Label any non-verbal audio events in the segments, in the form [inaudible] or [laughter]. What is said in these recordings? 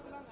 belangrijk.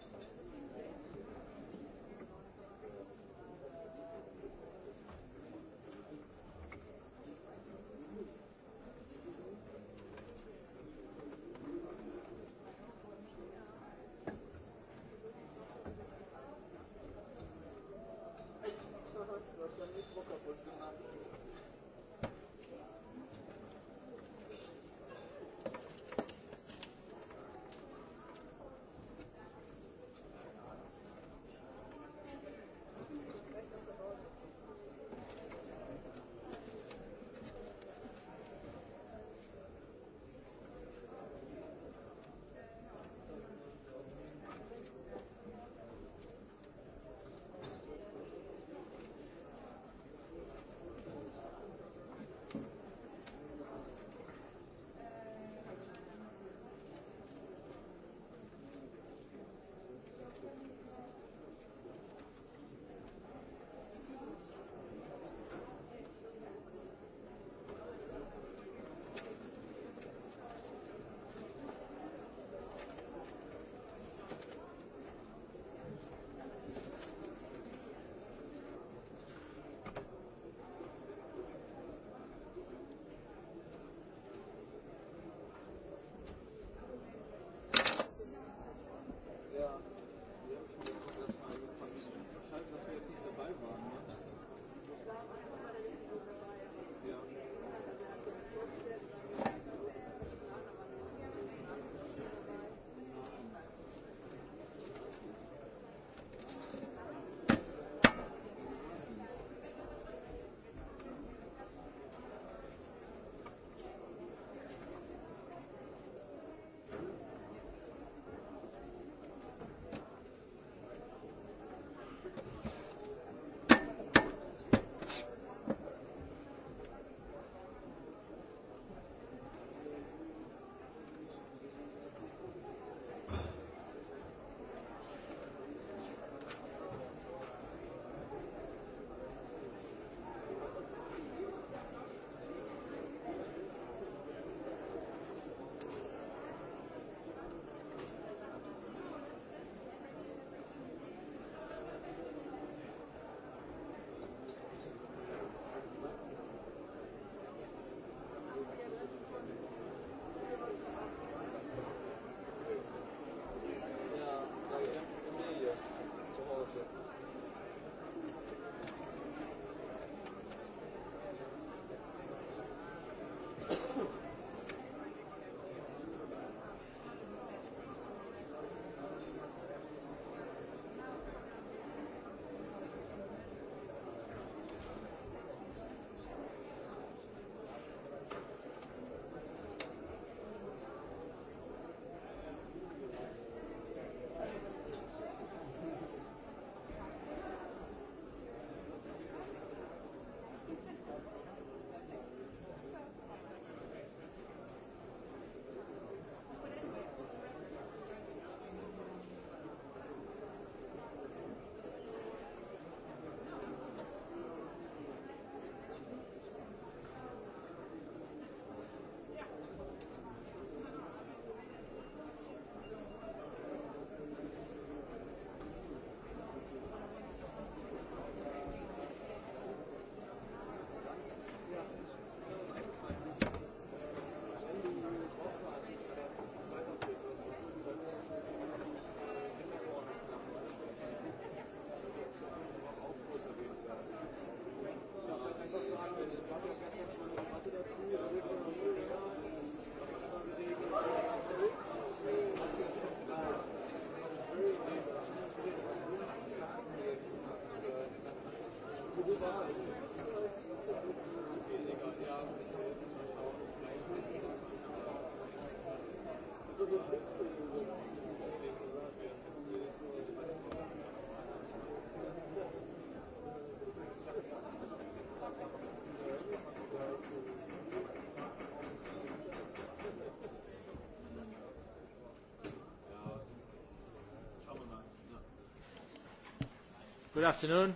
Good afternoon.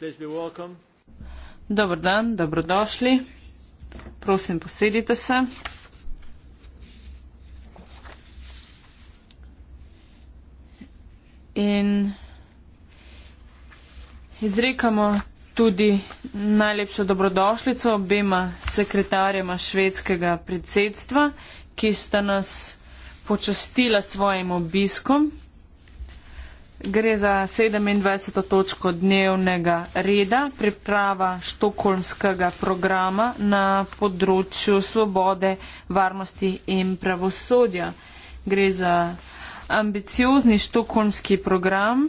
Please be welcome. Dobar dan, dobrodošli. Prosim, posedite se. in izrekamo tudi najlepšo dobrodošlico obema sekretarjema švedskega predsedstva, ki sta nas počastila svojim obiskom. Gre za 27. točko dnevnega reda, priprava štokholmskega programa na področju svobode, varnosti in pravosodja. Gre za ambiciozni štokholmski program,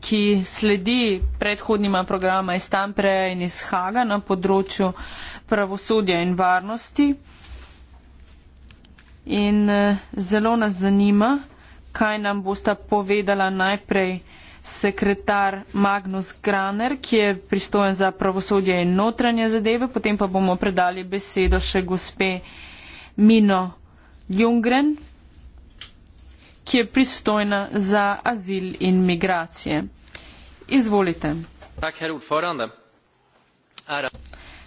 ki sledi predhodnima programa iz Tampereja in iz Haga na področju pravosodja in varnosti. In eh, zelo nas zanima, kaj nam bosta povedala najprej sekretar Magnus Graner, ki je pristojen za pravosodje in notranje zadeve, potem pa bomo predali besedo še gospe Mino Jungren, ki je pristojna za azil in migracije. Izvolite. Tak,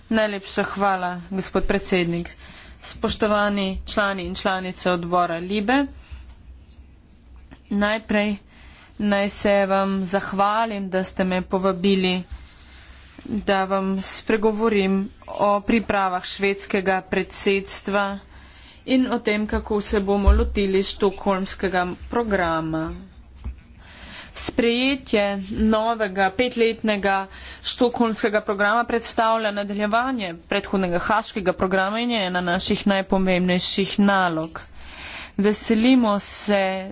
Najlepša hvala, gospod predsednik. Spoštovani člani in članice odbora Libe, najprej naj se vam zahvalim, da ste me povabili, da vam spregovorim o pripravah švedskega predsedstva in o tem, kako se bomo lotili štokholmskega programa. Sprejetje novega petletnega štokholmskega programa predstavlja nadaljevanje predhodnega haškega programa in je ena naših najpomembnejših nalog. Veselimo se eh,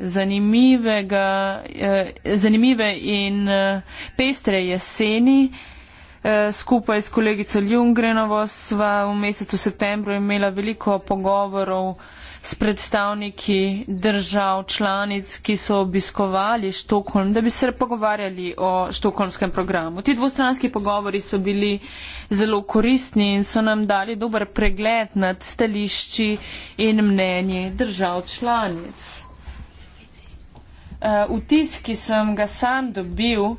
zanimive in eh, pestre jeseni. Eh, skupaj s kolegico Ljungrenovo sva v mesecu septembru imela veliko pogovorov s predstavniki držav članic, ki so obiskovali Štokholm, da bi se pogovarjali o štokholmskem programu. Ti dvostranski pogovori so bili zelo koristni in so nam dali dober pregled nad stališči in mnenje držav članic. Uh, vtis, ki sem ga sam dobil,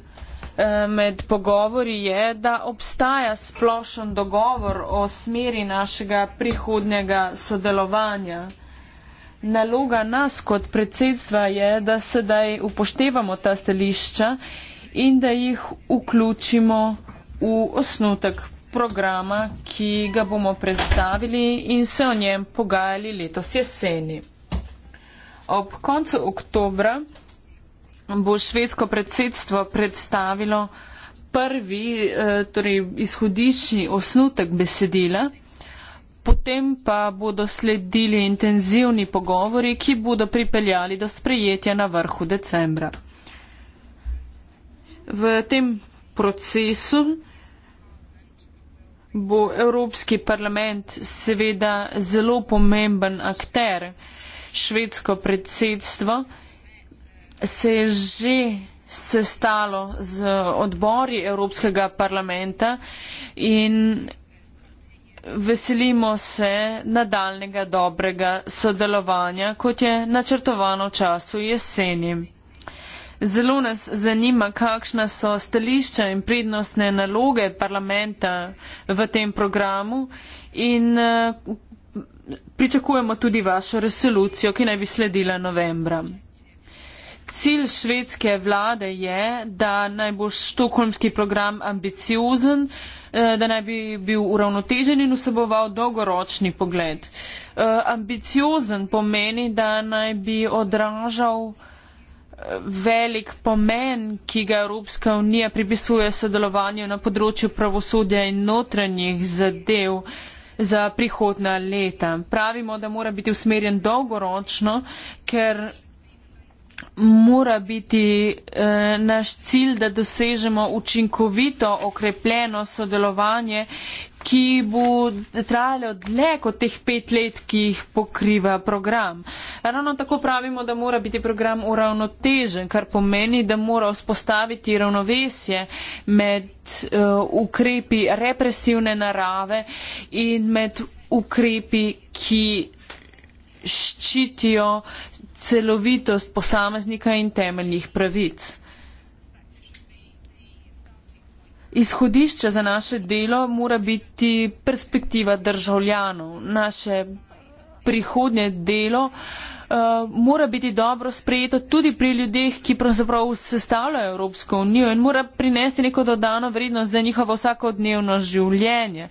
Eh, med pogovori je, da obstaja splošen dogovor o smeri našega prihodnjega sodelovanja. Naloga nas kot predsedstva je, da sedaj upoštevamo ta stališča in da jih vključimo v osnutek programa, ki ga bomo predstavili in se o njem pogajali letos jeseni. Ob koncu oktobra bo švedsko predsedstvo predstavilo prvi, eh, torej izhodišnji osnutek besedila, potem pa bodo sledili intenzivni pogovori, ki bodo pripeljali do sprejetja na vrhu decembra. V tem procesu bo Evropski parlament seveda zelo pomemben akter švedsko predsedstvo, se je že sestalo z odbori Evropskega parlamenta in veselimo se nadaljnega dobrega sodelovanja, kot je načrtovano v času jeseni. Zelo nas zanima, kakšna so stališča in prednostne naloge parlamenta v tem programu in eh, pričakujemo tudi vašo resolucijo, ki naj bi sledila novembra cilj švedske vlade je, da naj bo štokholmski program ambiciozen, eh, da naj bi bil uravnotežen in vseboval dolgoročni pogled. Eh, ambiciozen pomeni, da naj bi odražal eh, velik pomen, ki ga Evropska unija pripisuje sodelovanju na področju pravosodja in notranjih zadev za prihodna leta. Pravimo, da mora biti usmerjen dolgoročno, ker mora biti eh, naš cilj, da dosežemo učinkovito okrepljeno sodelovanje, ki bo trajalo dlje kot teh pet let, ki jih pokriva program. Ravno tako pravimo, da mora biti program uravnotežen, kar pomeni, da mora vzpostaviti ravnovesje med eh, ukrepi represivne narave in med ukrepi, ki ščitijo celovitost posameznika in temeljnih pravic. Izhodišče za naše delo mora biti perspektiva državljanov, naše prihodnje delo uh, mora biti dobro sprejeto tudi pri ljudeh, ki pravzaprav sestavljajo Evropsko unijo in mora prinesti neko dodano vrednost za njihovo vsakodnevno življenje.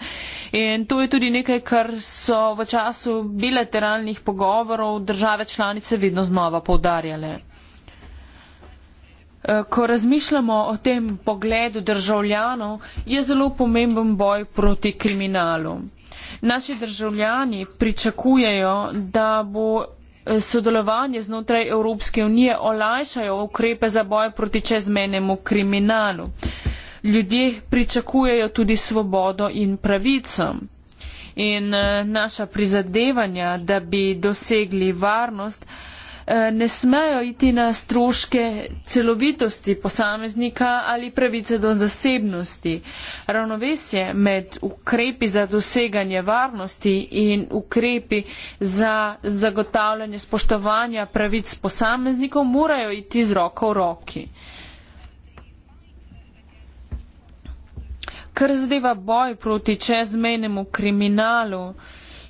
In to je tudi nekaj, kar so v času bilateralnih pogovorov države članice vedno znova poudarjale. Eh, ko razmišljamo o tem pogledu državljanov, je zelo pomemben boj proti kriminalu. Uh, naši državljani pričakujejo, da bo eh, sodelovanje znotraj Evropske unije olajšalo ukrepe za boj proti čezmenemu kriminalu. Ljudje pričakujejo tudi svobodo in pravico. In eh, naša prizadevanja, da bi dosegli varnost, Eh, ne smejo iti na stroške celovitosti posameznika ali pravice do zasebnosti. Ravnovesje med ukrepi za doseganje varnosti in ukrepi za zagotavljanje spoštovanja pravic posameznikov morajo iti z roko v roki. Kar zadeva boj proti čezmejnemu kriminalu,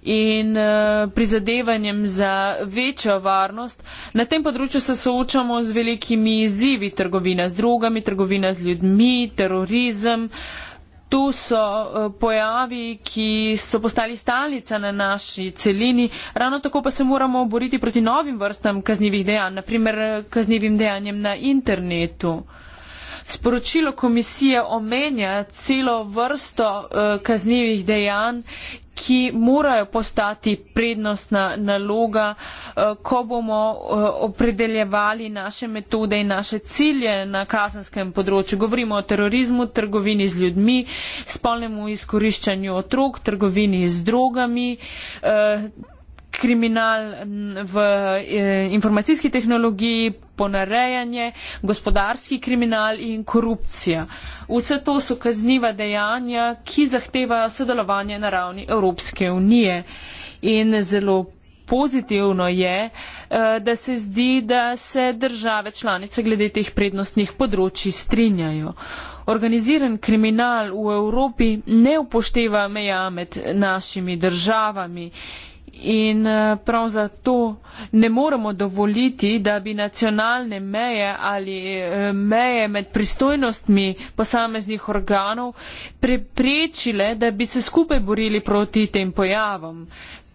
in eh, prizadevanjem za večjo varnost. Na tem področju se soočamo z velikimi izzivi trgovina z drugami, trgovina z ljudmi, terorizem. Tu so eh, pojavi, ki so postali stalnica na naši celini, ravno tako pa se moramo boriti proti novim vrstam kaznjivih dejanj, naprimer eh, kaznjivim dejanjem na internetu. Sporočilo komisije omenja celo vrsto uh, eh, kaznjivih dejanj, ki morajo postati prednostna naloga, uh, ko bomo uh, opredeljevali naše metode in naše cilje na kazenskem področju. Govorimo o terorizmu, trgovini z ljudmi, spolnemu izkoriščanju otrok, trgovini z drogami. Uh, kriminal v eh, informacijski tehnologiji, ponarejanje, gospodarski kriminal in korupcija. Vse to so kazniva dejanja, ki zahtevajo sodelovanje na ravni Evropske unije. In zelo pozitivno je, eh, da se zdi, da se države članice glede teh prednostnih področji strinjajo. Organiziran kriminal v Evropi ne upošteva meja med našimi državami in eh, prav zato ne moremo dovoliti, da bi nacionalne meje ali eh, meje med pristojnostmi posameznih organov preprečile, da bi se skupaj borili proti tem pojavom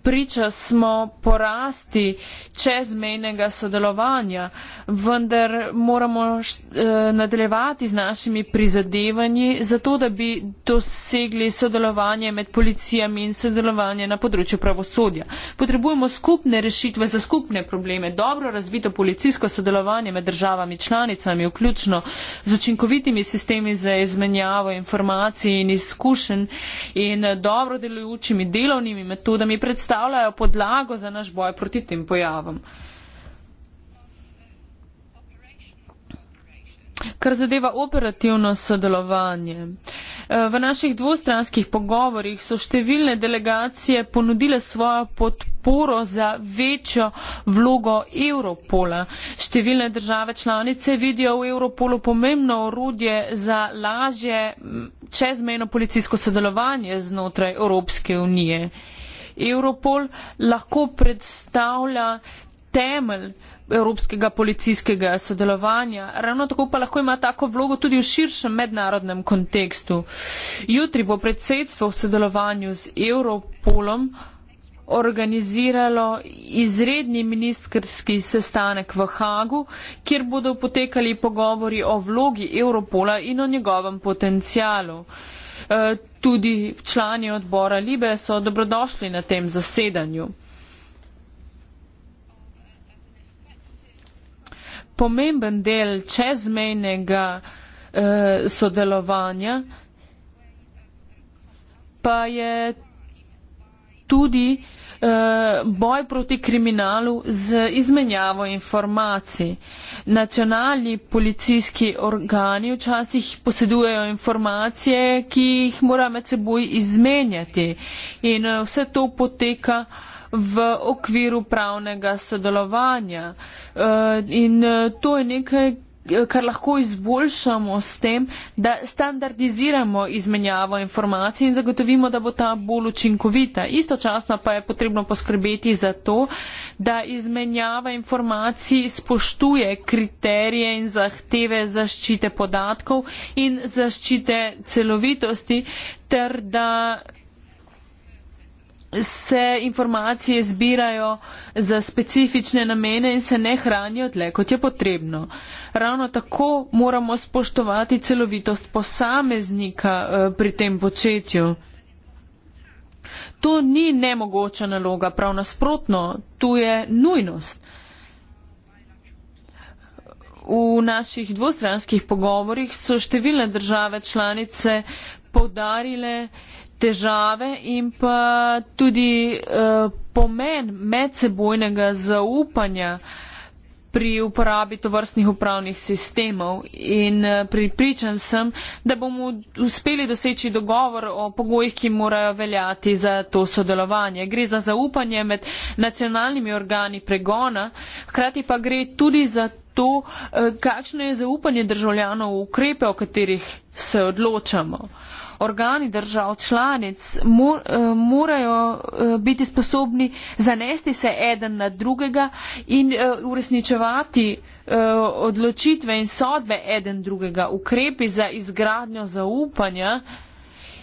priča smo porasti čezmejnega sodelovanja, vendar moramo eh, nadaljevati z našimi prizadevanji za to, da bi dosegli sodelovanje med policijami in sodelovanje na področju pravosodja. Potrebujemo skupne rešitve za skupne probleme, dobro razvito policijsko sodelovanje med državami članicami, vključno z učinkovitimi sistemi za izmenjavo informacij in izkušenj in dobro delujočimi delovnimi metodami predstavljanja predstavljajo podlago za naš boj proti tem pojavom. Kar zadeva operativno sodelovanje. V naših dvostranskih pogovorjih so številne delegacije ponudile svojo podporo za večjo vlogo Evropola. Številne države članice vidijo v Evropolu pomembno orodje za lažje čezmejno policijsko sodelovanje znotraj Evropske unije. Uh, Europol lahko predstavlja temelj evropskega policijskega sodelovanja. Ravno tako pa lahko ima tako vlogo tudi v širšem mednarodnem kontekstu. Jutri bo predsedstvo v sodelovanju z Europolom organiziralo izredni ministerski sestanek v Hagu, kjer bodo potekali pogovori o vlogi Europola in o njegovem potencialu. Eh, tudi člani odbora Libe so dobrodošli na tem zasedanju. Pomemben del čezmejnega eh, sodelovanja pa je tudi Eh, boj proti kriminalu z izmenjavo informacij. Nacionalni policijski organi včasih posedujejo informacije, ki jih mora med seboj izmenjati in eh, vse to poteka v okviru pravnega sodelovanja. Eh, in to je nekaj, kar lahko izboljšamo s tem, da standardiziramo izmenjavo informacij in zagotovimo, da bo ta bolj učinkovita. Istočasno pa je potrebno poskrbeti za to, da izmenjava informacij spoštuje kriterije in zahteve zaščite podatkov in zaščite celovitosti ter da se informacije zbirajo za specifične namene in se ne hranijo tle, kot je potrebno. Ravno tako moramo spoštovati celovitost posameznika eh, pri tem početju. To ni nemogoča naloga, prav nasprotno, tu je nujnost. V naših dvostranskih pogovorjih so številne države članice podarile težave in pa tudi eh, pomen medsebojnega zaupanja pri uporabi tovrstnih upravnih sistemov in eh, pripričan sem, da bomo uspeli doseči dogovor o pogojih, ki morajo veljati za to sodelovanje. Gre za zaupanje med nacionalnimi organi pregona, hkrati pa gre tudi za to, eh, kakšno je zaupanje državljanov v ukrepe, o katerih se odločamo organi držav članic mor, uh, eh, morajo uh, biti sposobni zanesti se eden na drugega in uh, uresničevati uh, odločitve in sodbe eden drugega, ukrepi za izgradnjo zaupanja. Uh,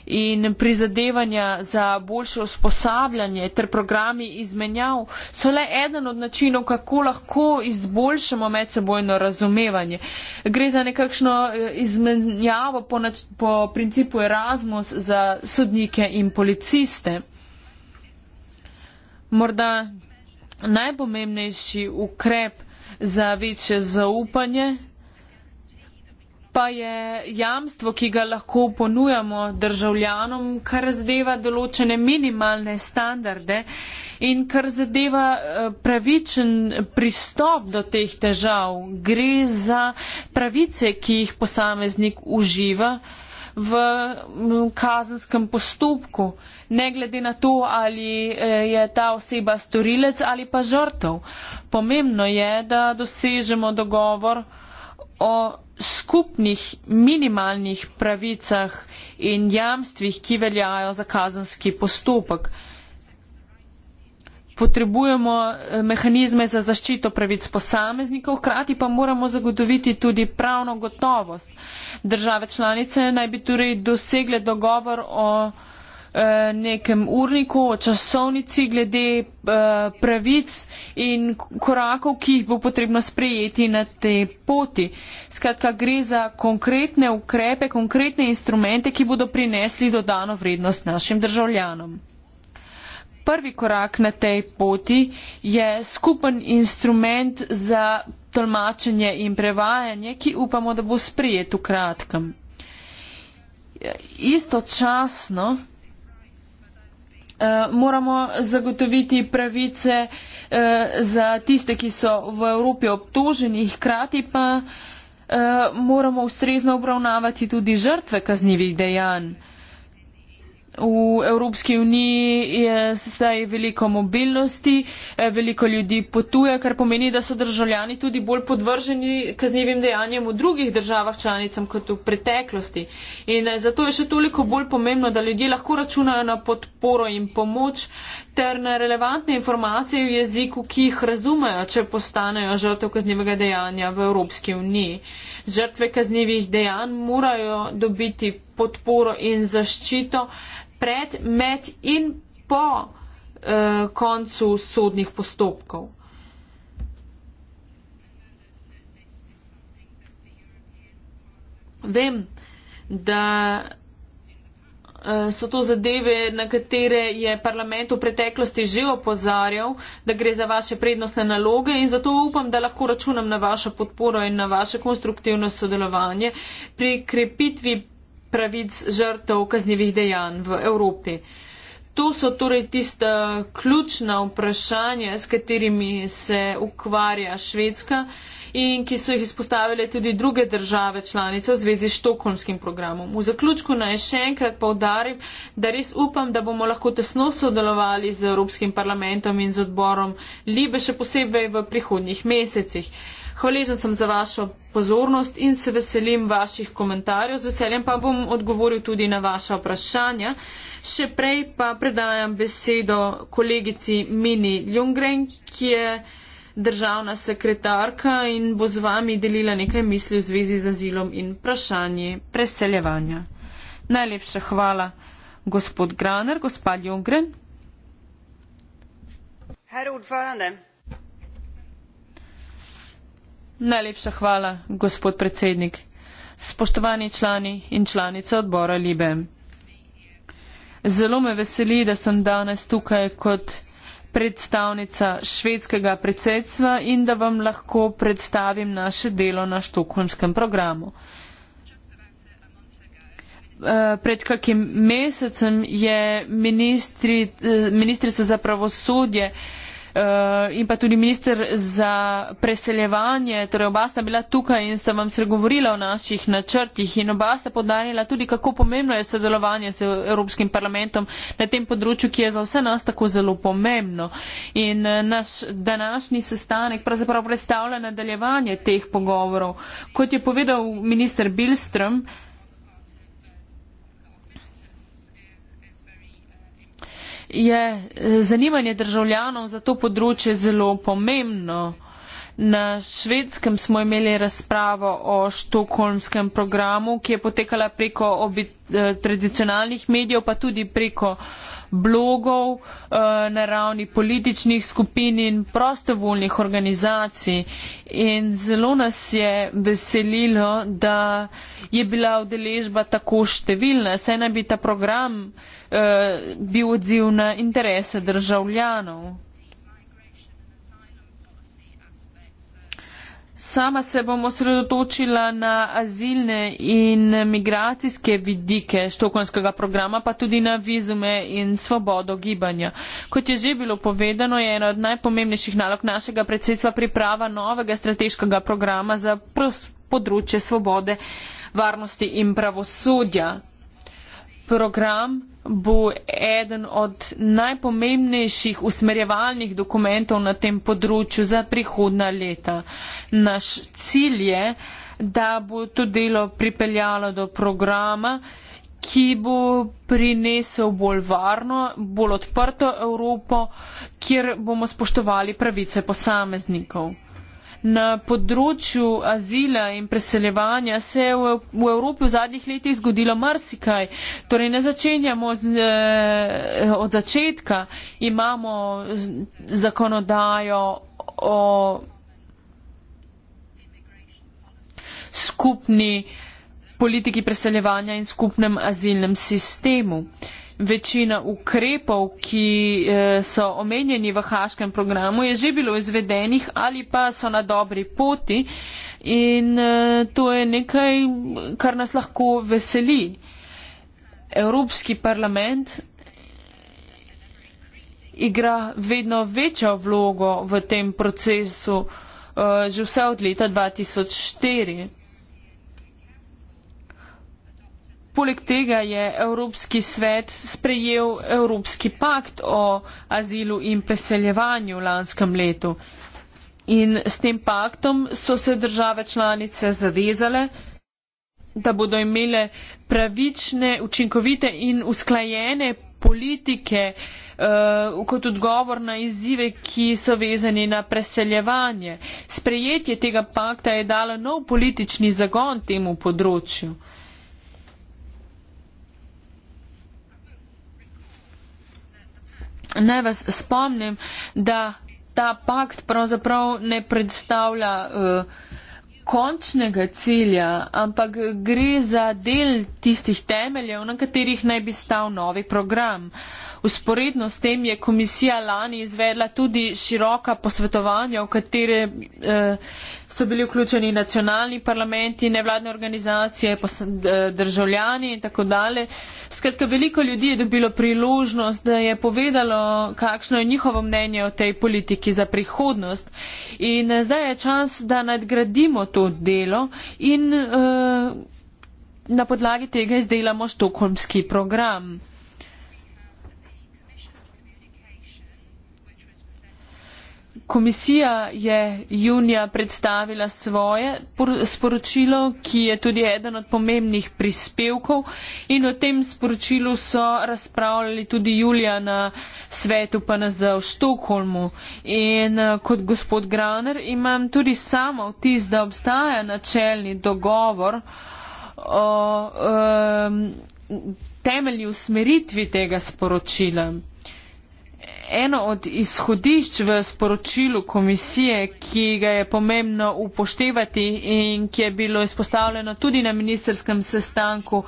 in prizadevanja za boljše usposabljanje ter programi izmenjav so le eden od načinov, kako lahko izboljšamo medsebojno razumevanje. Gre za nekakšno eh, izmenjavo po, nač, po principu Erasmus za sodnike in policiste. Morda najpomembnejši ukrep za večje zaupanje pa je jamstvo, ki ga lahko ponujamo državljanom, kar zadeva določene minimalne standarde in kar zadeva eh, pravičen pristop do teh težav. Gre za pravice, ki jih posameznik uživa v mm, kazenskem postopku, ne glede na to, ali eh, je ta oseba storilec ali pa žrtev. Pomembno je, da dosežemo dogovor o skupnih minimalnih pravicah in jamstvih, ki veljajo za kazanski postopek. Potrebujemo eh, mehanizme za zaščito pravic posameznikov, hkrati pa moramo zagotoviti tudi pravno gotovost. Države članice naj bi torej dosegle dogovor o Eh, nekem urniku, časovnici glede eh, pravic in korakov, ki jih bo potrebno sprejeti na te poti. Skratka, gre za konkretne ukrepe, konkretne instrumente, ki bodo prinesli dodano vrednost našim državljanom. Prvi korak na tej poti je skupen instrument za tolmačenje in prevajanje, ki upamo, da bo sprejet v kratkem. Istočasno Eh, moramo zagotoviti pravice eh, za tiste, ki so v Evropi obtoženi, hkrati pa eh, moramo ustrezno obravnavati tudi žrtve kaznjivih dejanj. V Evropski uniji je zdaj veliko mobilnosti, eh, veliko ljudi potuje, kar pomeni, da so državljani tudi bolj podvrženi kaznjivim dejanjem v drugih državah članicam kot v preteklosti. In eh, zato je še toliko bolj pomembno, da ljudje lahko računajo na podporo in pomoč ter na relevantne informacije v jeziku, ki jih razumejo, če postanejo žrtev kaznjivega dejanja v Evropski uniji. Žrtve kaznjivih dejanj morajo dobiti podporo in zaščito pred, med in po eh, koncu sodnih postopkov. Vem, da eh, so to zadeve, na katere je parlament v preteklosti že opozarjal, da gre za vaše prednostne naloge in zato upam, da lahko računam na vašo podporo in na vaše konstruktivno sodelovanje pri krepitvi pravic žrtev kaznjivih dejanj v Evropi. To so torej tista ključna vprašanja, s katerimi se ukvarja Švedska in ki so jih izpostavile tudi druge države članice v zvezi s štokholmskim programom. V zaključku naj še enkrat povdarim, da res upam, da bomo lahko tesno sodelovali z Evropskim parlamentom in z odborom Libe, še posebej v prihodnjih mesecih. Hvaležen sem za vašo pozornost in se veselim vaših komentarjev. Z veseljem pa bom odgovoril tudi na vaša vprašanja. Še prej pa predajam besedo kolegici Mini Ljungren, ki je državna sekretarka in bo z vami delila nekaj misli v zvezi z azilom in vprašanji preseljevanja. Najlepša hvala, gospod Graner, gospod Ljungren. Herr Odvarande. Najlepša hvala, gospod predsednik. Spoštovani člani in članice odbora Libe. Zelo me veseli, da sem danes tukaj kot predstavnica švedskega predsedstva in da vam lahko predstavim naše delo na štokholmskem programu. Eh, pred kakim mesecem je eh, ministrica za pravosodje Eh, in pa tudi minister za preseljevanje. Torej oba sta bila tukaj in sta vam spregovorila o naših načrtih in oba sta podarila tudi, kako pomembno je sodelovanje z Evropskim parlamentom na tem področju, ki je za vse nas tako zelo pomembno. In eh, naš današnji sestanek pravzaprav predstavlja nadaljevanje teh pogovorov. Kot je povedal minister Bilstrom, je eh, zanimanje državljanov za to področje zelo pomembno. Na švedskem smo imeli razpravo o štokholmskem programu, ki je potekala preko obi, eh, tradicionalnih medijev, pa tudi preko blogov eh, na ravni političnih skupin in prostovoljnih organizacij. In zelo nas je veselilo, da je bila udeležba tako številna, saj naj bi ta program eh, bil odziv na interese državljanov. Sama se bom osredotočila na azilne in migracijske vidike štokonskega programa, pa tudi na vizume in svobodo gibanja. Kot je že bilo povedano, je ena od najpomembnejših nalog našega predsedstva priprava novega strateškega programa za področje svobode, varnosti in pravosodja. Program bo eden od najpomembnejših usmerjevalnih dokumentov na tem področju za prihodna leta. Naš cilj je, da bo to delo pripeljalo do programa, ki bo prinesel bolj varno, bolj odprto Evropo, kjer bomo spoštovali pravice posameznikov na področju azila in preseljevanja se je v, v Evropi v zadnjih letih zgodilo marsikaj. Torej ne začenjamo z, eh, od začetka, imamo zakonodajo o skupni politiki preseljevanja in skupnem azilnem sistemu. Eh, večina ukrepov, ki eh, so omenjeni v haškem programu, je že bilo izvedenih ali pa so na dobri poti in eh, to je nekaj, kar nas lahko veseli. Evropski parlament igra vedno večjo vlogo v tem procesu eh, že vse od leta 2004. Poleg tega je Evropski svet sprejel Evropski pakt o azilu in preseljevanju v lanskem letu. In s tem paktom so se države članice zavezale, da bodo imele pravične, učinkovite in usklajene politike uh, kot odgovor na izzive, ki so vezani na preseljevanje. Sprejetje tega pakta je dalo nov politični zagon temu področju. naj vas spomnim, da ta pakt pravzaprav ne predstavlja eh, končnega cilja, ampak gre za del tistih temeljev, na katerih naj bi stal novi program. Usporedno s tem je komisija lani izvedla tudi široka posvetovanja, v katere eh, so bili vključeni nacionalni parlamenti, nevladne organizacije, državljani in tako dalje. Skratka, veliko ljudi je dobilo priložnost, da je povedalo, kakšno je njihovo mnenje o tej politiki za prihodnost. In eh, zdaj je čas, da nadgradimo to delo in uh, na podlagi tega izdelamo štokholmski program. Komisija je junija predstavila svoje sporočilo, ki je tudi eden od pomembnih prispevkov in o tem sporočilu so razpravljali tudi julija na svetu PNZ v Štokholmu. In eh, kot gospod Graner imam tudi samo vtis, da obstaja načelni dogovor o um, temeljni usmeritvi tega sporočila eno od izhodišč v sporočilu komisije, ki ga je pomembno upoštevati in ki je bilo izpostavljeno tudi na ministerskem sestanku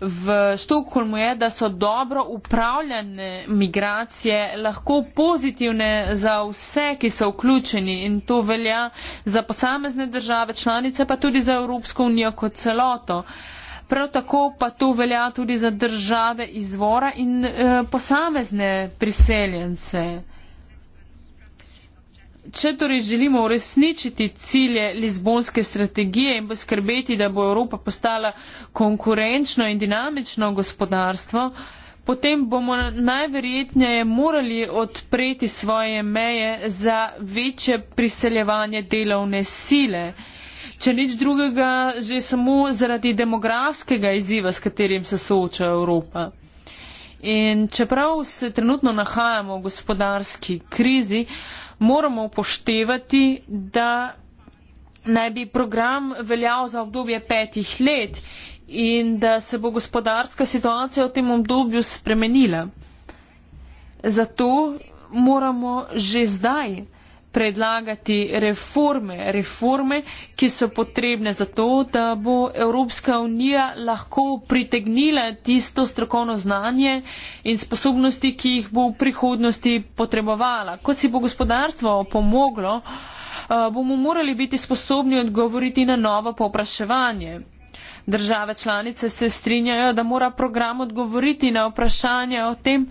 v Štokholmu, je, da so dobro upravljane migracije lahko pozitivne za vse, ki so vključeni in to velja za posamezne države članice, pa tudi za Evropsko unijo kot celoto. Uh, prav tako pa to velja tudi za države izvora in e, posamezne priseljence. Če torej želimo uresničiti cilje Lizbonske strategije in poskrbeti, da bo Evropa postala konkurenčno in dinamično gospodarstvo, potem bomo najverjetneje morali odpreti svoje meje za večje priseljevanje delovne sile. Če nič drugega, že samo zaradi demografskega izziva, s katerim se sooča Evropa. In čeprav se trenutno nahajamo v gospodarski krizi, moramo upoštevati, da naj bi program veljal za obdobje petih let in da se bo gospodarska situacija v tem obdobju spremenila. Zato moramo že zdaj predlagati reforme, reforme, ki so potrebne za to, da bo Evropska unija lahko pritegnila tisto strokovno znanje in sposobnosti, ki jih bo v prihodnosti potrebovala. Ko si bo gospodarstvo pomoglo, eh, bomo morali biti sposobni odgovoriti na novo povpraševanje. Države članice se strinjajo, da mora program odgovoriti na vprašanje o tem,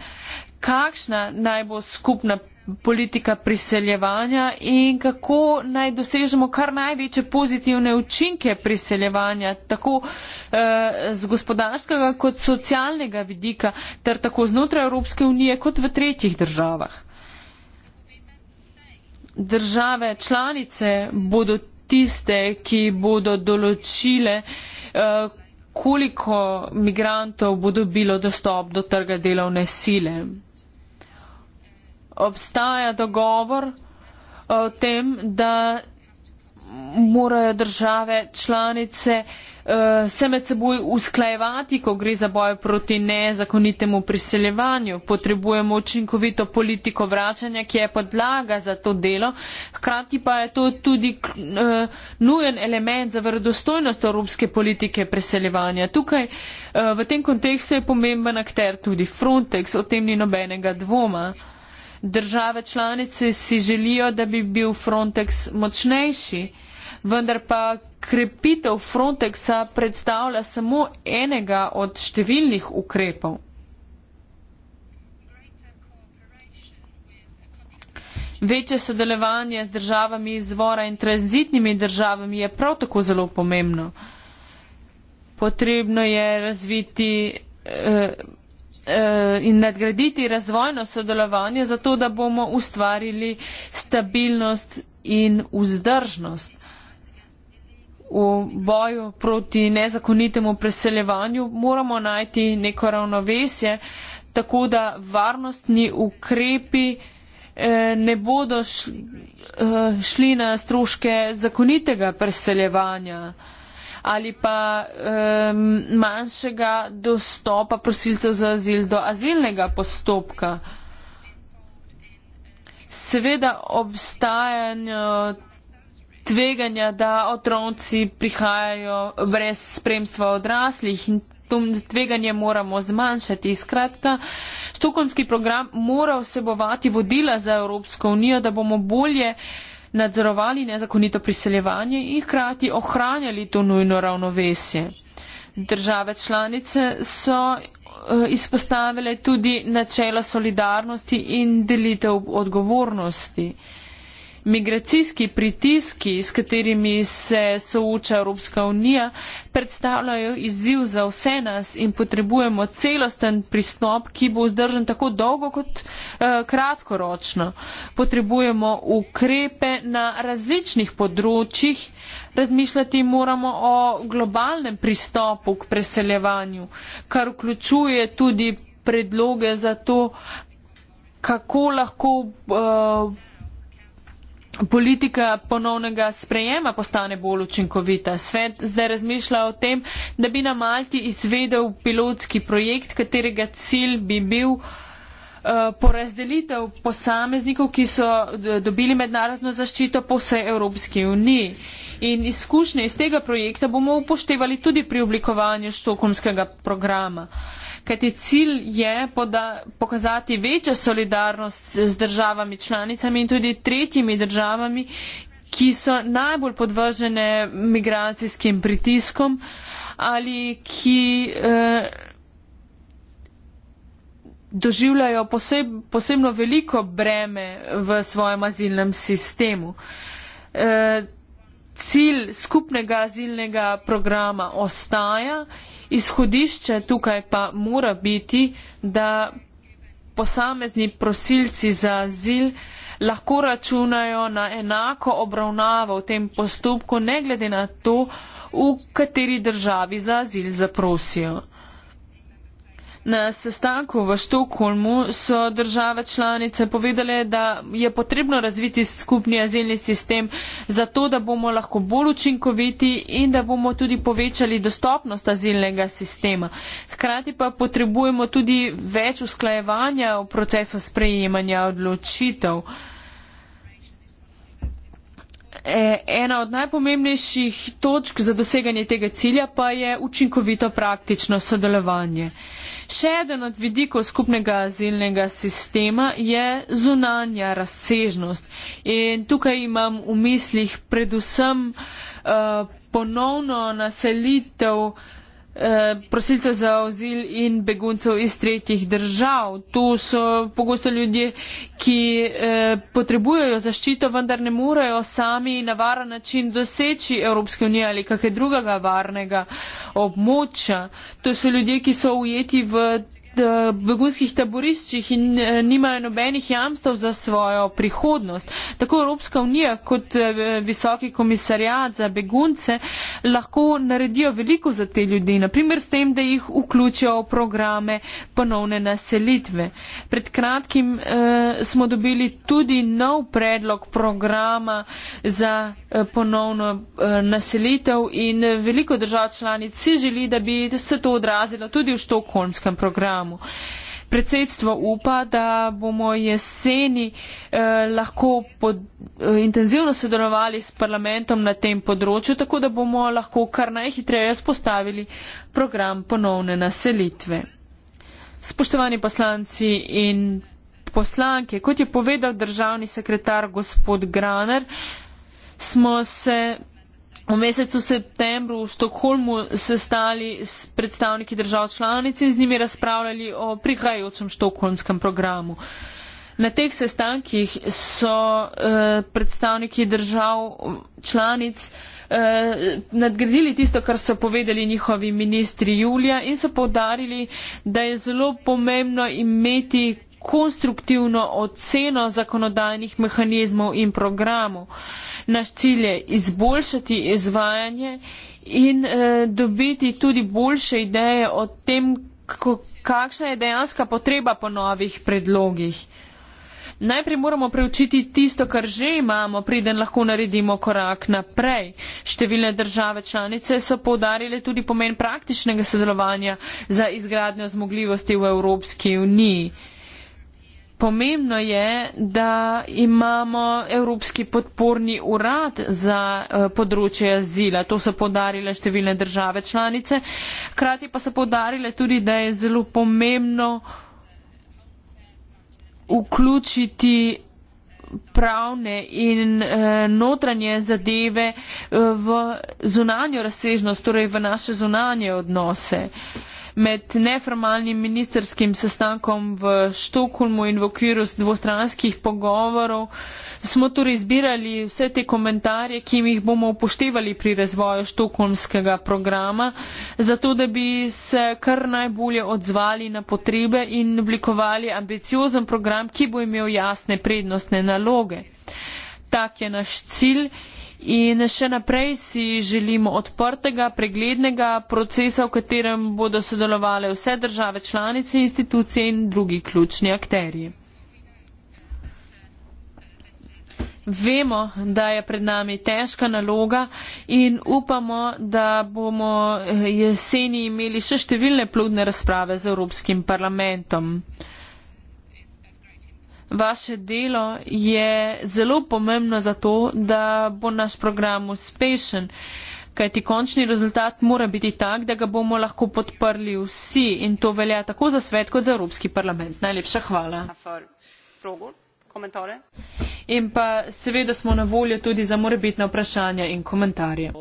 kakšna naj bo skupna politika priseljevanja in kako naj dosežemo kar največje pozitivne učinke priseljevanja, tako eh, z gospodarskega kot socialnega vidika, ter tako znotraj Evropske unije kot v tretjih državah. Države članice bodo tiste, ki bodo določile, eh, koliko migrantov bo dobilo dostop do trga delovne sile obstaja dogovor eh, o tem, da morajo države članice eh, se med seboj usklajevati, ko gre za boj proti nezakonitemu priseljevanju. Potrebujemo učinkovito politiko vračanja, ki je podlaga za to delo. Hkrati pa je to tudi eh, nujen element za verodostojnost evropske politike priseljevanja. Tukaj v tem kontekstu je pomemben akter tudi Frontex, o tem ni nobenega dvoma države članice si želijo, da bi bil Frontex močnejši, vendar pa krepitev Frontexa predstavlja samo enega od številnih ukrepov. Večje sodelovanje z državami izvora in transitnimi državami je prav tako zelo pomembno. Potrebno je razviti eh, Eh, in nadgraditi razvojno sodelovanje, zato da bomo ustvarili stabilnost in vzdržnost. V boju proti nezakonitemu preseljevanju moramo najti neko ravnovesje, tako da varnostni ukrepi eh, ne bodo eh, šli na stroške zakonitega preseljevanja ali pa um, manjšega dostopa prosilcev za azil do azilnega postopka. Seveda obstajanje tveganja, da otroci prihajajo brez spremstva odraslih in to tveganje moramo zmanjšati. Skratka, štokonski program mora vsebovati vodila za Evropsko unijo, da bomo bolje nadzorovali nezakonito priseljevanje in hkrati ohranjali to nujno ravnovesje. Države članice so eh, izpostavile tudi načela solidarnosti in delitev odgovornosti migracijski pritiski, s katerimi se sooča Evropska unija, predstavljajo izziv za vse nas in potrebujemo celosten pristop, ki bo vzdržen tako dolgo kot eh, kratkoročno. Potrebujemo ukrepe na različnih področjih, razmišljati moramo o globalnem pristopu k preseljevanju, kar vključuje tudi predloge za to, kako lahko. Eh, politika ponovnega sprejema postane bolj učinkovita. Svet zdaj razmišlja o tem, da bi na Malti izvedel pilotski projekt, katerega cilj bi bil eh, porazdelitev posameznikov, ki so dobili mednarodno zaščito po vsej Evropski uniji. In izkušnje iz tega projekta bomo upoštevali tudi pri oblikovanju štokomskega programa. Uh, kajti cilj je poda, pokazati večjo solidarnost z državami članicami in tudi tretjimi državami, ki so najbolj podvržene migracijskim pritiskom ali ki eh, doživljajo poseb, posebno veliko breme v svojem azilnem sistemu. Eh, cilj skupnega azilnega programa ostaja, izhodišče tukaj pa mora biti, da posamezni prosilci za azil lahko računajo na enako obravnavo v tem postopku, ne glede na to, v kateri državi za azil zaprosijo. Na sestanku v Štokholmu so države članice povedale, da je potrebno razviti skupni azilni sistem, zato da bomo lahko bolj učinkoviti in da bomo tudi povečali dostopnost azilnega sistema. Hkrati pa potrebujemo tudi več usklajevanja v procesu sprejemanja odločitev. Uh, E, ena od najpomembnejših točk za doseganje tega cilja pa je učinkovito praktično sodelovanje. Še eden od vidikov skupnega azilnega sistema je zunanja razsežnost. In tukaj imam v mislih predvsem uh, ponovno naselitev uh, Eh, prosilcev za ozil in beguncev iz tretjih držav. Tu so pogosto ljudje, ki eh, potrebujejo zaščito, vendar ne morejo sami na varen način doseči Evropske unije ali kakšnega drugega varnega območja. To so ljudje, ki so ujeti v Eh, begunskih taboriščih in eh, nimajo nobenih jamstv za svojo prihodnost. Tako Evropska unija kot eh, visoki komisarjat za begunce lahko naredijo veliko za te ljudi, naprimer s tem, da jih vključijo v programe ponovne naselitve. Pred kratkim eh, smo dobili tudi nov predlog programa za eh, ponovno eh, naselitev in veliko držav članic si želi, da bi se to odrazilo tudi v Štokholmskem programu programu. Predsedstvo upa, da bomo jeseni eh, lahko pod, eh, intenzivno sodelovali s parlamentom na tem področju, tako da bomo lahko kar najhitreje spostavili program ponovne naselitve. Spoštovani poslanci in poslanke, kot je povedal državni sekretar gospod Graner, smo se V mesecu septembru v Stokholmu se stali s predstavniki držav članic in z njimi razpravljali o prihajajočem štokholmskem programu. Na teh sestankih so eh, predstavniki držav članic eh, nadgradili tisto, kar so povedali njihovi ministri Julija in so povdarili, da je zelo pomembno imeti konstruktivno oceno zakonodajnih mehanizmov in programov. Naš cilj je izboljšati izvajanje in eh, dobiti tudi boljše ideje o tem, kako, kakšna je dejanska potreba po novih predlogih. Najprej moramo preučiti tisto, kar že imamo, preden lahko naredimo korak naprej. Številne države članice so povdarile tudi pomen praktičnega sodelovanja za izgradnjo zmogljivosti v Evropski uniji. Pomembno je, da imamo Evropski podporni urad za eh, področje azila. To so podarile številne države članice. Krati pa so podarile tudi, da je zelo pomembno vključiti pravne in eh, notranje zadeve eh, v zunanjo razsežnost, torej v naše zunanje odnose med neformalnim ministerskim sestankom v Štokholmu in v okviru dvostranskih pogovorov. Smo torej izbirali vse te komentarje, ki jih bomo upoštevali pri razvoju štokholmskega programa, zato da bi se kar najbolje odzvali na potrebe in oblikovali ambiciozen program, ki bo imel jasne prednostne naloge. Tak je naš cilj. In še naprej si želimo odprtega, preglednega procesa, v katerem bodo sodelovali vse države članice, institucije in drugi ključni akterji. Vemo, da je pred nami težka naloga in upamo, da bomo eh, jeseni imeli še številne plodne razprave z Evropskim parlamentom vaše delo je zelo pomembno za to, da bo naš program uspešen. Kaj ti končni rezultat mora biti tak, da ga bomo lahko podprli vsi in to velja tako za svet kot za Evropski parlament. Najlepša hvala. In pa seveda smo na voljo tudi za morebitne vprašanja in komentarje.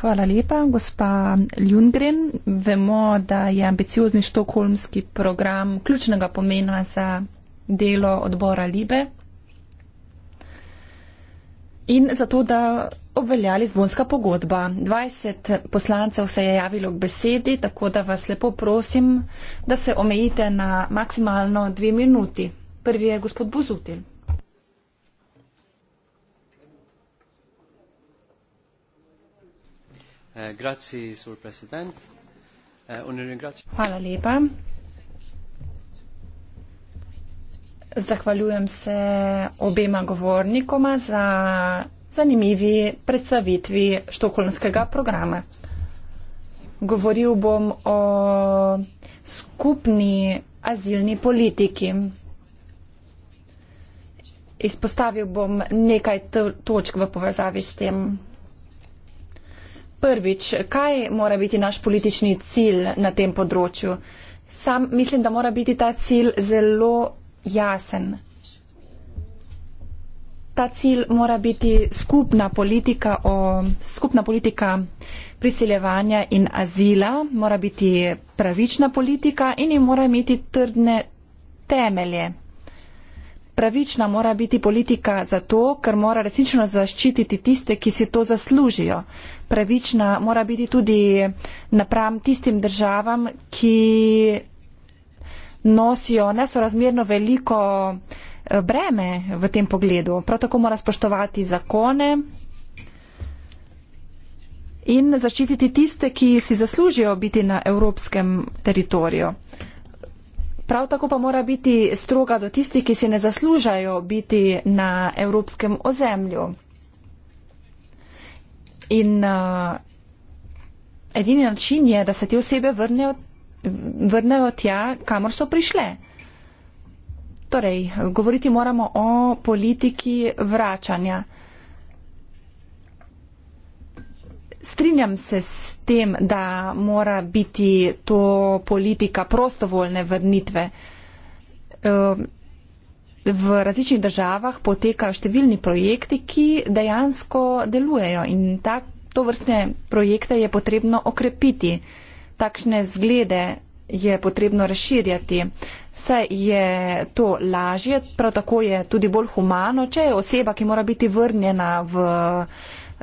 Hvala lepa, gospa Ljungren. Vemo, da je ambiciozni štokholmski program ključnega pomena za delo odbora Libe in zato, da obveljali zvonska pogodba. 20 poslancev se je javilo k besedi, tako da vas lepo prosim, da se omejite na maksimalno dve minuti. Prvi je gospod Buzutil. Eh, eh, Zahvaljujem se obema govornikoma za zanimivi predstavitvi štokholmskega programa. Govoril bom o skupni azilni politiki. Izpostavil bom nekaj točk v povezavi s tem prvič, kaj mora biti naš politični cilj na tem področju? Sam mislim, da mora biti ta cilj zelo jasen. Ta cilj mora biti skupna politika, o, skupna politika priseljevanja in azila, mora biti pravična politika in mora imeti trdne temelje pravična mora biti politika zato, ker mora resnično zaščititi tiste, ki si to zaslužijo. Pravična mora biti tudi napram tistim državam, ki nosijo nesorazmerno veliko eh, breme v tem pogledu. Prav tako mora spoštovati zakone in zaščititi tiste, ki si zaslužijo biti na evropskem teritoriju prav tako pa mora biti stroga do tistih, ki si ne zaslužajo biti na evropskem ozemlju. In uh, edini način je, da se te osebe vrnejo, vrnejo tja, kamor so prišle. Torej, govoriti moramo o politiki vračanja. Strinjam se s tem, da mora biti to politika prostovoljne vrnitve. Ehm, v različnih državah potekajo številni projekti, ki dejansko delujejo in tak, to vrstne projekte je potrebno okrepiti. Takšne zglede je potrebno razširjati. Saj je to lažje, prav tako je tudi bolj humano, če je oseba, ki mora biti vrnjena v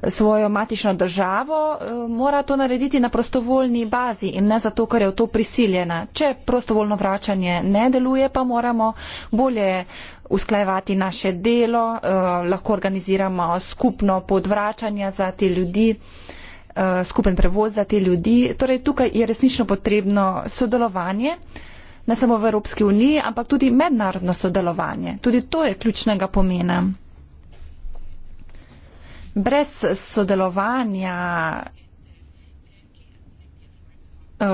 svojo matično državo, eh, mora to narediti na prostovoljni bazi in ne zato, ker je v to prisiljena. Če prostovoljno vračanje ne deluje, pa moramo bolje usklajevati naše delo, eh, lahko organiziramo skupno podvračanje za te ljudi, eh, skupen prevoz za te ljudi. Torej tukaj je resnično potrebno sodelovanje ne samo v Evropski uniji, ampak tudi mednarodno sodelovanje. Tudi to je ključnega pomena brez sodelovanja eh,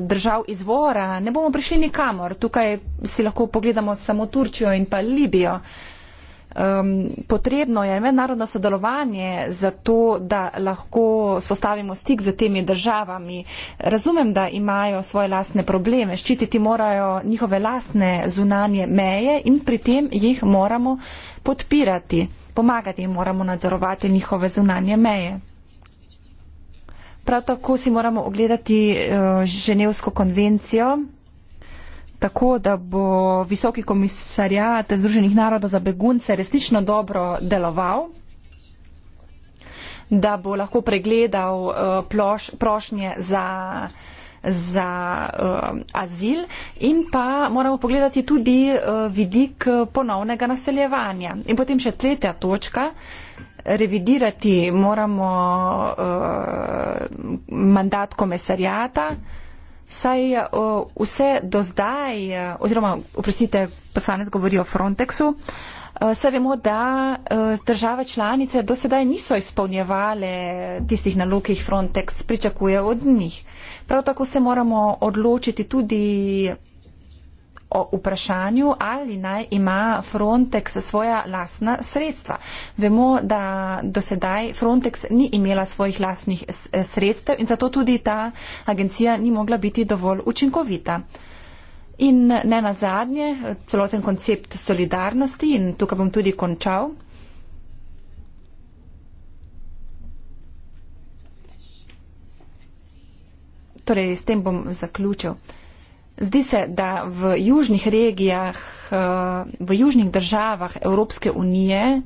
držav izvora ne bomo prišli nikamor. Tukaj si lahko pogledamo samo Turčijo in pa Libijo. Um, potrebno je mednarodno sodelovanje za to, da lahko spostavimo stik z temi državami. Razumem, da imajo svoje lastne probleme, ščititi morajo njihove lastne zunanje meje in pri tem jih moramo podpirati pomagati in moramo nadzorovati njihove zunanje meje. Prav tako si moramo ogledati eh, Ženevsko konvencijo, tako da bo visoki komisarjat Združenih narodov za begunce resnično dobro deloval, da bo lahko pregledal eh, ploš, prošnje za za uh, azil in pa moramo pogledati tudi uh, vidik uh, ponovnega naseljevanja. In potem še tretja točka. Revidirati moramo uh, mandat komisarjata, saj uh, vse do zdaj, uh, oziroma, oprostite, poslanec govori o Frontexu. Uh, Vse eh, vemo, da eh, države članice do sedaj niso izpolnjevale tistih nalog, ki jih Frontex pričakuje od njih. Prav tako se moramo odločiti tudi o vprašanju, ali naj ima Frontex svoja lastna sredstva. Vemo, da do sedaj Frontex ni imela svojih lastnih sredstev in zato tudi ta agencija ni mogla biti dovolj učinkovita. In ne na zadnje, celoten koncept solidarnosti in tukaj bom tudi končal. Torej, s tem bom zaključil. Zdi se, da v južnih regijah, eh, v južnih državah Evropske unije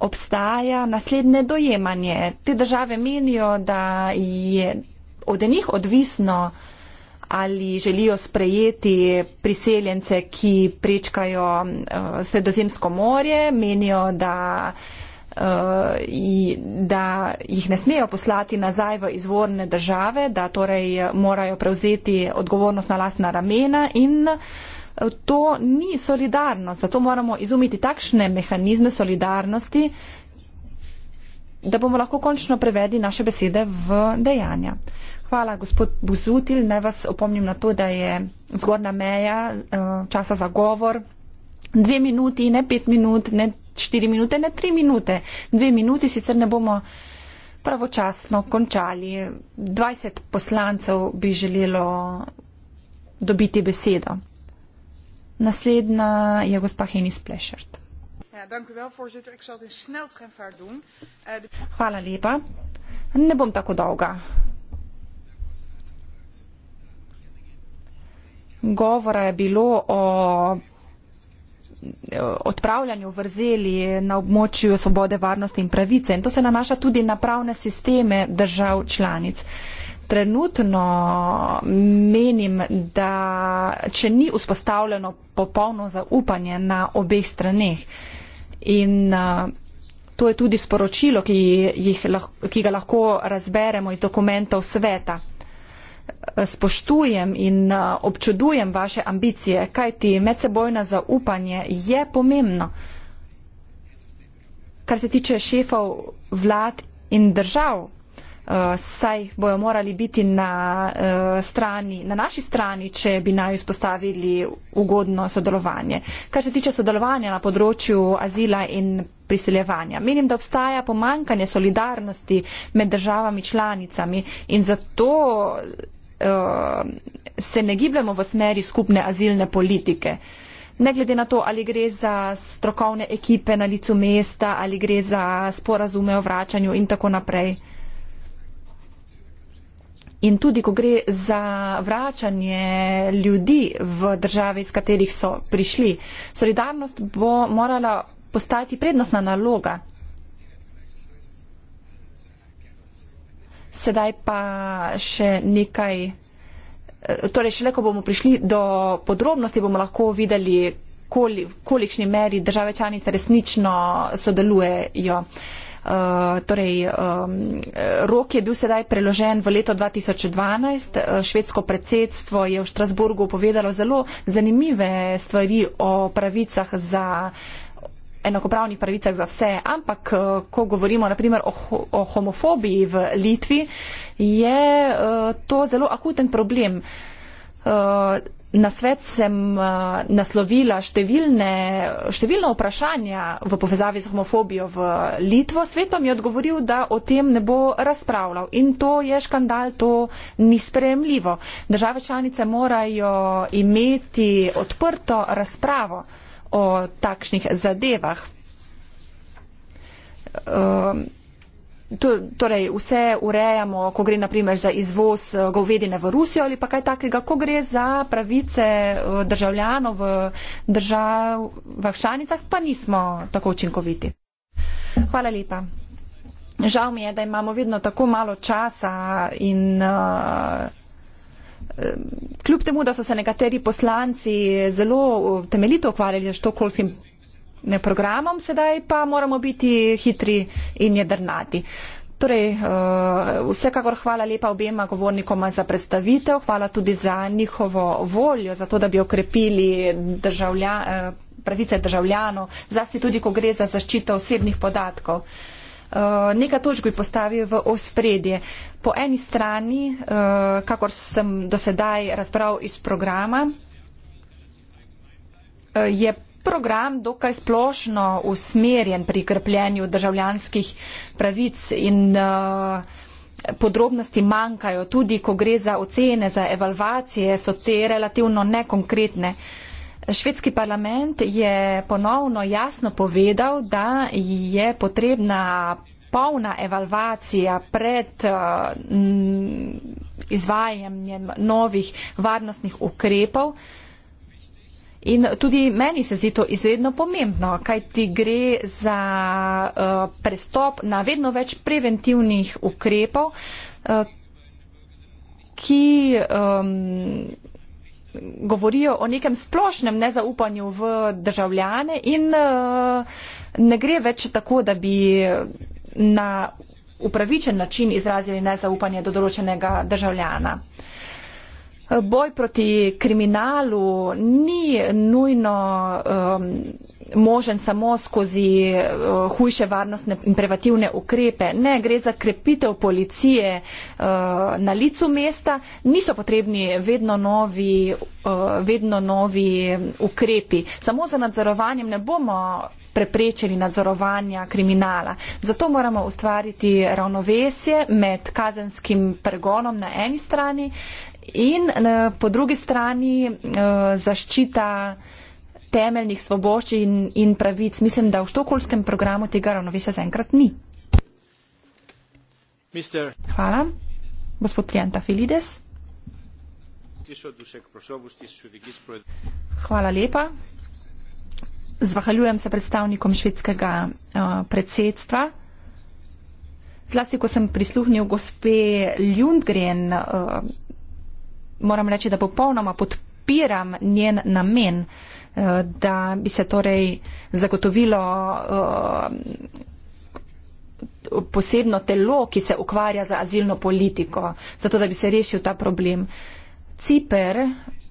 obstaja naslednje dojemanje. Te države menijo, da je od njih odvisno, ali želijo sprejeti priseljence, ki prečkajo uh, sredozemsko morje, menijo, da, uh, eh, i, da jih ne smejo poslati nazaj v izvorne države, da torej morajo prevzeti odgovornost na lastna ramena in eh, to ni solidarnost. Zato moramo izumiti takšne mehanizme solidarnosti da bomo lahko končno prevedli naše besede v dejanja. Hvala, gospod Buzutil. Naj vas opomnim na to, da je zgornja meja eh, časa za govor. Dve minuti, ne pet minut, ne štiri minute, ne tri minute. Dve minuti sicer ne bomo pravočasno končali. 20 poslancev bi želelo dobiti besedo. Naslednja je gospa Henis Plešert. Ja, eh, Hvala lepa. Ne bom tako dolga. govora je bilo o odpravljanju vrzeli na območju svobode, varnosti in pravice. In to se nanaša tudi na pravne sisteme držav članic. Trenutno menim, da če ni vzpostavljeno popolno zaupanje na obeh straneh in uh, to je tudi sporočilo, ki, jih, ki ga lahko razberemo iz dokumentov sveta spoštujem in uh, občudujem vaše ambicije, kajti medsebojno zaupanje je pomembno. Kar se tiče šefov vlad in držav, uh, saj bojo morali biti na, uh, strani, na naši strani, če bi naj vzpostavili ugodno sodelovanje. Kar se tiče sodelovanja na področju azila in priseljevanja, menim, da obstaja pomankanje solidarnosti med državami članicami in zato uh, se ne gibljamo v smeri skupne azilne politike. Ne glede na to, ali gre za strokovne ekipe na licu mesta, ali gre za sporazume o vračanju in tako naprej. In tudi, ko gre za vračanje ljudi v države, iz katerih so prišli, solidarnost bo morala postati prednostna naloga Sedaj pa še nekaj, eh, torej šele ko bomo prišli do podrobnosti, bomo lahko videli, koli, v kolikšni meri države članice resnično sodelujejo. Uh, torej, um, rok je bil sedaj preložen v leto 2012. Švedsko predsedstvo je v Štrasburgu povedalo zelo zanimive stvari o pravicah za uh, enakopravnih pravicah za vse, ampak eh, ko govorimo naprimer o, o homofobiji v Litvi, je eh, to zelo akuten problem. Eh, na svet sem naslovila številne, številne vprašanja v povezavi z homofobijo v Litvo. Svet pa mi je odgovoril, da o tem ne bo razpravljal. In to je škandal, to ni sprejemljivo. Države članice morajo imeti odprto razpravo o takšnih zadevah. Um, to, torej, vse urejamo, ko gre naprimer za izvoz eh, govedine v Rusijo ali pa kaj takega, ko gre za pravice eh, državljanov v državah članicah, pa nismo tako učinkoviti. Hvala lepa. Žal mi je, da imamo vedno tako malo časa in. Uh, kljub temu, da so se nekateri poslanci zelo temeljito ukvarjali s tokolskim programom, sedaj pa moramo biti hitri in jedrnati. Torej, eh, vsekakor hvala lepa obema govornikoma za predstavitev, hvala tudi za njihovo voljo, za to, da bi okrepili državlja, eh, pravice državljanov, zlasti tudi, ko gre za zaščito osebnih podatkov. Eh, nekaj točk bi postavil v ospredje. Po eni strani, eh, kakor sem dosedaj razbral iz programa, eh, je program dokaj splošno usmerjen pri krpljenju državljanskih pravic in eh, podrobnosti manjkajo. Tudi, ko gre za ocene, za evalvacije, so te relativno nekonkretne. Švedski parlament je ponovno jasno povedal, da je potrebna polna evalvacija pred eh, izvajanjem novih varnostnih ukrepov. In tudi meni se zdi to izredno pomembno, kaj ti gre za uh, prestop na vedno več preventivnih ukrepov, uh, ki um, govorijo o nekem splošnem nezaupanju v državljane in uh, ne gre več tako, da bi na upravičen način izrazili nezaupanje do določenega državljana. Boj proti kriminalu ni nujno um, možen samo skozi uh, hujše varnostne in privativne ukrepe. Ne, gre za krepitev policije uh, na licu mesta, niso potrebni vedno novi, uh, vedno novi ukrepi. Samo za nadzorovanjem ne bomo preprečili nadzorovanja kriminala. Zato moramo ustvariti ravnovesje med kazenskim pregonom na eni strani in eh, po drugi strani eh, zaščita temeljnih svoboščin in pravic. Mislim, da v štokolskem programu tega ravnovesja zaenkrat ni. Mister. Hvala. Gospod Trianta Filides. Hvala lepa zahvaljujem se predstavnikom švedskega eh, predsedstva. Zlasti, ko sem prisluhnil gospe Ljundgren, eh, moram reči, da popolnoma podpiram njen namen, eh, da bi se torej zagotovilo posebno telo, ki se ukvarja za azilno politiko, zato da bi se rešil ta problem. Ciper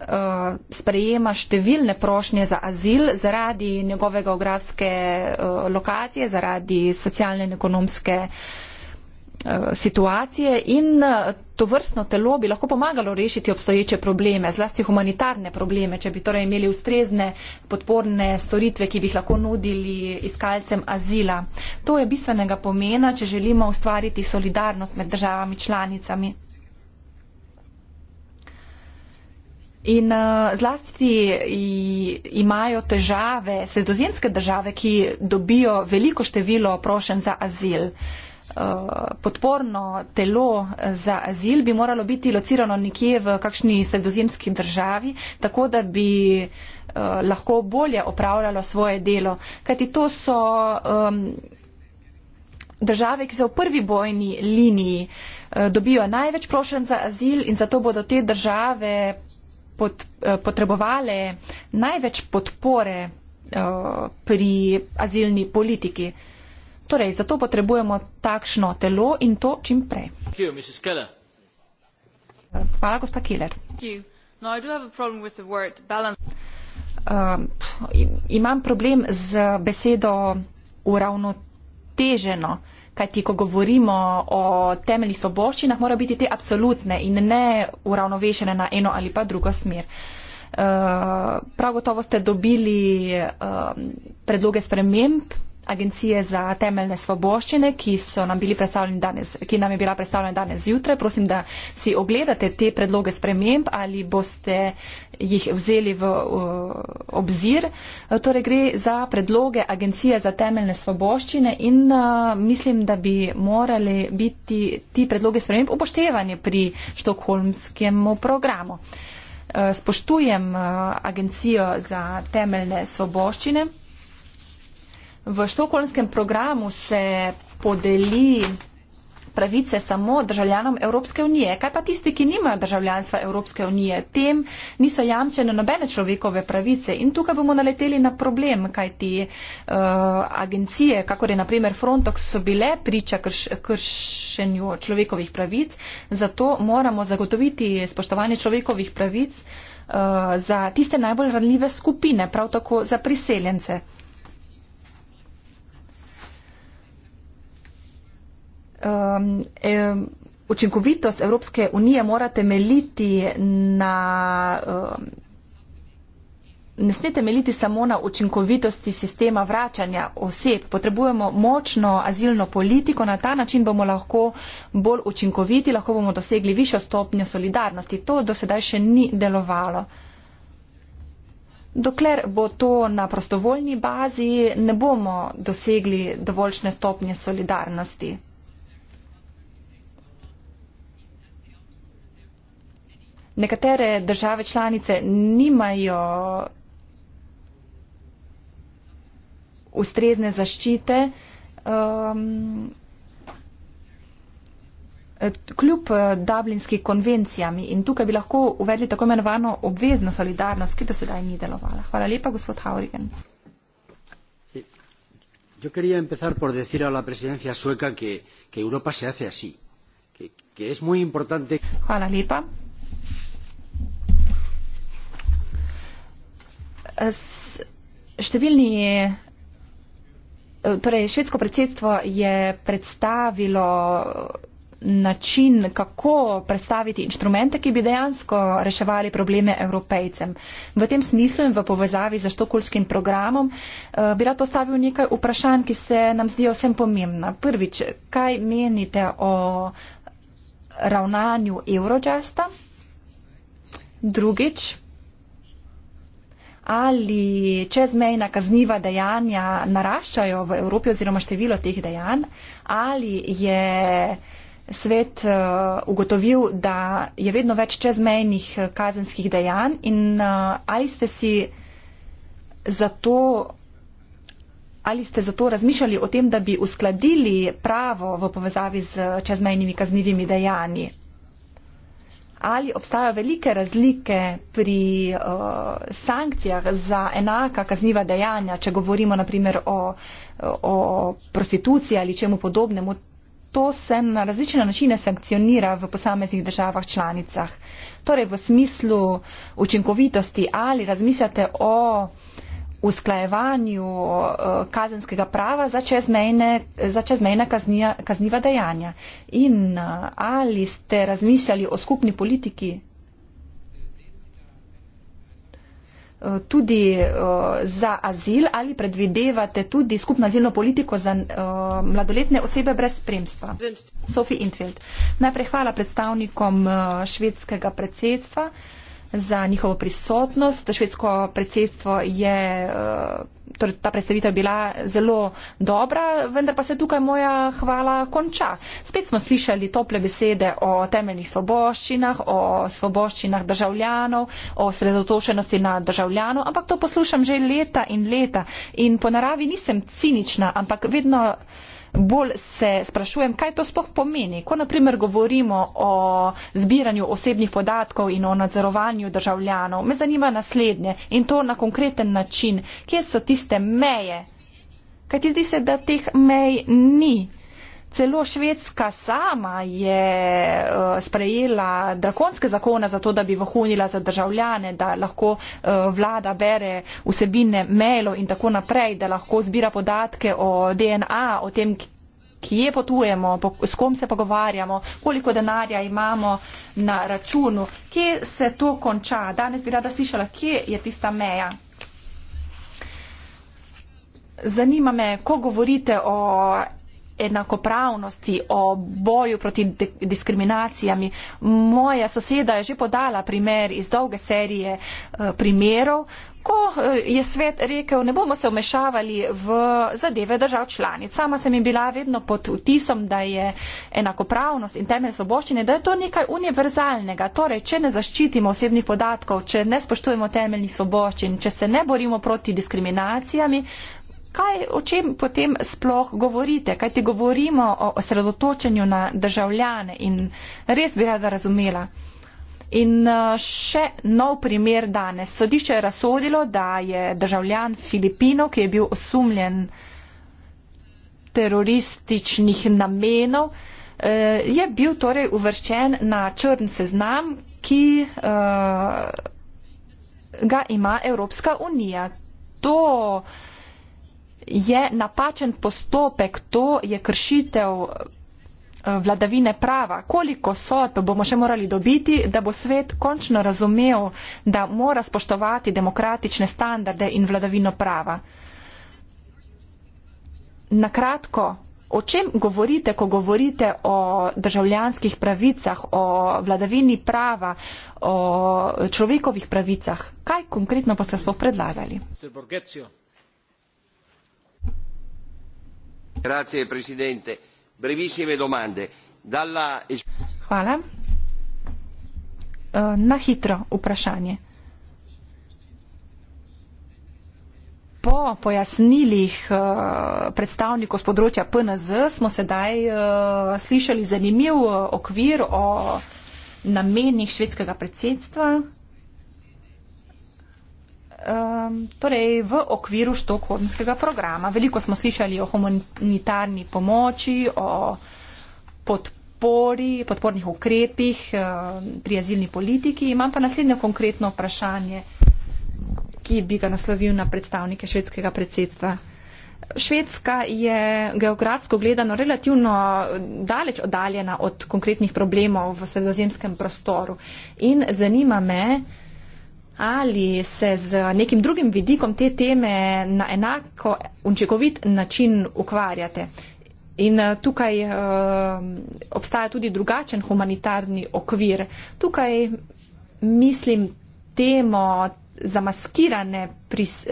Eh, sprejema številne prošnje za azil zaradi njegove geografske eh, lokacije, zaradi socialne in ekonomske eh, situacije in to vrstno telo bi lahko pomagalo rešiti obstoječe probleme, zlasti humanitarne probleme, če bi torej imeli ustrezne podporne storitve, ki bi jih lahko nudili iskalcem azila. To je bistvenega pomena, če želimo ustvariti solidarnost med državami članicami. In uh, zlasti imajo težave sredozemske države, ki dobijo veliko število prošen za azil. Uh, podporno telo za azil bi moralo biti locirano nekje v kakšni sredozemski državi, tako da bi uh, lahko bolje opravljalo svoje delo. Kajti to so um, države, ki so v prvi bojni liniji, uh, dobijo največ prošen za azil in zato bodo te države pot, eh, potrebovale največ podpore eh, pri azilni politiki. Torej, zato potrebujemo takšno telo in to čim prej. Hvala, gospa Keller. No, um, imam problem z besedo uravnoteženo. Uh, kajti ko govorimo o temeljih svoboščinah, morajo biti te absolutne in ne uravnovešene na eno ali pa drugo smer. Uh, prav gotovo ste dobili uh, predloge sprememb Agencije za temeljne svoboščine, ki, danes, ki nam je bila predstavljena danes zjutraj. Prosim, da si ogledate te predloge sprememb ali boste jih vzeli v uh, obzir. Torej, gre za predloge Agencije za temeljne svoboščine in uh, mislim, da bi morali biti ti predloge sprememb upoštevani pri štokholmskem programu. Uh, spoštujem uh, Agencijo za temeljne svoboščine. V štokholmskem programu se podeli pravice samo državljanom Evropske unije. Kaj pa tisti, ki nimajo državljanstva Evropske unije? Tem niso jamčene nobene človekove pravice. In tukaj bomo naleteli na problem, kaj ti uh, eh, agencije, kakor je naprimer Frontox, so bile priča krš, kršenju človekovih pravic. Zato moramo zagotoviti spoštovanje človekovih pravic uh, za tiste najbolj ranljive skupine, prav tako za priseljence. um, um, učinkovitost Evropske unije mora temeljiti na. Um, Ne smete meliti samo na učinkovitosti sistema vračanja oseb. Potrebujemo močno azilno politiko, na ta način bomo lahko bolj učinkoviti, lahko bomo dosegli višjo stopnjo solidarnosti. To do sedaj še ni delovalo. Dokler bo to na prostovoljni bazi, ne bomo dosegli dovoljšne stopnje solidarnosti. nekatere države članice nimajo ustrezne zaščite. Um, kljub eh, Dublinski konvencijami in tukaj bi lahko uvedli tako imenovano obvezno solidarnost, ki do sedaj ni delovala. Hvala lepa, gospod Haurigen. Yo quería empezar por decir a la presidencia sueca que, que Europa se hace así, que, que es muy importante. Hvala lepa. Številni, torej švedsko predsedstvo je predstavilo način, kako predstaviti inštrumente, ki bi dejansko reševali probleme evropejcem. V tem smislu in v povezavi za štokolskim programom eh, bi rad postavil nekaj vprašanj, ki se nam zdijo vsem pomembna. Prvič, kaj menite o ravnanju Eurojasta? Drugič, ali čezmejna kazniva dejanja naraščajo v Evropi oziroma število teh dejanj, ali je svet eh, ugotovil, da je vedno več čezmejnih eh, kazenskih dejanj in eh, ali ste si zato. Ali ste zato razmišljali o tem, da bi uskladili pravo v povezavi z čezmejnimi kaznivimi dejanji? ali obstajajo velike razlike pri uh, sankcijah za enaka kazniva dejanja, če govorimo naprimer o, o prostituciji ali čemu podobnemu. To se na različne načine sankcionira v posameznih državah članicah. Torej, v smislu učinkovitosti ali razmišljate o uh, usklajevanju eh, kazenskega prava za čezmejne, za čezmejne kaznija, kazniva dejanja. In eh, ali ste razmišljali o skupni politiki eh, tudi za azil ali predvidevate tudi skupno azilno politiko za mladoletne osebe brez spremstva? Sofi Intfeld. Najprej hvala predstavnikom švedskega predsedstva za njihovo prisotnost. Švedsko predsedstvo je, eh, torej ta predstavitev je bila zelo dobra, vendar pa se tukaj moja hvala konča. Spet smo slišali tople besede o temeljnih svoboščinah, o svoboščinah državljanov, o sredotočenosti na državljanov, ampak to poslušam že leta in leta in po naravi nisem cinična, ampak vedno bolj se sprašujem, kaj to sploh pomeni. Ko naprimer govorimo o zbiranju osebnih podatkov in o nadzorovanju državljanov, me zanima naslednje in to na konkreten način, kje so tiste meje. Kaj ti zdi se, da teh mej ni Celo Švedska sama je eh, sprejela drakonske zakone za to, da bi vohunila za državljane, da lahko eh, vlada bere vsebine mailov in tako naprej, da lahko zbira podatke o DNA, o tem, kje potujemo, s kom se pogovarjamo, koliko denarja imamo na računu, kje se to konča. Danes bi rada slišala, kje je tista meja. Zanima me, ko govorite o enakopravnosti, o boju proti diskriminacijami. Moja soseda je že podala primer iz dolge serije eh, primerov, ko eh, je svet rekel, ne bomo se vmešavali v zadeve držav članic. Sama sem jim bila vedno pod vtisom, da je enakopravnost in temelj soboščine, da je to nekaj univerzalnega. Torej, če ne zaščitimo osebnih podatkov, če ne spoštujemo temeljnih soboščin, če se ne borimo proti diskriminacijami, kaj, o čem potem sploh govorite, kaj ti govorimo o osredotočenju na državljane in res bi rada razumela. In eh, še nov primer danes. Sodišče je razsodilo, da je državljan Filipinov, ki je bil osumljen terorističnih namenov, eh, je bil torej uvrščen na črn seznam, ki eh, ga ima Evropska unija. To uh, je napačen postopek, to je kršitev eh, vladavine prava. Koliko sodb bomo še morali dobiti, da bo svet končno razumel, da mora spoštovati demokratične standarde in vladavino prava? Nakratko, o čem govorite, ko govorite o državljanskih pravicah, o vladavini prava, o človekovih pravicah? Kaj konkretno boste spopredlagali? Sir Borgezio. Hvala. Eh, na hitro vprašanje. Po pojasnilih eh, predstavnikov z področja PNZ smo sedaj eh, slišali zanimiv okvir o namenih švedskega predsedstva. Um, torej, v okviru štokholmskega programa. Veliko smo slišali o humanitarni pomoči, o podpori, podpornih ukrepih um, pri azilni politiki. Imam pa naslednje konkretno vprašanje, ki bi ga naslovil na predstavnike švedskega predsedstva. Švedska je geografsko gledano relativno daleč oddaljena od konkretnih problemov v sredozemskem prostoru. In zanima me, ali se z nekim drugim vidikom te teme na enako učinkovit način ukvarjate. In eh, tukaj uh, obstaja tudi drugačen humanitarni okvir. Tukaj mislim temo zamaskirane, pris,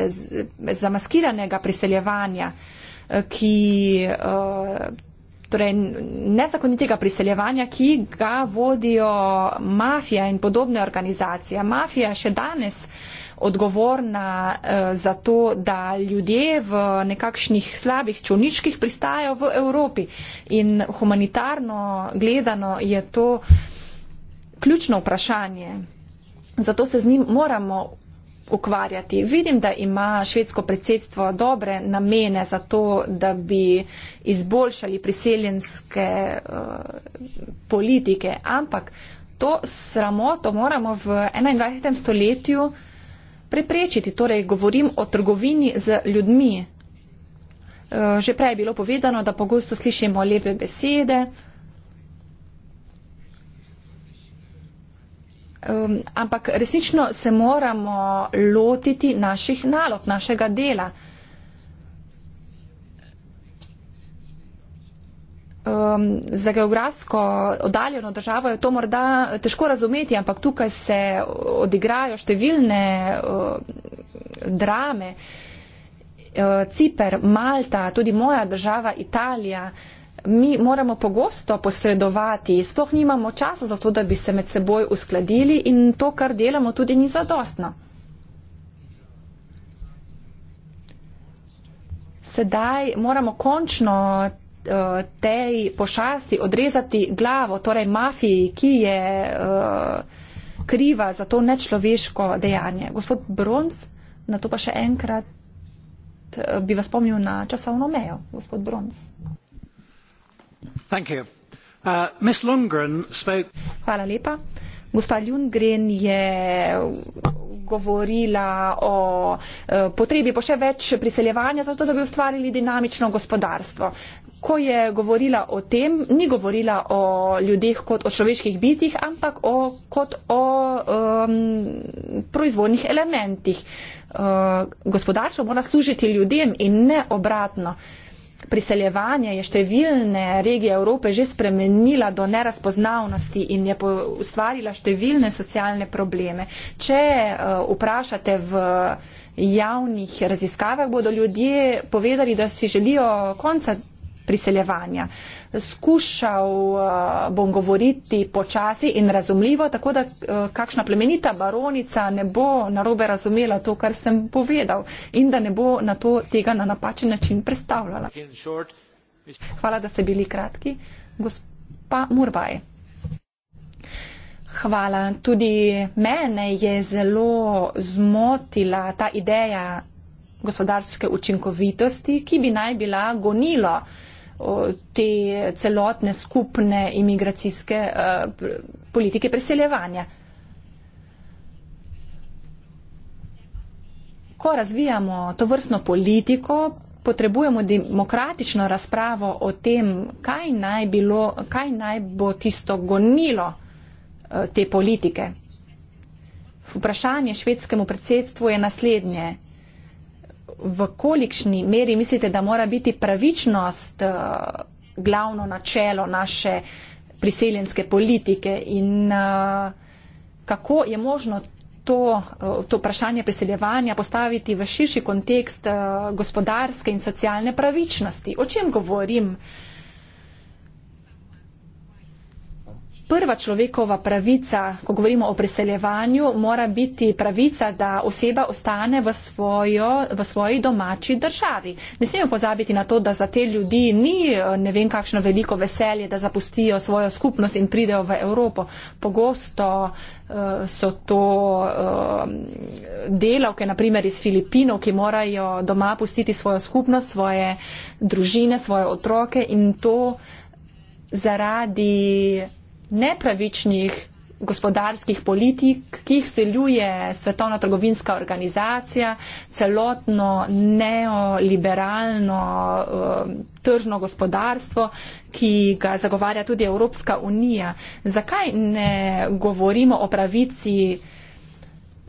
zamaskiranega priseljevanja, eh, ki uh, torej nezakonitega priseljevanja, ki ga vodijo mafija in podobne organizacije. Mafija še danes odgovorna uh, za to, da ljudje v nekakšnih slabih čuničkih pristajajo v Evropi. In humanitarno gledano je to ključno vprašanje. Zato se z njim moramo ukvarjati. Vidim, da ima švedsko predsedstvo dobre namene za to, da bi izboljšali priseljenske uh, politike, ampak to sramoto moramo v 21. stoletju preprečiti. Torej, govorim o trgovini z ljudmi. Uh, že prej je bilo povedano, da pogosto slišimo lepe besede, uh, Um, ampak resnično se moramo lotiti naših nalog, našega dela. Um, za geografsko oddaljeno državo je to morda težko razumeti, ampak tukaj se odigrajo številne uh, drame. Uh, Ciper, Malta, tudi moja država, Italija. Uh, mi moramo pogosto posredovati, sploh nimamo časa za to, da bi se med seboj uskladili in to, kar delamo, tudi ni zadostno. Sedaj moramo končno eh, tej pošasti odrezati glavo, torej mafiji, ki je uh, kriva za to nečloveško dejanje. Gospod Bronc, na to pa še enkrat eh, bi vas spomnil na časovno mejo. Gospod Bronc. Uh, gospa ljunggren je govorila o eh, potrebi po še več priseljevanja zato da bi ustvarili dinamično gospodarstvo ko je govorila o tem ni govorila o ljudeh kot o človeških bitjih ampak o, kot o um, proizvodnih elementih uh, gospodarstvo mora služiti ljudem in ne obratno uh, priseljevanje je številne regije Evrope že spremenila do nerazpoznavnosti in je ustvarila številne socialne probleme. Če eh, vprašate v javnih raziskavah, bodo ljudje povedali, da si želijo konca priseljevanja. Skušal eh, bom govoriti počasi in razumljivo, tako da eh, kakšna plemenita baronica ne bo narobe razumela to, kar sem povedal in da ne bo na to tega na napačen način predstavljala. Hvala, da ste bili kratki. Gospa Murbaje. Hvala. Tudi mene je zelo zmotila ta ideja gospodarske učinkovitosti, ki bi naj bila gonilo uh, te celotne skupne imigracijske eh, politike preseljevanja. Ko razvijamo to vrstno politiko, potrebujemo demokratično razpravo o tem, kaj naj, bilo, kaj naj bo tisto gonilo eh, te politike. Vprašanje švedskemu predsedstvu je naslednje v kolikšni meri mislite, da mora biti pravičnost eh, glavno načelo naše priseljenske politike in eh, kako je možno to, eh, to vprašanje priseljevanja postaviti v širši kontekst gospodarske in socialne pravičnosti? O čem govorim? prva človekova pravica, ko govorimo o preseljevanju, mora biti pravica, da oseba ostane v, svojo, v svoji domači državi. Ne smemo pozabiti na to, da za te ljudi ni ne vem kakšno veliko veselje, da zapustijo svojo skupnost in pridejo v Evropo. Pogosto uh, so to uh, delavke, naprimer iz Filipinov, ki morajo doma pustiti svojo skupnost, svoje družine, svoje otroke in to zaradi nepravičnih gospodarskih politik, ki jih vseljuje Svetovna trgovinska organizacija, celotno neoliberalno uh, tržno gospodarstvo, ki ga zagovarja tudi Evropska unija. Zakaj ne govorimo o pravici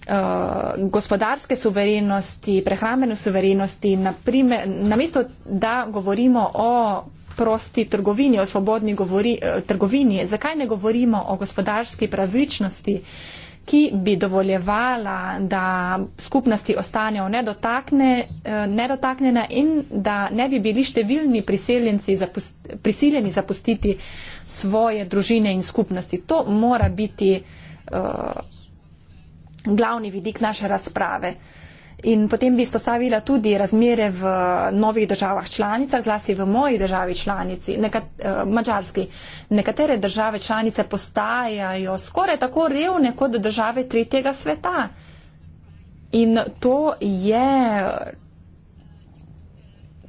uh, gospodarske suverenosti, prehrambene suverenosti, naprimer, namesto da govorimo o prosti trgovini, o svobodni govori, eh, trgovini, zakaj ne govorimo o gospodarski pravičnosti, ki bi dovoljevala, da skupnosti ostanejo nedotakne, eh, nedotaknjena in da ne bi bili številni priseljenci zapusti, prisiljeni zapustiti svoje družine in skupnosti. To mora biti uh, glavni vidik naše razprave. Uh, In potem bi izpostavila tudi razmere v novih državah članicah, zlasti v moji državi članici, nekat, uh, eh, mačarski. Nekatere države članice postajajo skoraj tako revne kot države tretjega sveta. In to je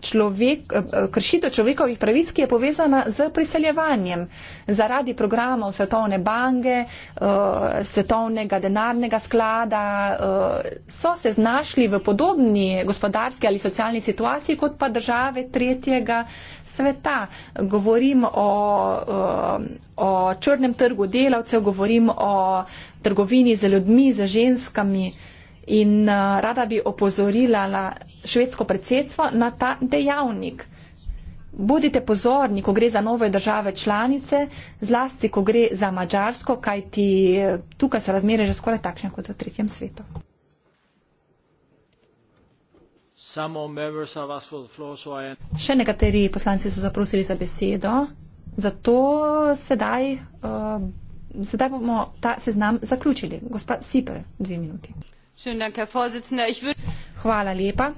človek, eh, eh, kršitev človekovih pravic, ki je povezana z priseljevanjem. Zaradi programov Svetovne banke, eh, Svetovnega denarnega sklada so se znašli v podobni gospodarski ali socialni situaciji kot pa države tretjega sveta. Govorim o, o črnem trgu delavcev, govorim o trgovini z ljudmi, z ženskami. In uh, rada bi opozorila na švedsko predsedstvo na ta dejavnik. Bodite pozorni, ko gre za nove države članice, zlasti, ko gre za Mačarsko, kajti eh, tukaj so razmere že skoraj takšne kot v tretjem svetu. Še nekateri poslanci so zaprosili za besedo, zato sedaj, uh, sedaj bomo ta seznam zaključili. Gospa Siper, dve minuti. Hvala lepa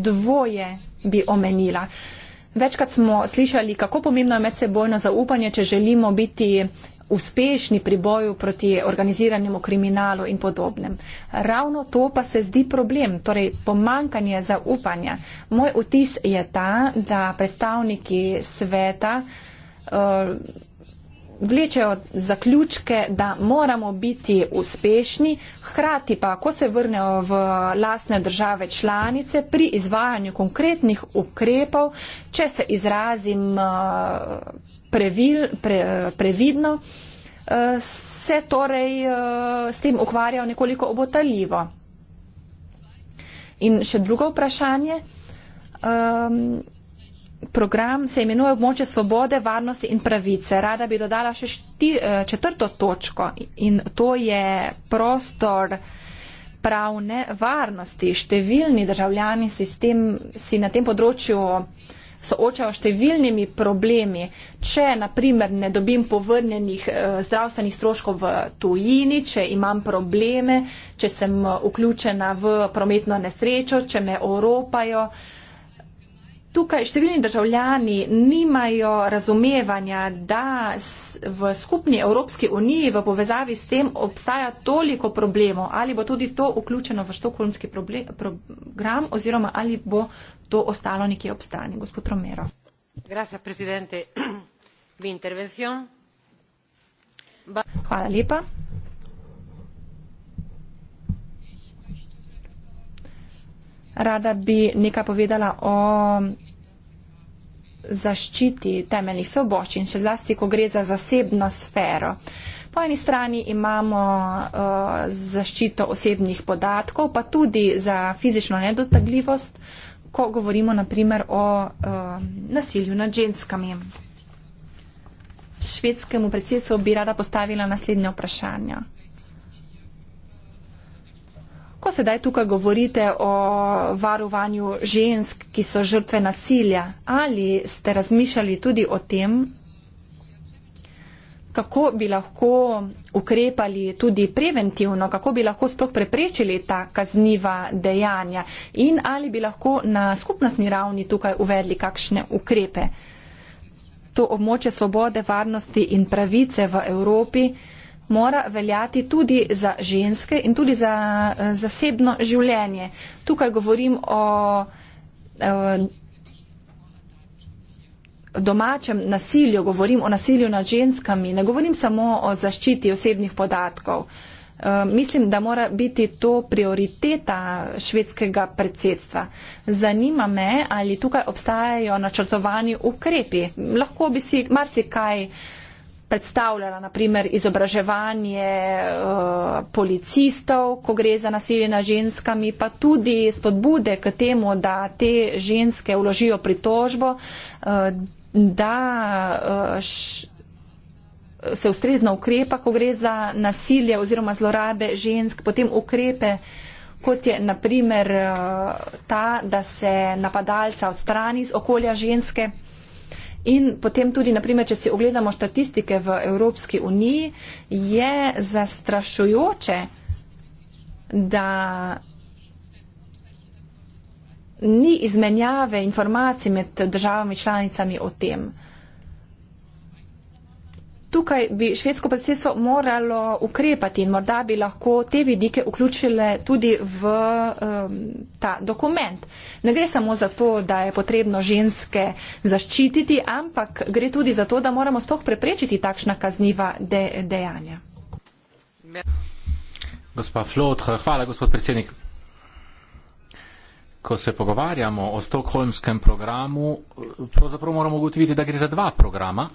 dvoje bi omenila. Večkrat smo slišali, kako pomembno je medsebojno zaupanje, če želimo biti uspešni pri boju proti organiziranemu kriminalu in podobnem. Ravno to pa se zdi problem, torej pomankanje zaupanja. Moj vtis je ta, da predstavniki sveta uh, vlečejo zaključke, da moramo biti uspešni, hkrati pa, ko se vrnejo v lasne države članice pri izvajanju konkretnih ukrepov, če se izrazim eh, previl, pre, previdno, eh, se torej eh, s tem ukvarjajo nekoliko obotaljivo. In še drugo vprašanje. Ehm, program se imenuje območje svobode, varnosti in pravice. Rada bi dodala še šti, eh, četrto točko in to je prostor pravne varnosti. Številni državljani si, tem, si na tem področju soočajo številnimi problemi. Če, na primer, ne dobim povrnenih eh, zdravstvenih stroškov v tujini, če imam probleme, če sem eh, vključena v prometno nesrečo, če me oropajo, tukaj številni državljani nimajo razumevanja, da v skupni Evropski uniji v povezavi s tem obstaja toliko problemov. Ali bo tudi to vključeno v štokholmski program oziroma ali bo to ostalo nekje ob strani. Gospod Romero. [clears throat] Hvala lepa. Rada bi nekaj povedala o zaščiti temeljnih soboščin, še zlasti, ko gre za zasebno sfero. Po eni strani imamo uh, zaščito osebnih podatkov, pa tudi za fizično nedotagljivost, ko govorimo naprimer o uh, nasilju nad ženskami. Švedskemu predsedstvu bi rada postavila naslednje vprašanje. Ko sedaj tukaj govorite o varovanju žensk, ki so žrtve nasilja, ali ste razmišljali tudi o tem, kako bi lahko ukrepali tudi preventivno, kako bi lahko sploh preprečili ta kazniva dejanja in ali bi lahko na skupnostni ravni tukaj uvedli kakšne ukrepe. To območje svobode, varnosti in pravice v Evropi mora veljati tudi za ženske in tudi za eh, zasebno življenje. Tukaj govorim o, o eh, domačem nasilju, govorim o nasilju nad ženskami, ne govorim samo o zaščiti osebnih podatkov. Eh, mislim, da mora biti to prioriteta švedskega predsedstva. Zanima me, ali tukaj obstajajo načrtovani ukrepi. Lahko bi si marsikaj uh, predstavljala, naprimer izobraževanje uh, policistov, ko gre za nasilje nad ženskami, pa tudi spodbude k temu, da te ženske uložijo pritožbo, uh, da uh, š, se ustrezno ukrepa, ko gre za nasilje oziroma zlorabe žensk, potem ukrepe kot je naprimer ta, da se napadalca odstrani iz okolja ženske. In potem tudi, naprimer, če si ogledamo statistike v Evropski uniji, je zastrašujoče, da ni izmenjave informacij med državami članicami o tem. Tukaj bi švedsko predsedstvo moralo ukrepati in morda bi lahko te vidike vključile tudi v um, ta dokument. Ne gre samo za to, da je potrebno ženske zaščititi, ampak gre tudi za to, da moramo sploh preprečiti takšna kazniva de dejanja. Gospa Flot, hvala, gospod predsednik. Ko se pogovarjamo o stokholmskem programu, pravzaprav moramo ugotoviti, da gre za dva programa.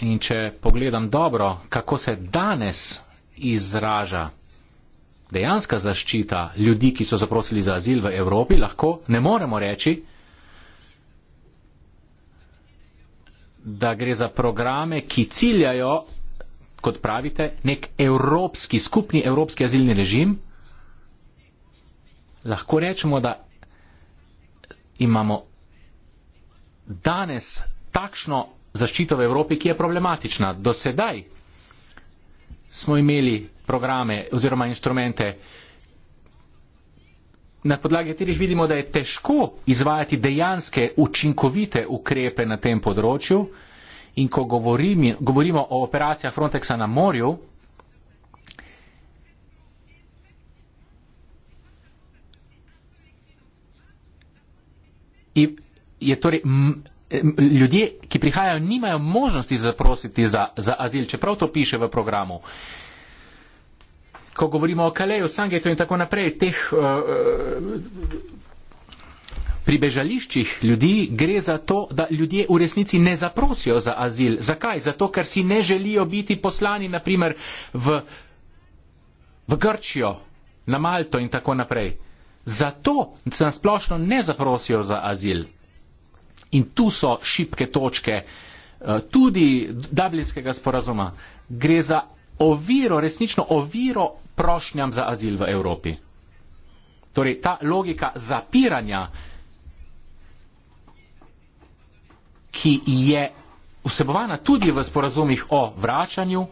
In če pogledam dobro, kako se danes izraža dejanska zaščita ljudi, ki so zaprosili za azil v Evropi, lahko ne moremo reči, da gre za programe, ki ciljajo, kot pravite, nek evropski, skupni evropski azilni režim. Lahko rečemo, da imamo danes takšno zaščito v Evropi, ki je problematična. Do sedaj smo imeli programe oziroma instrumente, na podlagi katerih vidimo, da je težko izvajati dejanske učinkovite ukrepe na tem področju. In ko govorim, govorimo o operacijah Frontexa na morju, je torej ljudje, ki prihajajo, nimajo možnosti zaprositi za, za azil, čeprav to piše v programu. Ko govorimo o Kaleju, Sangetu in tako naprej, teh uh, eh, eh, pri bežališčih ljudi gre za to, da ljudje v resnici ne zaprosijo za azil. Zakaj? Zato, ker si ne želijo biti poslani, naprimer, v, v Grčijo, na Malto in tako naprej. Zato se nasplošno ne zaprosijo za azil. In tu so šipke točke eh, tudi Dublinskega sporazuma. Gre za oviro, resnično oviro prošnjam za azil v Evropi. Torej, ta logika zapiranja, ki je vsebovana tudi v sporazumih o vračanju,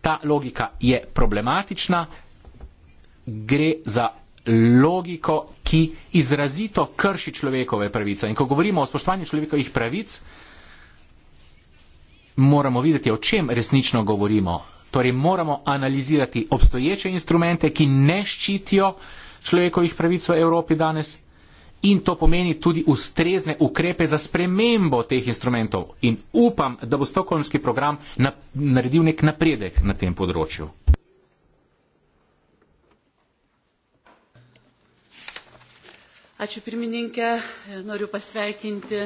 ta logika je problematična, gre za logiko, ki izrazito krši človekove pravice. In ko govorimo o spoštovanju človekovih pravic, moramo videti, o čem resnično govorimo. Torej moramo analizirati obstoječe instrumente, ki ne ščitijo človekovih pravic v Evropi danes. In to pomeni tudi ustrezne ukrepe za spremembo teh instrumentov. In upam, da bo Stokholmski program naredil nek napredek na tem področju. Ačiū pirmininkė, noriu pasveikinti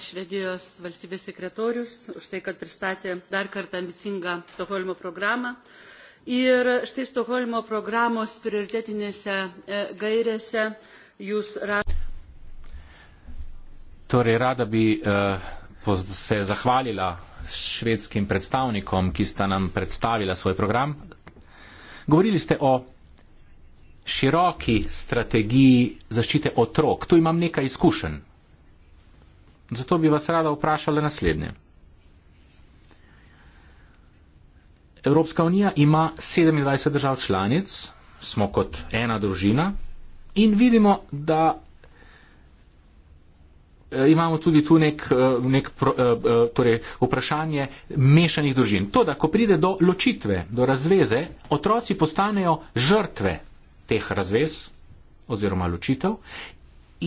Švedijos valstybės sekretorius už tai, kad pristatė dar kartą ambicingą Stokholmo programą. Ir štai Stokholmo programos prioritetinėse e, gairėse jūs radote. Torej, rada bi e, se zahvalila švedskim predstavnikom, ki sta nam predstavila svoj program. Govorili ste o široki strategiji zaščite otrok. Tu imam nekaj izkušenj. Zato bi vas rada vprašala naslednje. Evropska unija ima 27 držav članic, smo kot ena družina in vidimo, da eh, imamo tudi tu nek, eh, nek eh, torej vprašanje mešanih družin. To, da ko pride do ločitve, do razveze, otroci postanejo žrtve teh razvez oziroma ločitev.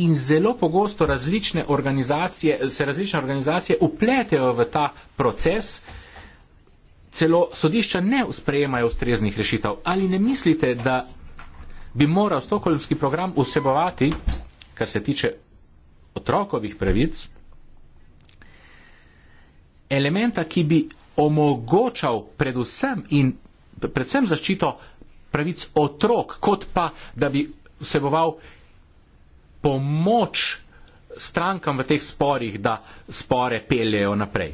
In zelo pogosto različne organizacije, se različne organizacije upletejo v ta proces, celo sodišča ne sprejemajo ustreznih rešitev. Ali ne mislite, da bi moral stokholmski program vsebovati, kar se tiče otrokovih pravic, elementa, ki bi omogočal predvsem, in, predvsem zaščito pravic otrok, kot pa da bi vseboval pomoč strankam v teh sporih, da spore peljejo naprej.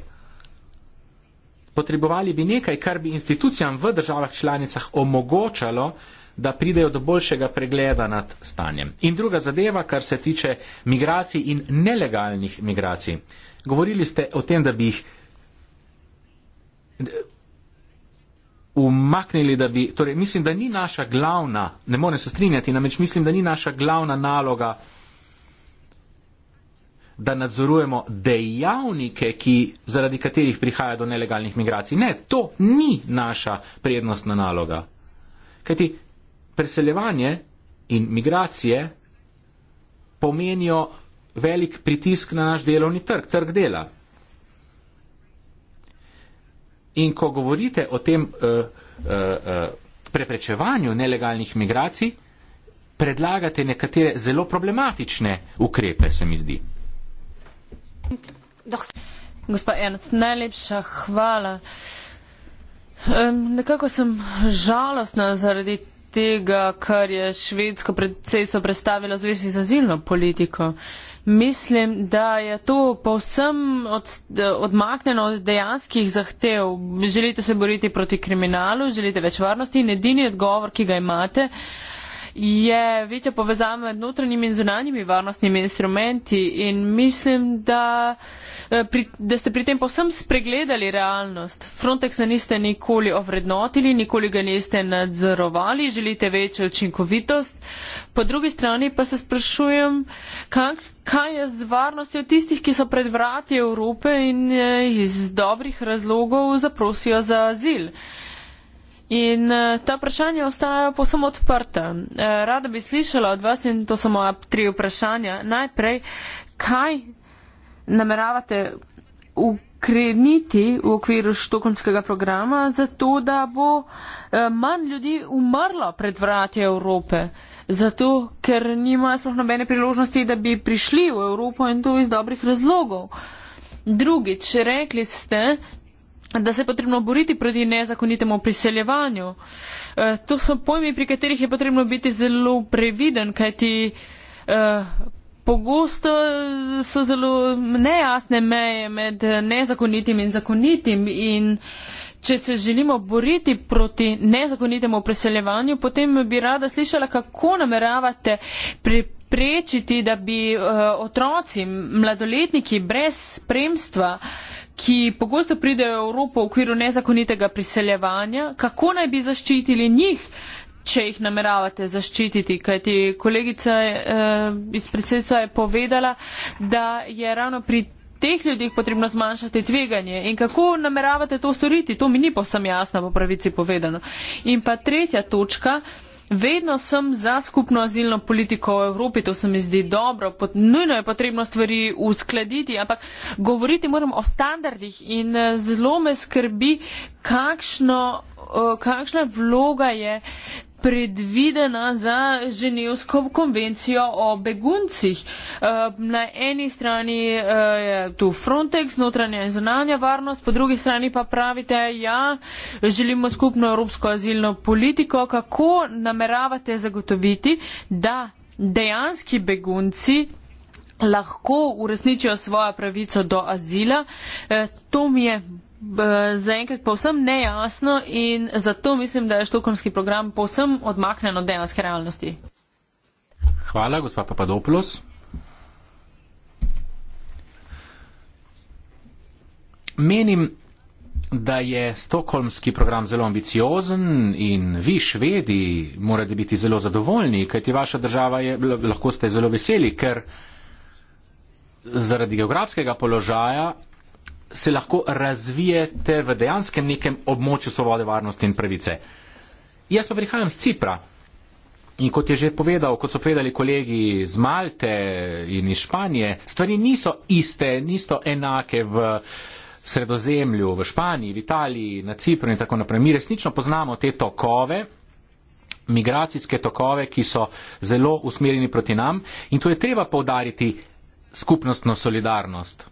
Potrebovali bi nekaj, kar bi institucijam v državah članicah omogočalo, da pridejo do boljšega pregleda nad stanjem. In druga zadeva, kar se tiče migracij in nelegalnih migracij. Govorili ste o tem, da bi jih umaknili, da bi, torej mislim, da ni naša glavna, ne morem se strinjati, namreč mislim, da ni naša glavna naloga, da nadzorujemo dejavnike, ki, zaradi katerih prihaja do nelegalnih migracij. Ne, to ni naša prednostna naloga. Kajti preseljevanje in migracije pomenijo velik pritisk na naš delovni trg, trg dela. In ko govorite o tem uh, uh, uh, preprečevanju nelegalnih migracij, predlagate nekatere zelo problematične ukrepe, se mi zdi. Gospa Ernst, najlepša hvala. Um, nekako sem žalostna zaradi tega, kar je Švedsko predsedstvo predstavilo v zvezi z azilno politiko. Um, mislim, da je to povsem od, odmaknjeno od dejanskih zahtev. Želite se boriti proti kriminalu, želite več varnosti in edini odgovor, ki ga imate, uh, je večja povezava med notranjimi in zunanjimi varnostnimi instrumenti in mislim, da, eh, pri, da ste pri tem povsem spregledali realnost. Frontexa niste nikoli ovrednotili, nikoli ga niste nadzorovali, želite večjo učinkovitost. Po drugi strani pa se sprašujem, kak, kaj je z varnostjo tistih, ki so pred vrati Evrope in eh, iz dobrih razlogov zaprosijo za azil. In eh, ta vprašanja ostajajo posebno odprta. Eh, rada bi slišala od vas, in to so moja tri vprašanja. Najprej, kaj nameravate ukreniti v okviru štokonskega programa, zato da bo eh, manj ljudi umrlo pred vrati Evrope? Zato, ker nimajo sploh nobene priložnosti, da bi prišli v Evropo in to iz dobrih razlogov. Drugič, rekli ste, da se je potrebno boriti proti nezakonitemu priseljevanju. Eh, to so pojmi, pri katerih je potrebno biti zelo previden, kajti eh, pogosto so zelo nejasne meje med nezakonitim in zakonitim in če se želimo boriti proti nezakonitemu priseljevanju, potem bi rada slišala, kako nameravate pri prečiti, da bi uh, otroci, mladoletniki brez spremstva uh, ki pogosto pridejo v Evropo v okviru nezakonitega priseljevanja, kako naj bi zaščitili njih, če jih nameravate zaščititi? Kajti kolegica eh, iz predsedstva je povedala, da je ravno pri teh ljudih potrebno zmanjšati tveganje in kako nameravate to storiti, to mi ni povsem jasno po pravici povedano. In pa tretja točka. Vedno sem za skupno azilno politiko v Evropi, to se mi zdi dobro, pot, nujno je potrebno stvari uskladiti, ampak govoriti moram o standardih in eh, zelo me skrbi, kakšno, eh, kakšna vloga je predvidena za ženevsko konvencijo o beguncih. Eh, na eni strani eh, je tu Frontex, notranja in zunanja varnost, po drugi strani pa pravite, ja, želimo skupno evropsko azilno politiko, kako nameravate zagotoviti, da dejanski begunci lahko uresničijo svojo pravico do azila. Eh, to mi je zaenkrat povsem nejasno in zato mislim, da je štokomski program povsem odmaknen od dejanske realnosti. Hvala, gospa Papadopoulos. Menim, da je stokholmski program zelo ambiciozen in vi, švedi, morate biti zelo zadovoljni, kajti vaša država je, lahko ste zelo veseli, ker zaradi geografskega položaja se lahko razvijete v dejanskem nekem območju svobode, varnosti in pravice. Jaz pa prihajam z Cipra in kot je že povedal, kot so povedali kolegi iz Malte in iz Španije, stvari niso iste, niso enake v sredozemlju, v Španiji, v Italiji, na Cipru in tako naprej. Mi resnično poznamo te tokove, migracijske tokove, ki so zelo usmerjeni proti nam in tu je treba povdariti skupnostno solidarnost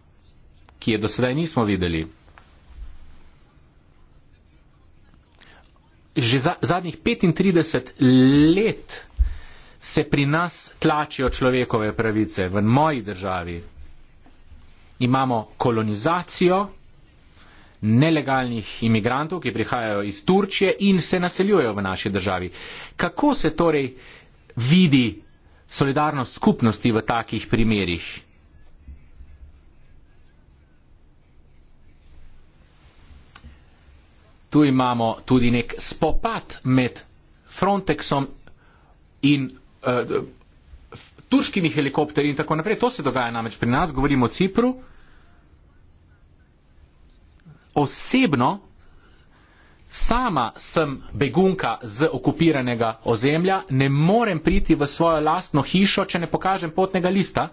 ki je doslej nismo videli. Že za, zadnjih 35 let se pri nas tlačijo človekove pravice v moji državi. Imamo kolonizacijo nelegalnih imigrantov, ki prihajajo iz Turčije in se naseljujejo v naši državi. Kako se torej vidi solidarnost skupnosti v takih primerjih? tu imamo tudi nek spopad med Frontexom in uh, turškimi helikopteri in tako naprej. To se dogaja namreč pri nas, govorimo o Cipru. Osebno sama sem begunka z okupiranega ozemlja, ne morem priti v svojo lastno hišo, če ne pokažem potnega lista,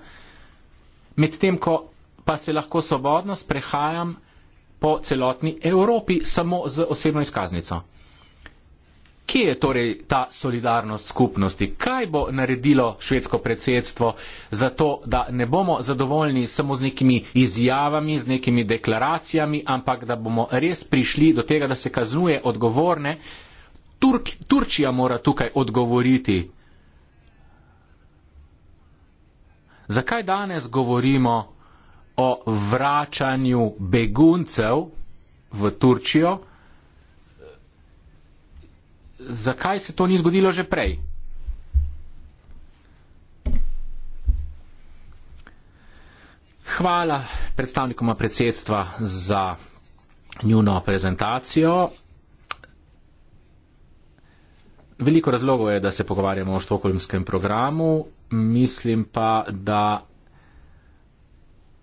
medtem ko pa se lahko svobodno sprehajam po celotni Evropi samo z osebno izkaznico. Kje je torej ta solidarnost skupnosti? Kaj bo naredilo švedsko predsedstvo za to, da ne bomo zadovoljni samo z nekimi izjavami, z nekimi deklaracijami, ampak da bomo res prišli do tega, da se kaznuje odgovorne? Turk, Turčija mora tukaj odgovoriti. Zakaj danes govorimo o vračanju beguncev v Turčijo, zakaj se to ni zgodilo že prej? Hvala predstavnikoma predsedstva za njuno prezentacijo. Veliko razlogov je, da se pogovarjamo o štokholmskem programu, mislim pa, da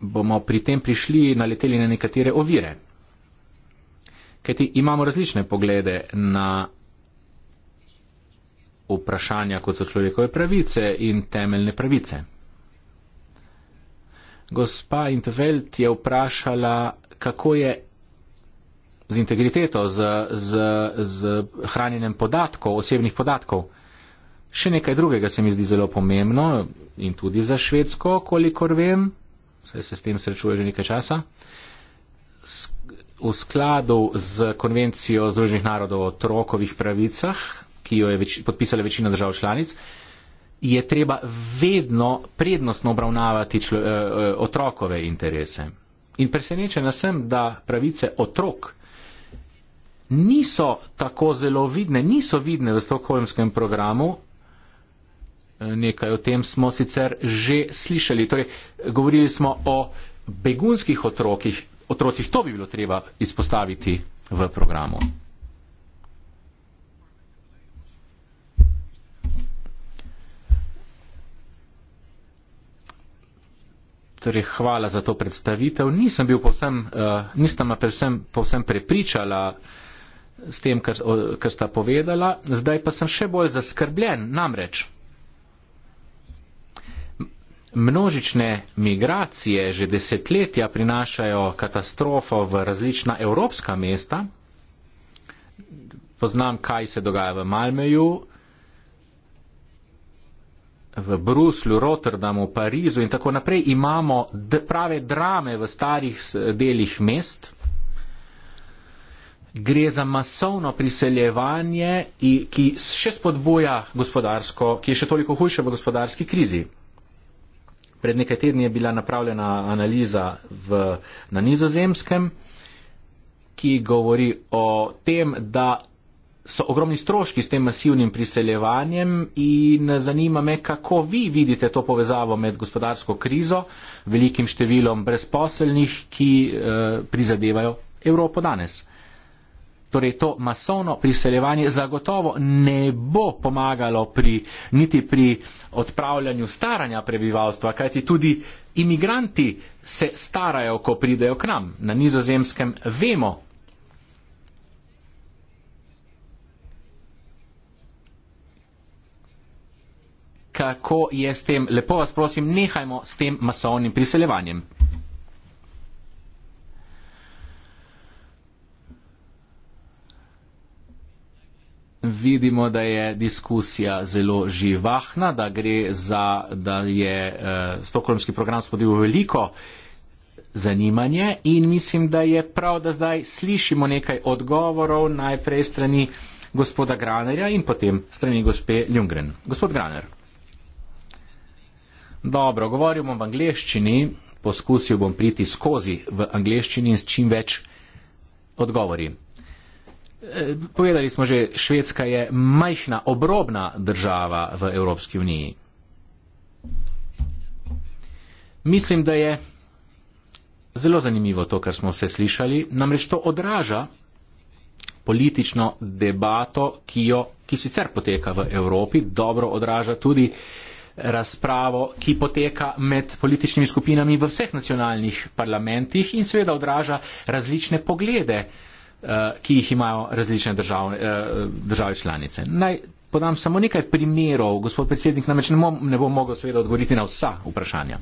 bomo pri tem prišli naleteli na nekatere ovire. Kajti imamo različne poglede na vprašanja, kot so človekove pravice in temeljne pravice. Gospa Intveld je vprašala, kako je z integriteto, z, z, z hranjenjem podatkov, osebnih podatkov. Še nekaj drugega se mi zdi zelo pomembno in tudi za švedsko, kolikor vem saj se s tem srečuje že nekaj časa, v skladu z konvencijo Združenih narodov o otrokovih pravicah, ki jo je več, podpisala večina držav članic, je treba vedno prednostno obravnavati člo, eh, eh otrokove interese. In presenečena sem, da pravice otrok niso tako zelo vidne, niso vidne v stokholmskem programu, nekaj o tem smo sicer že slišali. Torej, govorili smo o begunskih otrokih. otrocih, to bi bilo treba izpostaviti v programu. Torej, hvala za to predstavitev. Nisem bil povsem, uh, eh, nista ma povsem, povsem prepričala s tem, kar, kar sta povedala. Zdaj pa sem še bolj zaskrbljen. Namreč, Množične migracije že desetletja prinašajo katastrofo v različna evropska mesta. Poznam, kaj se dogaja v Malmeju, v Bruslju, Rotterdamu, Parizu in tako naprej. Imamo prave drame v starih delih mest. Gre za masovno priseljevanje, ki še spodbuja gospodarsko, ki je še toliko hujše v gospodarski krizi pred nekaj tedni je bila napravljena analiza v, na nizozemskem, ki govori o tem, da so ogromni stroški s tem masivnim priseljevanjem in zanima me, kako vi vidite to povezavo med gospodarsko krizo, velikim številom brezposelnih, ki eh, prizadevajo Evropo danes. Torej to masovno priseljevanje zagotovo ne bo pomagalo pri, niti pri odpravljanju staranja prebivalstva, kajti tudi imigranti se starajo, ko pridejo k nam. Na nizozemskem vemo, kako je s tem. Lepo vas prosim, nehajmo s tem masovnim priseljevanjem. vidimo, da je diskusija zelo živahna, da, za, da je uh, stokholmski program spodil veliko zanimanje in mislim, da je prav, da zdaj slišimo nekaj odgovorov najprej strani gospoda Granerja in potem strani gospe Ljungren. Gospod Graner. Dobro, govorim v angleščini, poskusil bom priti skozi v angleščini s čim več odgovori. Eh, povedali smo že, Švedska je majhna, obrobna država v Evropski uniji. Mislim, da je zelo zanimivo to, kar smo vse slišali, namreč to odraža politično debato, ki, jo, ki sicer poteka v Evropi, dobro odraža tudi razpravo, ki poteka med političnimi skupinami v vseh nacionalnih parlamentih in seveda odraža različne poglede uh, Eh, ki jih imajo različne države, eh, države članice. Naj podam samo nekaj primerov, gospod predsednik, namreč ne, ne bom mogel seveda odgovoriti na vsa vprašanja.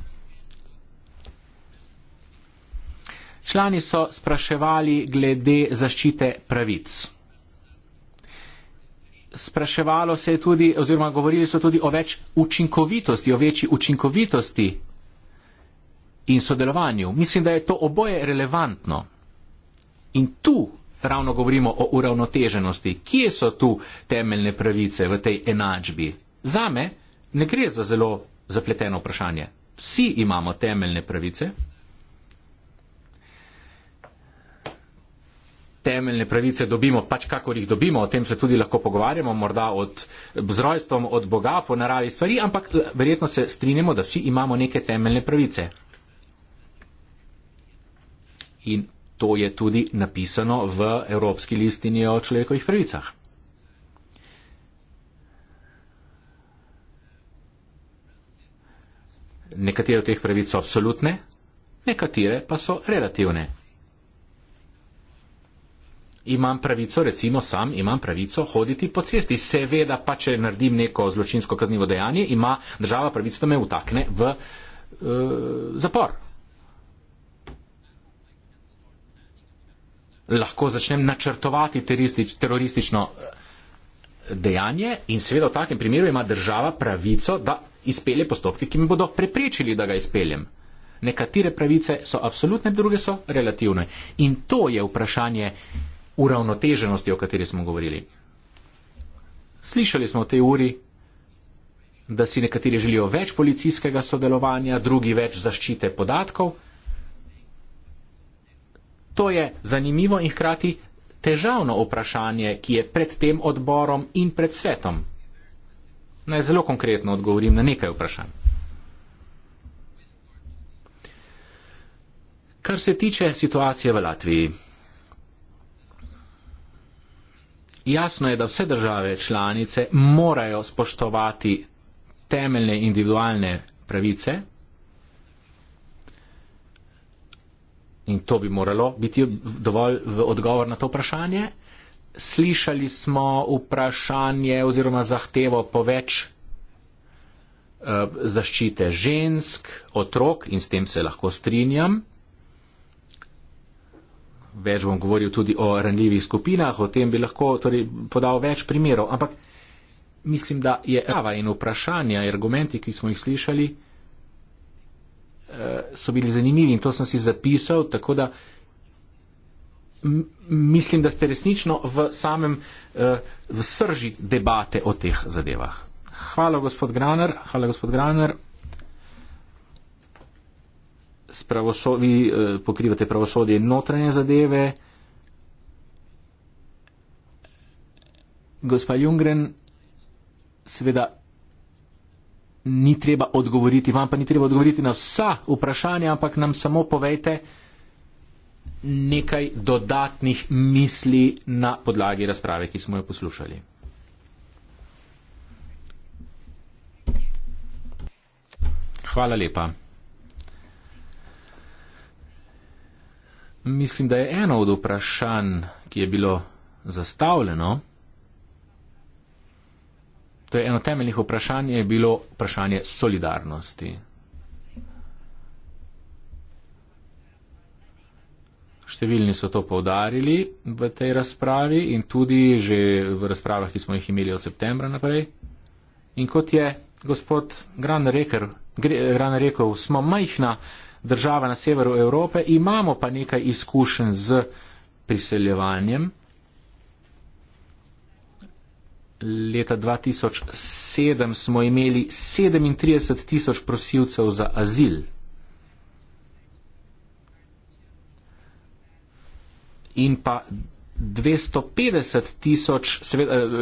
Člani so spraševali glede zaščite pravic. Spraševalo se je tudi, oziroma govorili so tudi o več učinkovitosti, o večji učinkovitosti in sodelovanju. Mislim, da je to oboje relevantno. In tu ravno govorimo o uravnoteženosti. Kje so tu temeljne pravice v tej enačbi? Za me ne gre za zelo zapleteno vprašanje. Vsi imamo temeljne pravice. Temeljne pravice dobimo, pač kakor jih dobimo, o tem se tudi lahko pogovarjamo, morda od, z rojstvom, od Boga, po naravi stvari, ampak eh, verjetno se strinjamo, da vsi imamo neke temeljne pravice. In to je tudi napisano v Evropski listini o človekovih pravicah. Nekatere od teh pravic so absolutne, nekatere pa so relativne. Imam pravico, recimo sam imam pravico hoditi po cesti. Seveda pa, če naredim neko zločinsko kaznivo dejanje, ima država pravico, da me utakne v uh, zapor. lahko začnem načrtovati teristič, teroristično eh, dejanje in seveda v takem primeru ima država pravico, da izpelje postopke, ki mi bodo preprečili, da ga izpeljem. Nekatere pravice so absolutne, druge so relativne. In to je vprašanje uravnoteženosti, o kateri smo govorili. Slišali smo v tej uri, da si nekateri želijo več policijskega sodelovanja, drugi več zaščite podatkov. To je zanimivo in hkrati težavno vprašanje, ki je pred tem odborom in pred svetom. Naj zelo konkretno odgovorim na nekaj vprašanj. Kar se tiče situacije v Latviji, jasno je, da vse države članice morajo spoštovati temeljne individualne pravice in to bi moralo biti dovolj v odgovor na to vprašanje. Slišali smo vprašanje oziroma zahtevo po več eh, zaščite žensk, otrok in s tem se lahko strinjam. Več bom govoril tudi o ranljivih skupinah, o tem bi lahko torej, podal več primerov, ampak mislim, da je prava in vprašanja, argumenti, ki smo jih slišali, Eh, so bili zanimivi in to sem si zapisal, tako da mislim, da ste resnično v samem eh, v srži debate o teh zadevah. Hvala, gospod Graner. Hvala, gospod Graner. Vi eh, pokrivate pravosodje in notranje zadeve. Gospa Jungren, seveda ni treba odgovoriti, vam pa ni treba odgovoriti na vsa vprašanja, ampak nam samo povejte nekaj dodatnih misli na podlagi razprave, ki smo jo poslušali. Hvala lepa. Mislim, da je eno od vprašanj, ki je bilo zastavljeno. To je eno temeljnih vprašanj, je bilo vprašanje solidarnosti. Številni so to povdarili v tej razpravi in tudi že v razpravah, ki smo jih imeli od septembra naprej. In kot je gospod Gran rekel, smo majhna država na severu Evrope, imamo pa nekaj izkušenj z priseljevanjem leta 2007 smo imeli 37 tisoč prosilcev za azil. In pa 250 tisoč,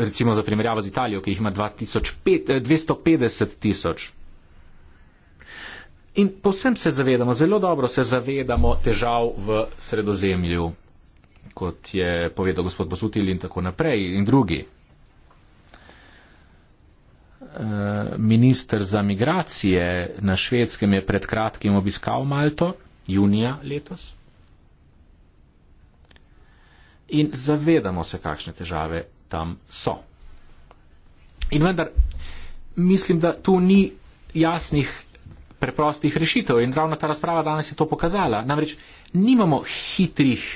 recimo za primerjavo z Italijo, ki jih ima 2005, 250 eh, tisoč. In povsem se zavedamo, zelo dobro se zavedamo težav v sredozemlju, kot je povedal gospod Basutil in tako naprej in drugi. Eh, minister za migracije na švedskem je pred kratkim obiskal Malto, junija letos. In zavedamo se, kakšne težave tam so. In vendar, mislim, da tu ni jasnih, preprostih rešitev. In ravno ta razprava danes je to pokazala. Namreč nimamo hitrih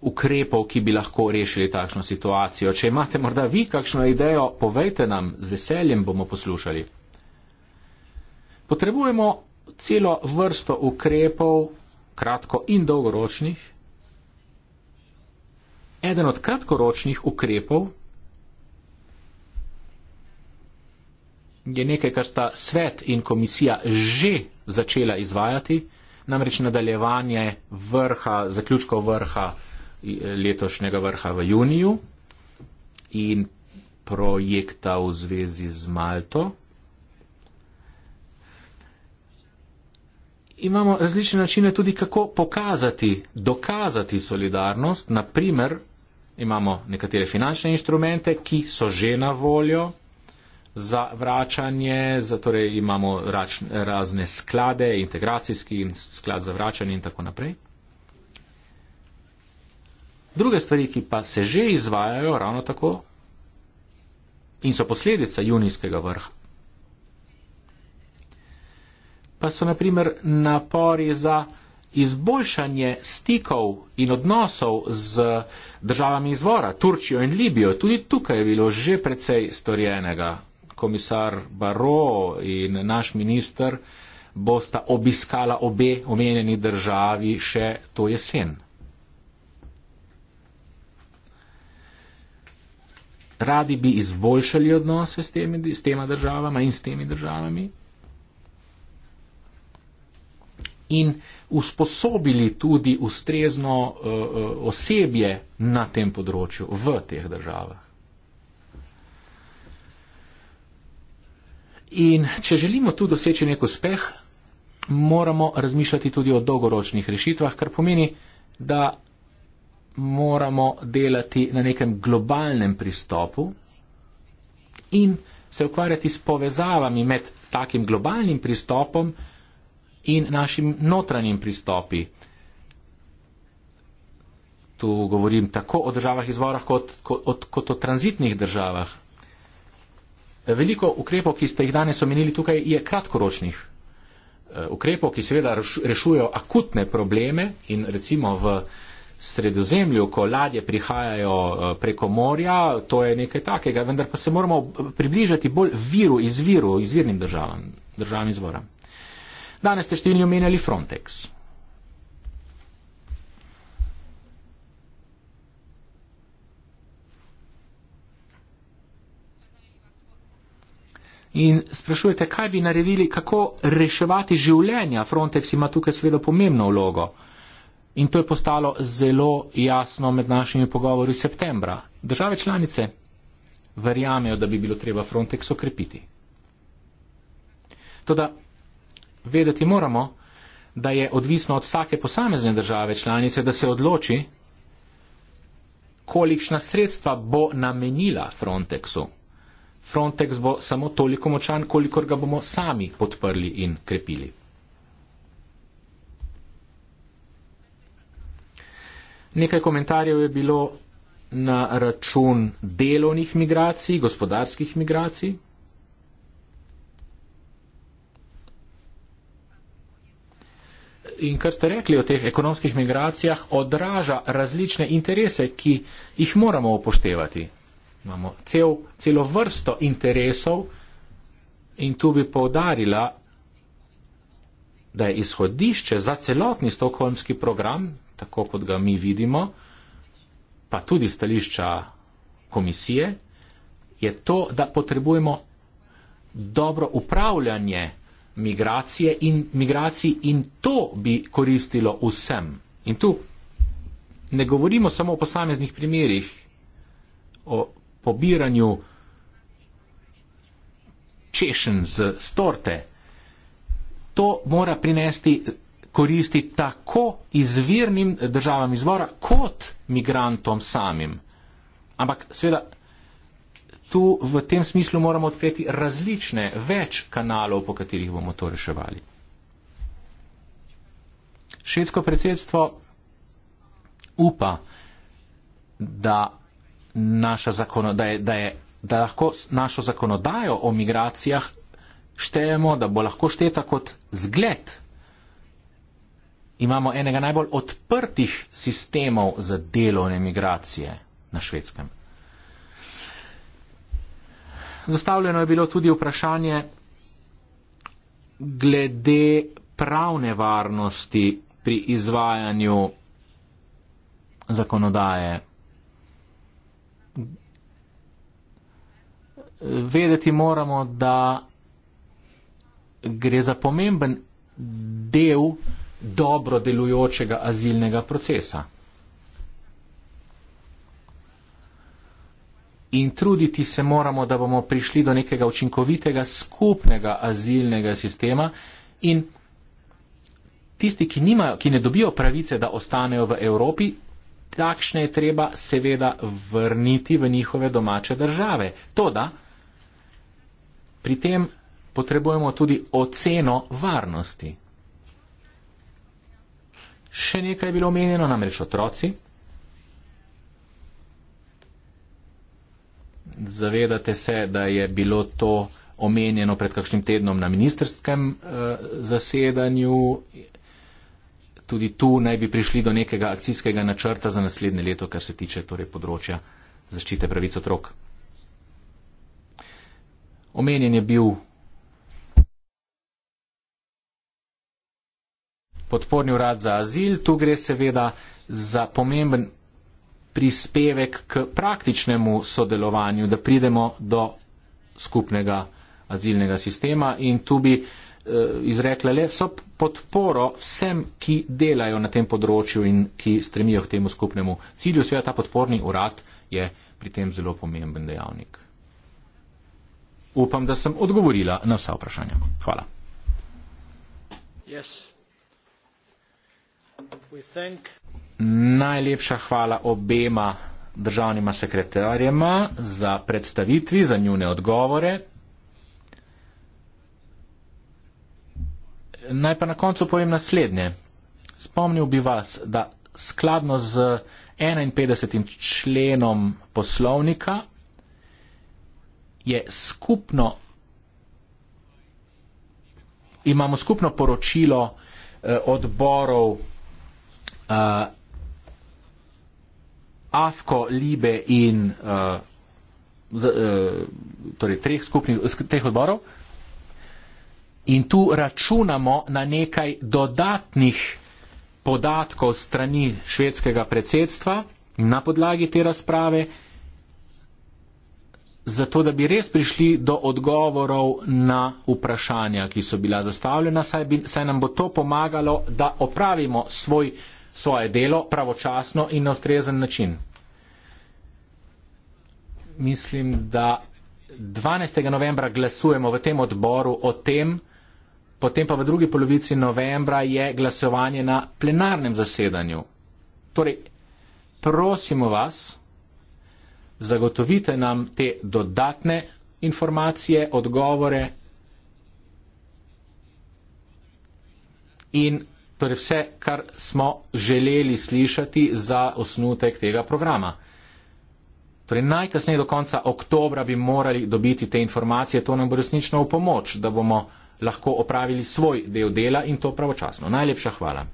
ukrepov, ki bi lahko rešili takšno situacijo. Če imate morda vi kakšno idejo, povejte nam, z veseljem bomo poslušali. Potrebujemo celo vrsto ukrepov, kratko in dolgoročnih. Eden od kratkoročnih ukrepov je nekaj, kar sta svet in komisija že začela izvajati, namreč nadaljevanje vrha, zaključko vrha letošnjega vrha v juniju in projekta v zvezi z Malto. Imamo različne načine tudi, kako pokazati, dokazati solidarnost. Naprimer, imamo nekatere finančne inštrumente, ki so že na voljo za vračanje, za, torej imamo račne, razne sklade, integracijski in sklad za vračanje in tako naprej. Druge stvari, ki pa se že izvajajo ravno tako in so posledica junijskega vrha, pa so naprimer napori za izboljšanje stikov in odnosov z državami izvora, Turčijo in Libijo. Tudi tukaj je bilo že precej storjenega. Komisar Baro in naš minister bosta obiskala obe omenjeni državi še to jesen. radi bi izboljšali odnose s, temi, s tema državama in s temi državami in usposobili tudi ustrezno uh, osebje na tem področju v teh državah. In če želimo tu doseči nek uspeh, moramo razmišljati tudi o dolgoročnih rešitvah, kar pomeni, da moramo delati na nekem globalnem pristopu in se ukvarjati s povezavami med takim globalnim pristopom in našim notranjim pristopi. Tu govorim tako o državah izvorah kot, kot, kot o tranzitnih državah. Veliko ukrepov, ki ste jih danes omenili tukaj, je kratkoročnih. Eh, ukrepov, ki seveda rešujejo akutne probleme in recimo v sredozemlju, ko ladje prihajajo eh, preko morja, to je nekaj takega, vendar pa se moramo eh, približati bolj viru, izviru, izvirnim državam, državam izvora. Danes ste številni omenjali Frontex. In sprašujete, kaj bi naredili, kako reševati življenja. Frontex ima tukaj seveda pomembno vlogo. In to je postalo zelo jasno med našimi pogovori septembra. Države članice verjamejo, da bi bilo treba Frontex okrepiti. Toda vedeti moramo, da je odvisno od vsake posamezne države članice, da se odloči, kolikšna sredstva bo namenila Frontexu. Frontex bo samo toliko močan, kolikor ga bomo sami podprli in krepili. Nekaj komentarjev je bilo na račun delovnih migracij, gospodarskih migracij. In kar ste rekli o teh ekonomskih migracijah, odraža različne interese, ki jih moramo upoštevati. Imamo cel, celo vrsto interesov in tu bi povdarila, da je izhodišče za celotni stokholmski program, tako kot ga mi vidimo, pa tudi stališča komisije, je to, da potrebujemo dobro upravljanje migracije in migracij in to bi koristilo vsem. In tu ne govorimo samo o posameznih primerjih, o pobiranju češenj z storte. To mora prinesti koristi tako izvirnim državam izvora kot migrantom samim. Ampak seveda tu v tem smislu moramo odpreti različne več kanalov, po katerih bomo to reševali. Švedsko predsedstvo upa, da, naša zakono, da, je, da, je, da lahko našo zakonodajo o migracijah štejemo, da bo lahko šteta kot zgled imamo enega najbolj odprtih sistemov za delovne migracije na švedskem. Zastavljeno je bilo tudi vprašanje glede pravne varnosti pri izvajanju zakonodaje. Vedeti moramo, da gre za pomemben del dobro delujočega azilnega procesa. In truditi se moramo, da bomo prišli do nekega učinkovitega skupnega azilnega sistema in tisti, ki, nimajo, ki ne dobijo pravice, da ostanejo v Evropi, takšne je treba seveda vrniti v njihove domače države. Toda pri tem potrebujemo tudi oceno varnosti še nekaj je bilo omenjeno, namreč otroci. Zavedate se, da je bilo to omenjeno pred kakšnim tednom na ministerskem eh, zasedanju. Tudi tu naj bi prišli do nekega akcijskega načrta za naslednje leto, kar se tiče torej, področja zaščite pravic otrok. Omenjen je bil podporni urad za azil. Tu gre seveda za pomemben prispevek k praktičnemu sodelovanju, da pridemo do skupnega azilnega sistema in tu bi eh, izrekla le vso podporo vsem, ki delajo na tem področju in ki stremijo k temu skupnemu cilju. Seveda ta podporni urad je pri tem zelo pomemben dejavnik. Upam, da sem odgovorila na vsa vprašanja. Hvala. Yes. Najlepša hvala obema državnima sekretarjema za predstavitvi, za njune odgovore. Naj pa na koncu povem naslednje. Spomnil bi vas, da skladno z 51. členom poslovnika je skupno, imamo skupno poročilo eh, odborov uh, Afko, Libe in uh, z, uh, torej treh skupnih treh odborov. In tu računamo na nekaj dodatnih podatkov strani švedskega predsedstva na podlagi te razprave, zato da bi res prišli do odgovorov na vprašanja, ki so bila zastavljena, saj, bi, saj nam bo to pomagalo, da opravimo svoj svoje delo pravočasno in na ustrezen način. Mislim, da 12. novembra glasujemo v tem odboru o tem, potem pa v drugi polovici novembra je glasovanje na plenarnem zasedanju. Torej, prosimo vas, zagotovite nam te dodatne informacije, odgovore in torej vse, kar smo želeli slišati za osnutek tega programa. Torej, najkasneje do konca oktobra bi morali dobiti te informacije, to nam bo resnično v pomoč, da bomo lahko opravili svoj del dela in to pravočasno. Najlepša hvala.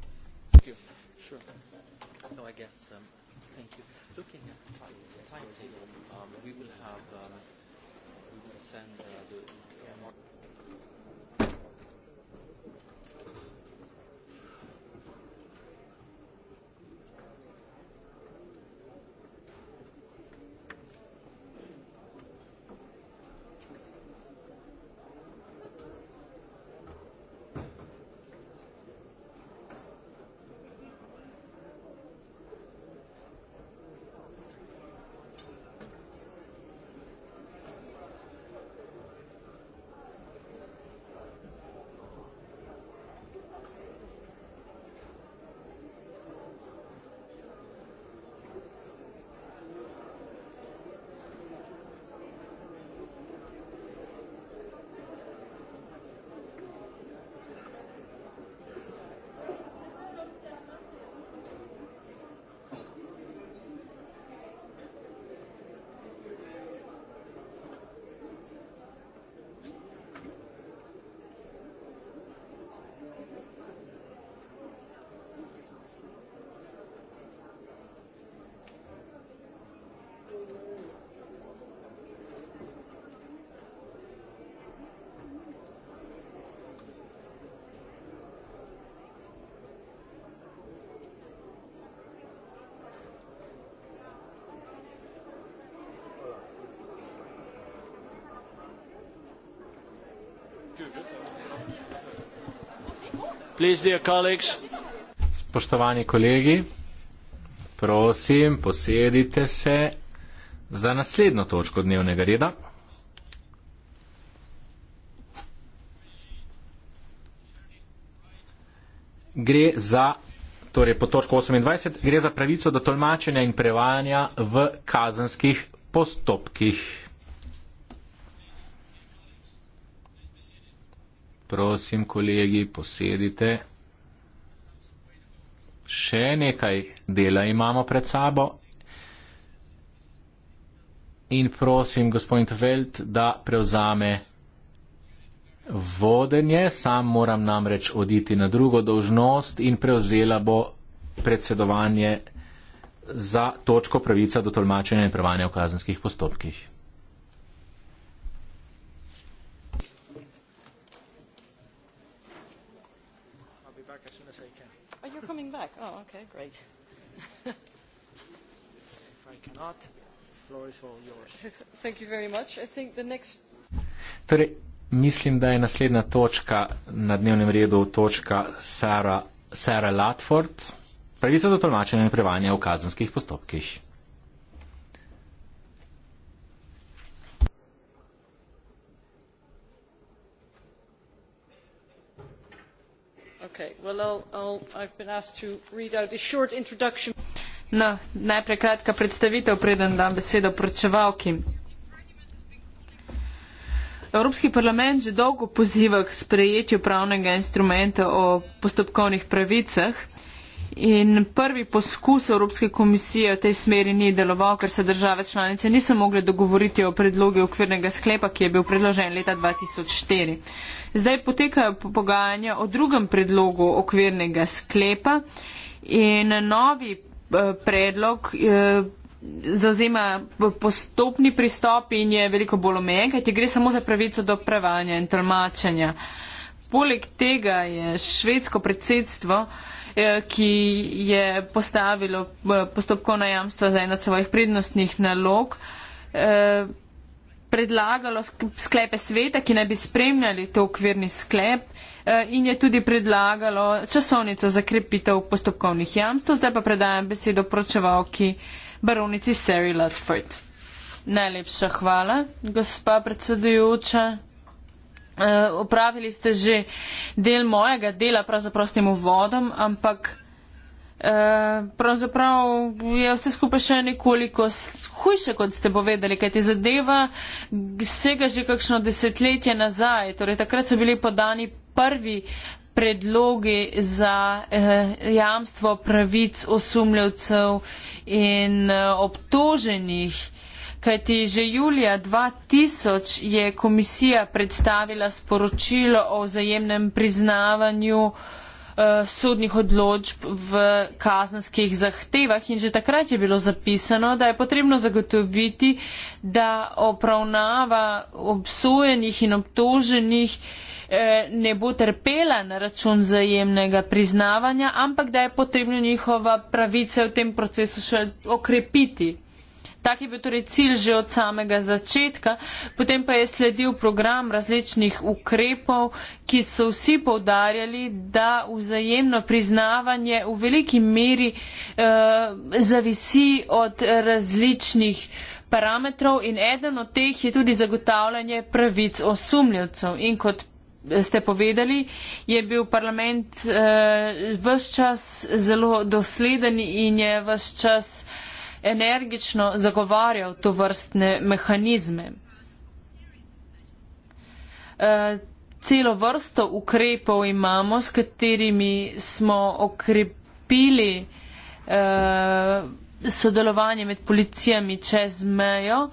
Spoštovani kolegi, prosim, posedite se za naslednjo točko dnevnega reda. Gre za, torej po točko 28, gre za pravico do tolmačenja in prevajanja v kazenskih postopkih. prosim, kolegi, posedite. Še nekaj dela imamo pred sabo. In prosim, gospodin Tveld, da prevzame vodenje. Sam moram namreč oditi na drugo dožnost in prevzela bo predsedovanje za točko pravica do tolmačenja in prevanja v kazenskih postopkih. Oh, okay, great. if I cannot, the floor is all yours. [laughs] Thank you very much. I think the next... Torej, mislim, da je naslednja točka na dnevnem redu točka Sara, Sara Latford. Pravica do tolmačenja in prevanja v kazanskih postopkih. No, najprej kratka predstavitev, preden dam besedo poročevalki. Evropski parlament že dolgo poziva k sprejetju pravnega instrumenta o postopkovnih pravicah. In prvi poskus Evropske komisije v tej smeri ni deloval, ker se države članice niso mogle dogovoriti o predlogi okvirnega sklepa, ki je bil predložen leta 2004. Zdaj potekajo pogajanja o drugem predlogu okvirnega sklepa in novi eh, predlog eh, zauzema postopni pristop in je veliko bolj omejen, kajti gre samo za pravico do prevanja in tolmačenja. Poleg tega je švedsko predsedstvo Eh, ki je postavilo eh, postopkovna jamstva za eno od svojih prednostnih nalog, eh, predlagalo sklepe sveta, ki naj bi spremljali to okvirni sklep in je tudi predlagalo časovnico za krepitev postopkovnih jamstv. Zdaj pa predajam besedo pročevalki baronici Sari Ludford. Najlepša hvala, gospa predsedujoča. Eh, opravili ste že del mojega dela, pravzaprav s tem uvodom, ampak eh, pravzaprav je vse skupaj še nekoliko hujše, kot ste povedali, kajti zadeva sega že kakšno desetletje nazaj. Torej, takrat so bili podani prvi predlogi za eh, jamstvo pravic osumljavcev in eh, obtoženih. Eh, kajti že julija 2000 je komisija predstavila sporočilo o vzajemnem priznavanju eh, sodnih odločb v kazanskih zahtevah in že takrat je bilo zapisano, da je potrebno zagotoviti, da opravnava obsojenih in obtoženih eh, ne bo trpela na račun zajemnega priznavanja, ampak da je potrebno njihova pravica v tem procesu še okrepiti. Tak je bil torej cilj že od samega začetka, potem pa je sledil program različnih ukrepov, ki so vsi povdarjali, da vzajemno priznavanje v veliki meri eh, zavisi od različnih parametrov in eden od teh je tudi zagotavljanje pravic osumljivcev. In kot ste povedali, je bil parlament eh, vse čas zelo dosleden in je vse čas eh, energično zagovarjal to vrstne mehanizme. E, celo vrsto ukrepov imamo, s katerimi smo okrepili e, sodelovanje med policijami čez mejo,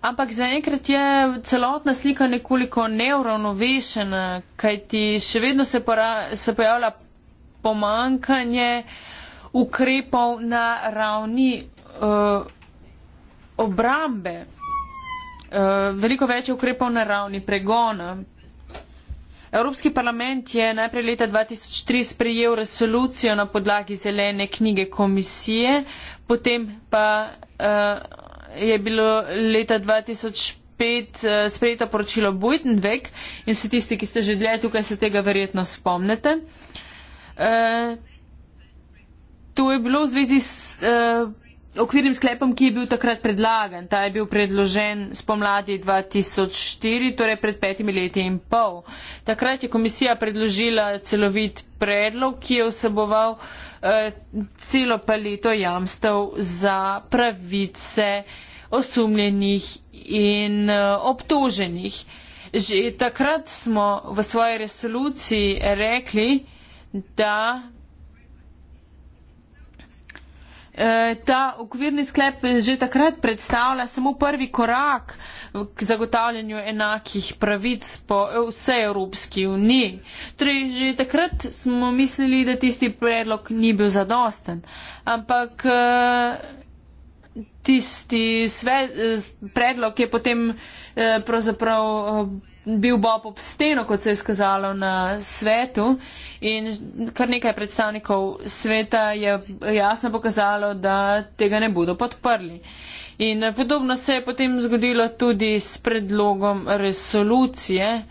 ampak zaenkrat je celotna slika nekoliko neuravnovešena, kajti še vedno se, se pojavlja pomankanje ukrepov na ravni uh, obrambe, uh, veliko več je ukrepov na ravni pregona. Evropski parlament je najprej leta 2003 sprejel resolucijo na podlagi zelene knjige komisije, potem pa uh, je bilo leta 2005 uh, sprejeta poročilo Buitenweg in vsi tisti, ki ste že dlje tukaj, se tega verjetno spomnite. Uh, to je bilo v zvezi s uh, okvirnim sklepom, ki je bil takrat predlagan. Ta je bil predložen spomladi 2004, torej pred petimi leti in pol. Takrat je komisija predložila celovit predlog, ki je vseboval eh, celo paleto jamstev za pravice osumljenih in eh, obtoženih. Že takrat smo v svoji resoluciji rekli, da Eh, ta okvirni sklep že takrat predstavlja samo prvi korak k zagotavljanju enakih pravic po vse Evropski uniji. Torej, že takrat smo mislili, da tisti predlog ni bil zadosten. Ampak eh, tisti sve, eh, predlog je potem pravzaprav bil Bob ob steno, kot se je skazalo na svetu in kar nekaj predstavnikov sveta je jasno pokazalo, da tega ne bodo podprli. In podobno se je potem zgodilo tudi s predlogom resolucije,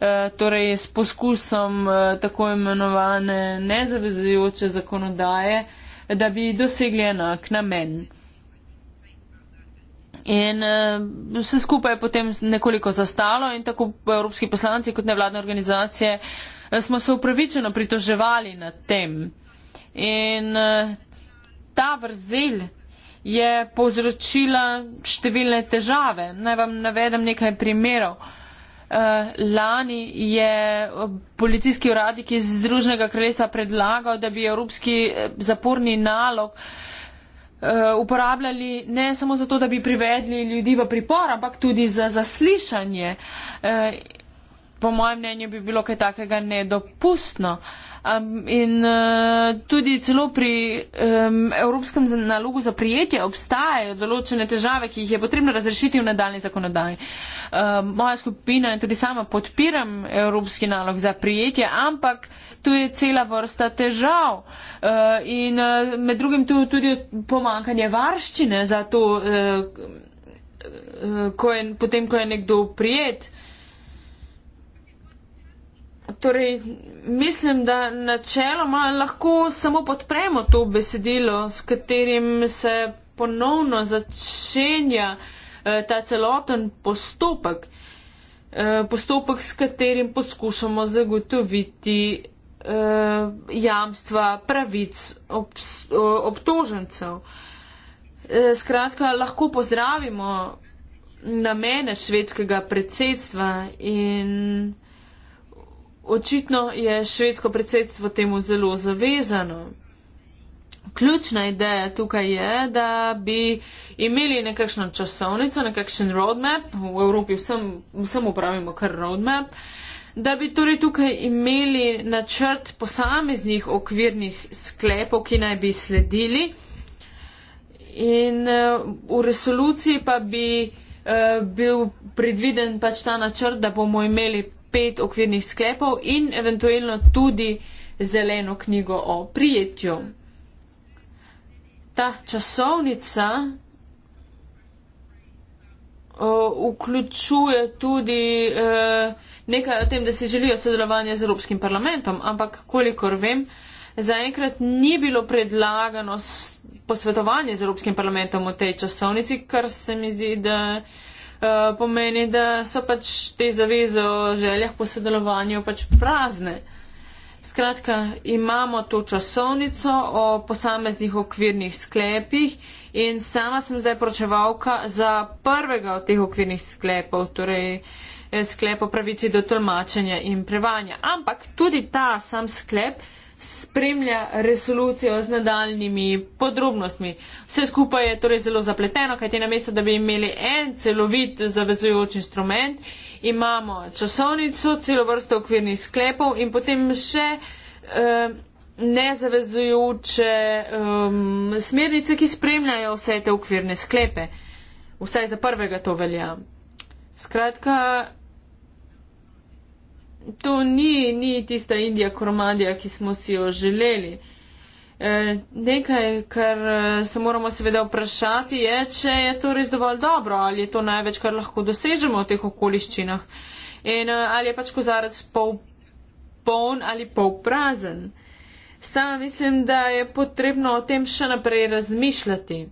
eh, torej s poskusom eh, tako imenovane nezavezujoče zakonodaje, da bi dosegli enak namen. In uh, vse skupaj je potem nekoliko zastalo in tako evropski poslanci kot nevladne organizacije eh, smo se upravičeno pritoževali nad tem. In uh, ta vrzel je povzročila številne težave. Naj vam navedem nekaj primerov. Uh, lani je policijski uradnik iz Združnega kraljestva predlagal, da bi evropski zaporni nalog uh, Eh, uporabljali ne samo zato, da bi privedli ljudi v pripor, ampak tudi za zaslišanje. Eh, po mojem mnenju bi bilo kaj takega nedopustno. Um, in uh, tudi celo pri um, Evropskem nalogu za prijetje obstajajo določene težave, ki jih je potrebno razrešiti v nadaljni zakonodaji. Um, moja skupina in tudi sama podpiram Evropski nalog za prijetje, ampak tu je cela vrsta težav. Uh, in uh, med drugim tu tudi pomankanje varščine za to, uh, ko je, potem, ko je nekdo prijet. Uh, torej, mislim, da načeloma lahko samo podpremo to besedilo, s katerim se ponovno začenja eh, ta celoten postopek, eh, postopek, s katerim poskušamo zagotoviti eh, jamstva pravic obs, obtožencev. Eh, skratka, lahko pozdravimo namene švedskega predsedstva in Očitno je švedsko predsedstvo temu zelo zavezano. Ključna ideja tukaj je, da bi imeli nekakšno časovnico, nekakšen roadmap, v Evropi vsem, vsem upravimo kar roadmap, da bi torej tukaj imeli načrt posameznih okvirnih sklepov, ki naj bi sledili. In eh, v resoluciji pa bi eh, bil predviden pač ta načrt, da bomo imeli pet okvirnih sklepov in eventualno tudi zeleno knjigo o prijetju. Ta časovnica uh, vključuje tudi uh, nekaj o tem, da si želijo sodelovanje z Evropskim parlamentom, ampak kolikor vem, zaenkrat ni bilo predlagano posvetovanje z Evropskim parlamentom o tej časovnici, kar se mi zdi, da. Eh, pomeni, da so pač te zaveze o željah po sodelovanju pač prazne. Skratka, imamo to časovnico o posameznih okvirnih sklepih in sama sem zdaj poročevalka za prvega od teh okvirnih sklepov, torej eh, sklep o pravici do tolmačenja in prevanja. Ampak tudi ta sam sklep spremlja resolucijo z nadaljnimi podrobnostmi. Vse skupaj je torej zelo zapleteno, kajti na mesto, da bi imeli en celovit zavezujoč instrument, imamo časovnico, celo vrsto okvirnih sklepov in potem še um, nezavezujoče um, smernice, ki spremljajo vse te okvirne sklepe. Vsaj za prvega to velja. Skratka, to ni, ni tista Indija kromadija, ki smo si jo želeli. E, nekaj, kar e, se moramo seveda vprašati, je, če je to res dovolj dobro, ali je to največ, kar lahko dosežemo v teh okoliščinah. In e, ali je pač kozarec pol poln ali pol prazen. Sam mislim, da je potrebno o tem še naprej razmišljati.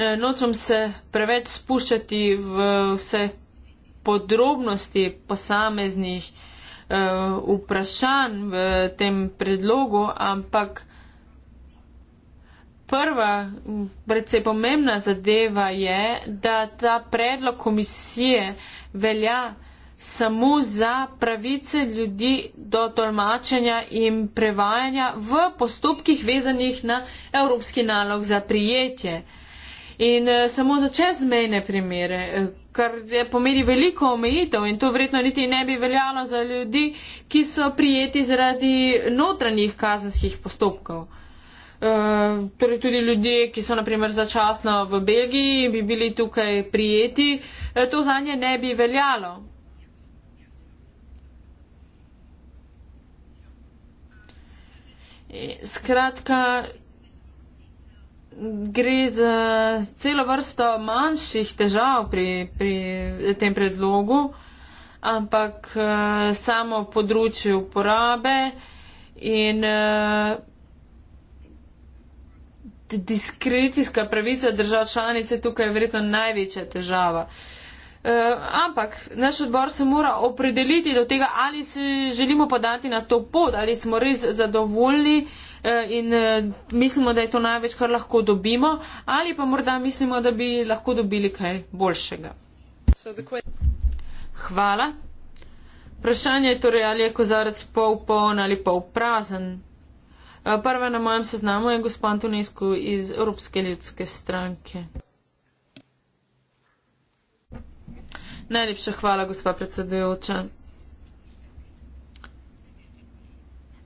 Eh, nočem se preveč spuščati v vse podrobnosti posameznih eh, vprašanj v tem predlogu, ampak prva, predvsej pomembna zadeva je, da ta predlog komisije velja samo za pravice ljudi do tolmačenja in prevajanja v postopkih vezanih na evropski nalog za prijetje. In uh, samo za čezmejne primere, eh, kar je, pomeni veliko omejitev in to vredno niti ne bi veljalo za ljudi, ki so prijeti zaradi notranjih kazenskih postopkov. Uh, torej tudi ljudje, ki so naprimer začasno v Belgiji in bi bili tukaj prijeti, to za nje ne bi veljalo. Skratka, gre za celo vrsto manjših težav pri, pri tem predlogu, ampak uh, samo področje uporabe in uh, diskrecijska pravica držav članice tukaj je verjetno največja težava. Uh, ampak naš odbor se mora opredeliti do tega, ali se želimo podati na to pot, ali smo res zadovoljni uh, Eh, in eh, mislimo, da je to največ, kar lahko dobimo, ali pa morda mislimo, da bi lahko dobili kaj boljšega. Hvala. Vprašanje je torej, ali je kozarec pol poln ali pol prazen. Eh, prva na mojem seznamu je gospod Antonijsko iz Evropske ljudske stranke. Najlepša hvala, gospa predsedujoča.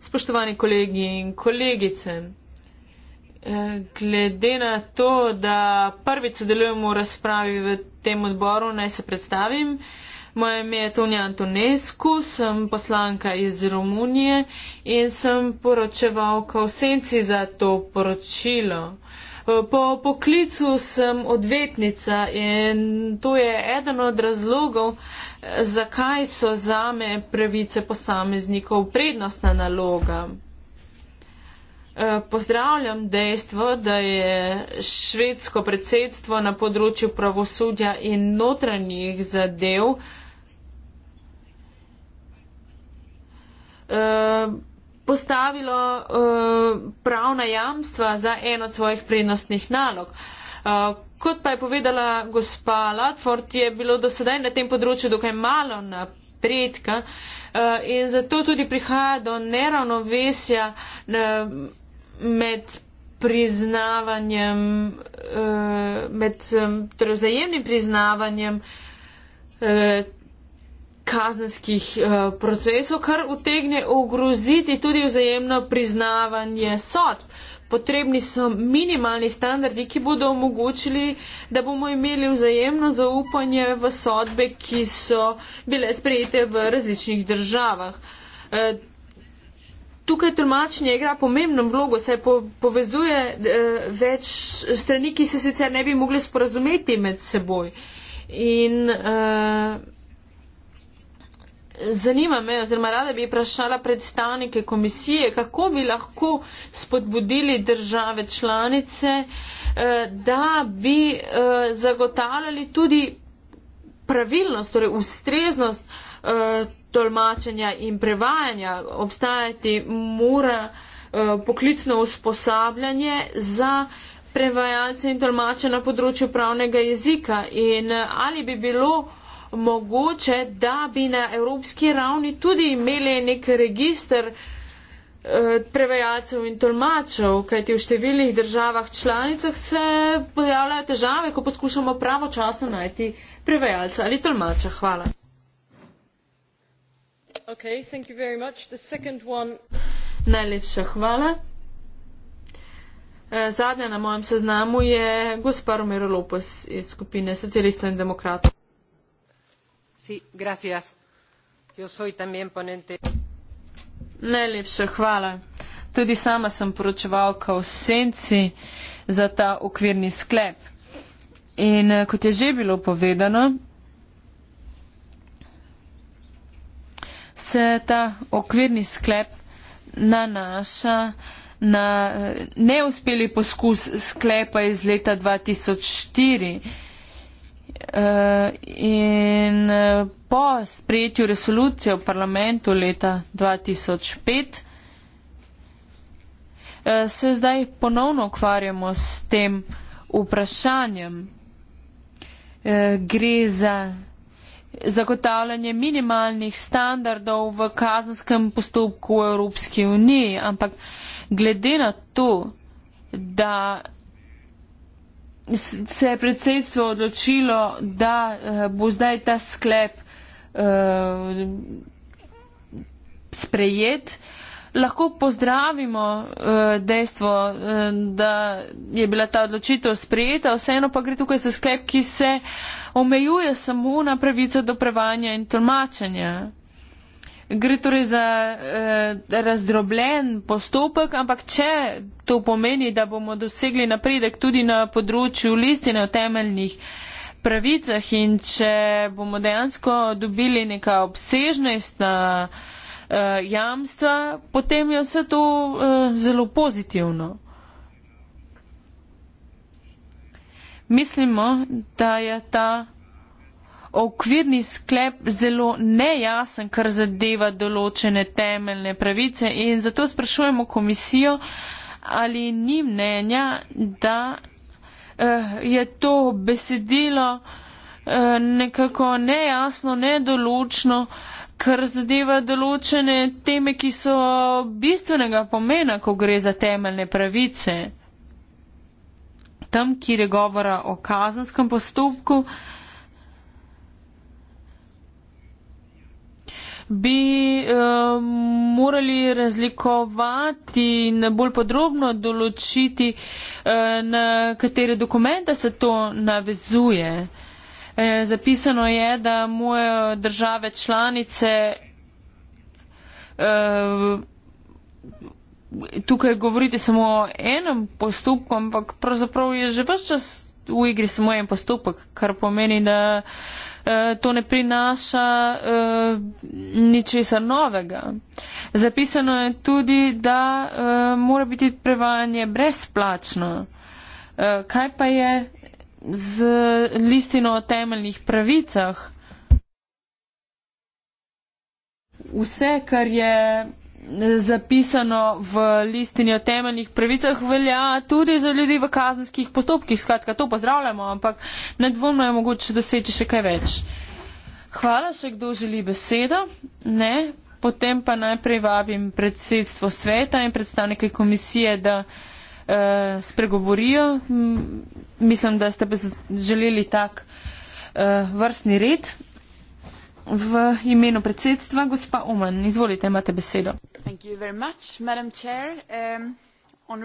spoštovani kolegi in kolegice. Eh, glede na to, da prvič sodelujemo v razpravi v tem odboru, naj se predstavim. Moje ime je Tonja Antonescu, sem poslanka iz Romunije in sem poročevalka v senci za to poročilo. Eh, po poklicu sem odvetnica in to je eden od razlogov, zakaj so zame pravice posameznikov prednostna naloga. E, pozdravljam dejstvo, da je švedsko predsedstvo na področju pravosudja in notranjih zadev e, postavilo e, pravna jamstva za eno od svojih prednostnih nalog. Eh, kot pa je povedala gospa Latford, je bilo do sedaj na tem področju dokaj malo napredka uh, in zato tudi prihaja do neravnovesja uh, med priznavanjem, uh, med um, torej vzajemnim priznavanjem kazenskih procesov, kar utegne ogroziti tudi vzajemno priznavanje sodb. Uh, potrebni so minimalni standardi, ki bodo omogočili, da bomo imeli vzajemno zaupanje v sodbe, ki so bile sprejete v različnih državah. E, tukaj tolmačenje igra pomembno vlogo, saj po, povezuje eh, več strani, ki se sicer ne bi mogli sporazumeti med seboj. In eh, Zanima me, oziroma rada bi vprašala predstavnike komisije, kako bi lahko spodbudili države članice, eh, da bi eh, zagotavljali tudi pravilnost, torej ustreznost eh, tolmačenja in prevajanja, obstajati mora poklicno usposabljanje za prevajalce in tolmače na področju pravnega jezika in ali bi bilo mogoče, da bi na evropski ravni tudi imeli nek registr eh, prevajalcev in tolmačev, kajti v številnih državah članicah se pojavljajo težave, ko poskušamo pravočasno najti prevajalca ali tolmača. Hvala. Okay, thank you very much. The second one... Najlepša hvala. Eh, zadnja na mojem seznamu je gospa Romero Lopes iz skupine socialista in demokrata. Najlepša hvala. Tudi sama sem poročevalka v senci za ta okvirni sklep. In eh, kot je že bilo povedano, se ta okvirni sklep nanaša na eh, neuspeli poskus sklepa iz leta 2004. Eh, in eh, po sprejetju resolucije v parlamentu leta 2005 eh, se zdaj ponovno ukvarjamo s tem vprašanjem. Gre za zagotavljanje minimalnih standardov v kazenskem postopku v Evropski uniji, ampak glede na to, da se je predsedstvo odločilo, da eh, bo zdaj ta sklep uh, sprejet. Lahko pozdravimo uh, dejstvo, uh, da je bila ta odločitev sprejeta, vseeno pa gre tukaj za sklep, ki se omejuje samo na pravico do prevanja in tolmačenja. Gre torej za eh, razdrobljen postopek, ampak če to pomeni, da bomo dosegli napredek tudi na področju listine o temeljnih pravicah in če bomo dejansko dobili neka obsežnost na eh, jamstva, potem je vse to eh, zelo pozitivno. Mislimo, da je ta okvirni sklep zelo nejasen, kar zadeva določene temeljne pravice in zato sprašujemo komisijo, ali ni mnenja, da eh, je to besedilo eh, nekako nejasno, nedoločno, kar zadeva določene teme, ki so bistvenega pomena, ko gre za temeljne pravice. Tam, kjer je govora o kazenskem postopku, eh, bi um, morali razlikovati in bolj podrobno določiti, uh, na katere dokumente se to navezuje. E, zapisano je, da moje države članice. Uh, Tukaj govorite samo o enem postopku, ampak pravzaprav je že vse čas v igri samo en postopek, kar pomeni, da uh, Eh, to ne prinaša eh, ničesar novega. Zapisano je tudi, da eh, mora biti prevajanje brezplačno. Kaj pa je z listino o temeljnih pravicah? Vse, kar je zapisano v listini o temeljnih pravicah, velja tudi za ljudi v kazenskih postopkih. Skratka, to pozdravljamo, ampak nedvomno je mogoče doseči še kaj več. Hvala, še kdo želi besedo? Ne. Potem pa najprej vabim predsedstvo sveta in predstavnike komisije, da eh, spregovorijo. M mislim, da ste bi želeli tak eh, vrstni red v imenu predsedstva gospa Oman. Izvolite, imate besedo. Um,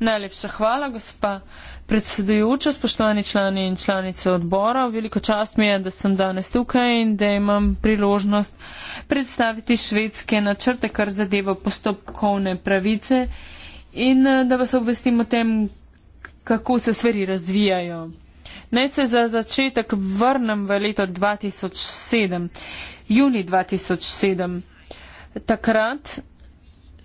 Najlepša hvala, gospa predsedujoča, spoštovani člani in članice odbora. Veliko čast mi je, da sem danes tukaj in da imam priložnost predstaviti švedske načrte, kar zadeva postopkovne pravice in eh, da vas obvestim o tem, kako se stvari razvijajo. Naj se za začetek vrnem v leto 2007, juni 2007. Takrat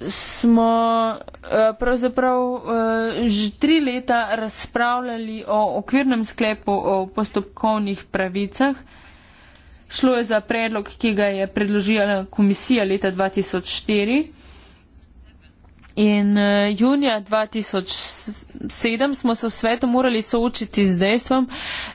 smo eh, pravzaprav eh, že tri leta razpravljali o okvirnem sklepu o postopkovnih pravicah. Šlo je za predlog, ki ga je predložila komisija leta 2004. In uh, junija 2007 smo se v svetu morali soočiti z dejstvom,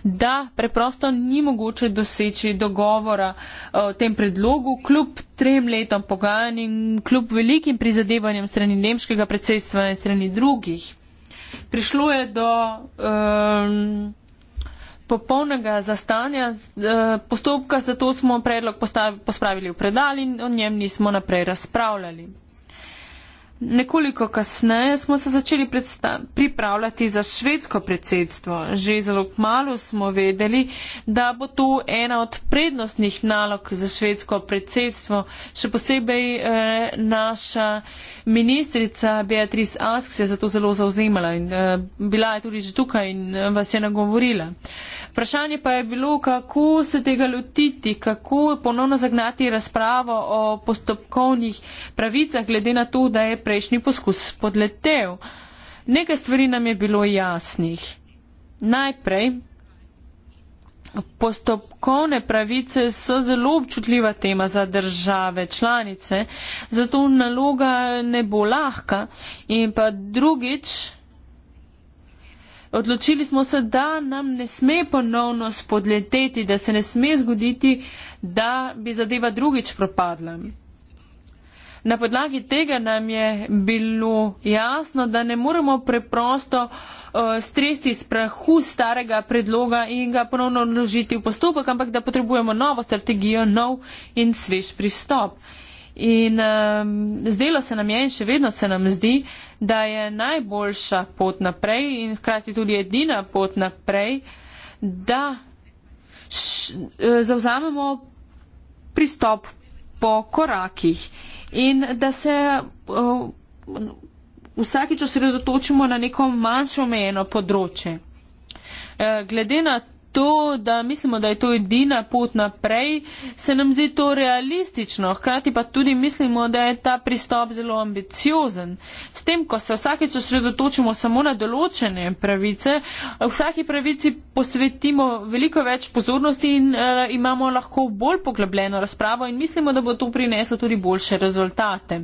da preprosto ni mogoče doseči dogovora eh, o tem predlogu, kljub trem letom pogajanj in kljub velikim prizadevanjem strani nemškega predsedstva in strani drugih. Prišlo je do um, popolnega zastanja eh, postopka, zato smo predlog postavili v predal in o njem nismo naprej razpravljali. Nekoliko kasneje smo se začeli pripravljati za švedsko predsedstvo. Že zelo kmalo smo vedeli, da bo to ena od prednostnih nalog za švedsko predsedstvo. Še posebej eh, naša ministrica Beatrice Ask se je za to zelo zauzemala in eh, bila je tudi že tukaj in eh, vas je nagovorila. Vprašanje pa je bilo, kako se tega lotiti, kako ponovno zagnati razpravo o postopkovnih pravicah, glede na to, da je prejšnji poskus podletel. Nekaj stvari nam je bilo jasnih. Najprej, postopkovne pravice so zelo občutljiva tema za države članice, zato naloga ne bo lahka. In pa drugič, Odločili smo se, da nam ne sme ponovno spodleteti, da se ne sme zgoditi, da bi zadeva drugič propadla. Na podlagi tega nam je bilo jasno, da ne moremo preprosto uh, stresti z prahu starega predloga in ga ponovno vložiti v postopek, ampak da potrebujemo novo strategijo, nov in svež pristop. Uh, In um, zdelo se nam je in še vedno se nam zdi, da je najboljša pot naprej in hkrati tudi edina pot naprej, da š, eh, zavzamemo pristop po korakih in da se uh, vsakič osredotočimo na neko manjšo omejeno področje. Uh, glede na to, da mislimo, da je to edina pot naprej, se nam zdi to realistično, hkrati pa tudi mislimo, da je ta pristop zelo ambiciozen. S tem, ko se vsakeč osredotočimo samo na določene pravice, vsaki pravici posvetimo veliko več pozornosti in e, imamo lahko bolj poglobljeno razpravo in mislimo, da bo to prineslo tudi boljše rezultate.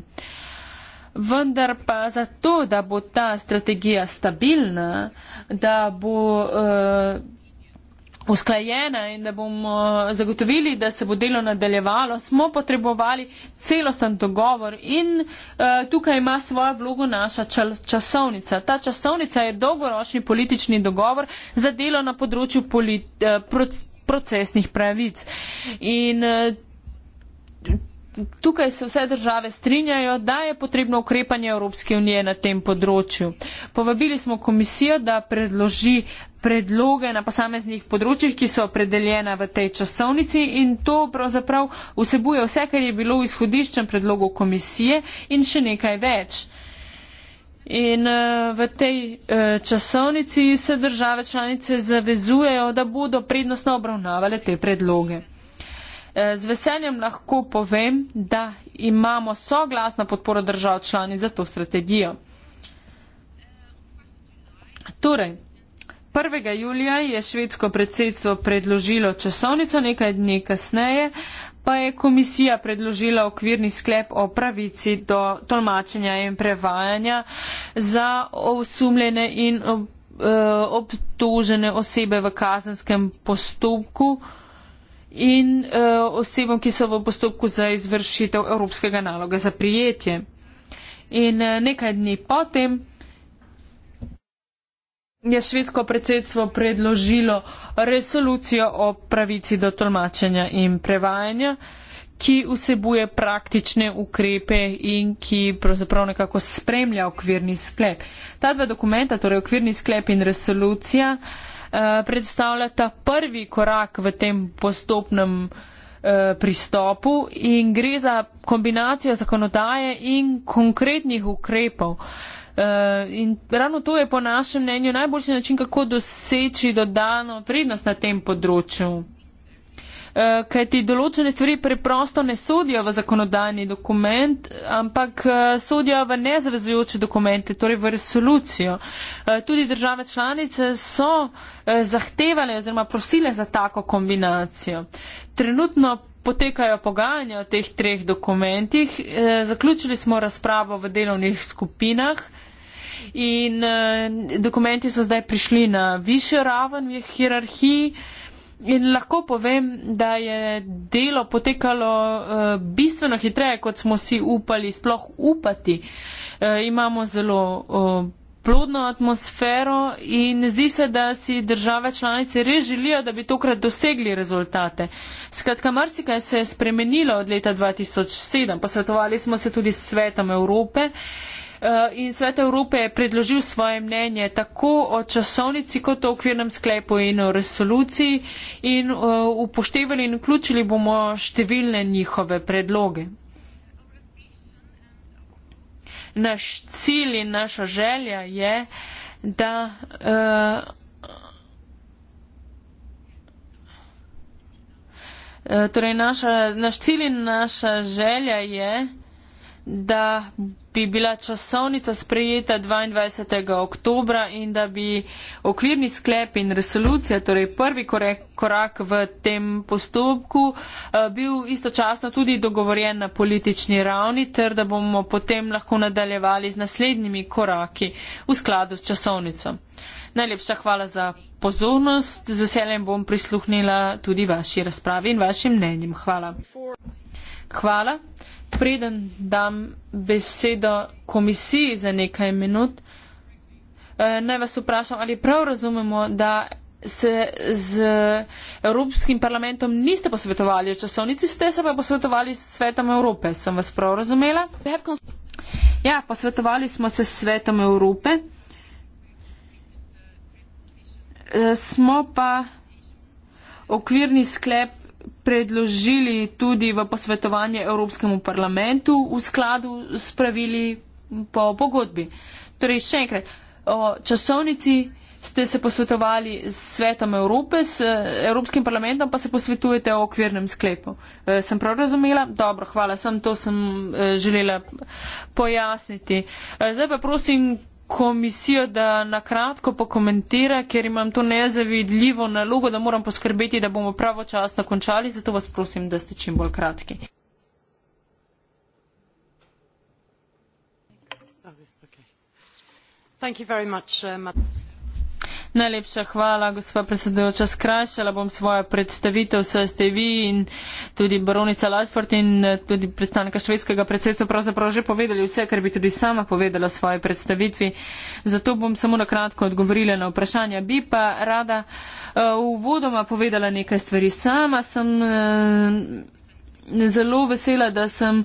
Vendar pa zato, da bo ta strategija stabilna, da bo. E, usklajena in da bomo eh, zagotovili, da se bo delo nadaljevalo, smo potrebovali celosten dogovor in uh, tukaj ima svojo vlogo naša časovnica. Ta časovnica je dolgoročni politični dogovor za delo na področju polit, uh, procesnih pravic. In, uh, Tukaj se vse države strinjajo, da je potrebno ukrepanje Evropske unije na tem področju. Povabili smo komisijo, da predloži predloge na posameznih področjih, ki so opredeljena v tej časovnici in to pravzaprav vsebuje vse, kar je bilo v izhodiščem predlogu komisije in še nekaj več. In eh, v tej eh, časovnici se države članice zavezujejo, da bodo prednostno obravnavale te predloge. Eh, z veseljem lahko povem, da imamo soglasno podporo držav članic za to strategijo. Torej, 1. julija je švedsko predsedstvo predložilo časovnico, nekaj dni kasneje pa je komisija predložila okvirni sklep o pravici do tolmačenja in prevajanja za osumljene in eh, obtožene osebe v kazenskem postopku in eh, osebom, ki so v postopku za izvršitev evropskega naloga za prijetje. In eh, nekaj dni potem je švedsko predsedstvo predložilo resolucijo o pravici do tolmačenja in prevajanja, ki vsebuje praktične ukrepe in ki pravzaprav nekako spremlja okvirni sklep. Ta dva dokumenta, torej okvirni sklep in resolucija, eh, predstavljata prvi korak v tem postopnem eh, pristopu in gre za kombinacijo zakonodaje in konkretnih ukrepov. Eh, in ravno to je po našem mnenju najboljši način, kako doseči dodano vrednost na tem področju. Uh, eh, Kaj ti določene stvari preprosto ne sodijo v zakonodajni dokument, ampak uh, sodijo v nezavezujoče dokumente, torej v resolucijo. Uh, tudi države članice so uh, zahtevale oziroma prosile za tako kombinacijo. Trenutno potekajo pogajanja o teh treh dokumentih. Uh, zaključili smo razpravo v delovnih skupinah in uh, dokumenti so zdaj prišli na višjo raven v hierarhiji. In lahko povem, da je delo potekalo uh, bistveno hitreje, kot smo si upali, sploh upati. Uh, imamo zelo uh, plodno atmosfero in zdi se, da si države članice res želijo, da bi tokrat dosegli rezultate. Skratka, marsikaj se je spremenilo od leta 2007. Posvetovali smo se tudi s svetom Evrope. Uh, Eh, in Svet Evrope je predložil svoje mnenje tako o časovnici kot o okvirnem sklepu in o resoluciji in eh, upoštevali in vključili bomo številne njihove predloge. Naš cilj in naša želja je, da uh, torej naša, naš cilj in naša želja je, da bi bila časovnica sprejeta 22. oktobra in da bi okvirni sklep in resolucija, torej prvi korak v tem postopku, eh, bil istočasno tudi dogovorjen na politični ravni ter da bomo potem lahko nadaljevali z naslednjimi koraki v skladu s časovnico. Najlepša hvala za pozornost, z veseljem bom prisluhnila tudi vaši razpravi in vašim mnenjem. Hvala. Hvala preden dam besedo komisiji za nekaj minut, eh, naj vas vprašam, ali prav razumemo, da se z Evropskim parlamentom niste posvetovali o časovnici, ste se pa posvetovali s svetom Evrope. Sem vas prav razumela? Ja, posvetovali smo se s svetom Evrope. Eh, smo pa okvirni sklep predložili tudi v posvetovanje Evropskemu parlamentu v skladu s pravili po pogodbi. Torej, še enkrat, o časovnici ste se posvetovali s Svetom Evrope, s eh, Evropskim parlamentom pa se posvetujete o okvirnem sklepu. E, sem prav razumela? Dobro, hvala, sem to sem e, želela pojasniti. E, zdaj pa prosim, komisijo, da na kratko pokomentira, ker imam to nezavidljivo nalogo, da moram poskrbeti, da bomo pravočasno končali, zato vas prosim, da ste čim bolj kratki. Oh, Thank you very much, uh, Najlepša hvala, gospa predsedujoča. Skrajšala bom svojo predstavitev, saj ste vi in tudi baronica Ladford in eh, tudi predstavnika švedskega predsedstva pravzaprav že povedali vse, kar bi tudi sama povedala v svoji predstavitvi. Zato bom samo na kratko odgovorila na vprašanja. Bi pa rada eh, uvodoma uh, povedala nekaj stvari. Sama sem. Uh, Zelo vesela, da sem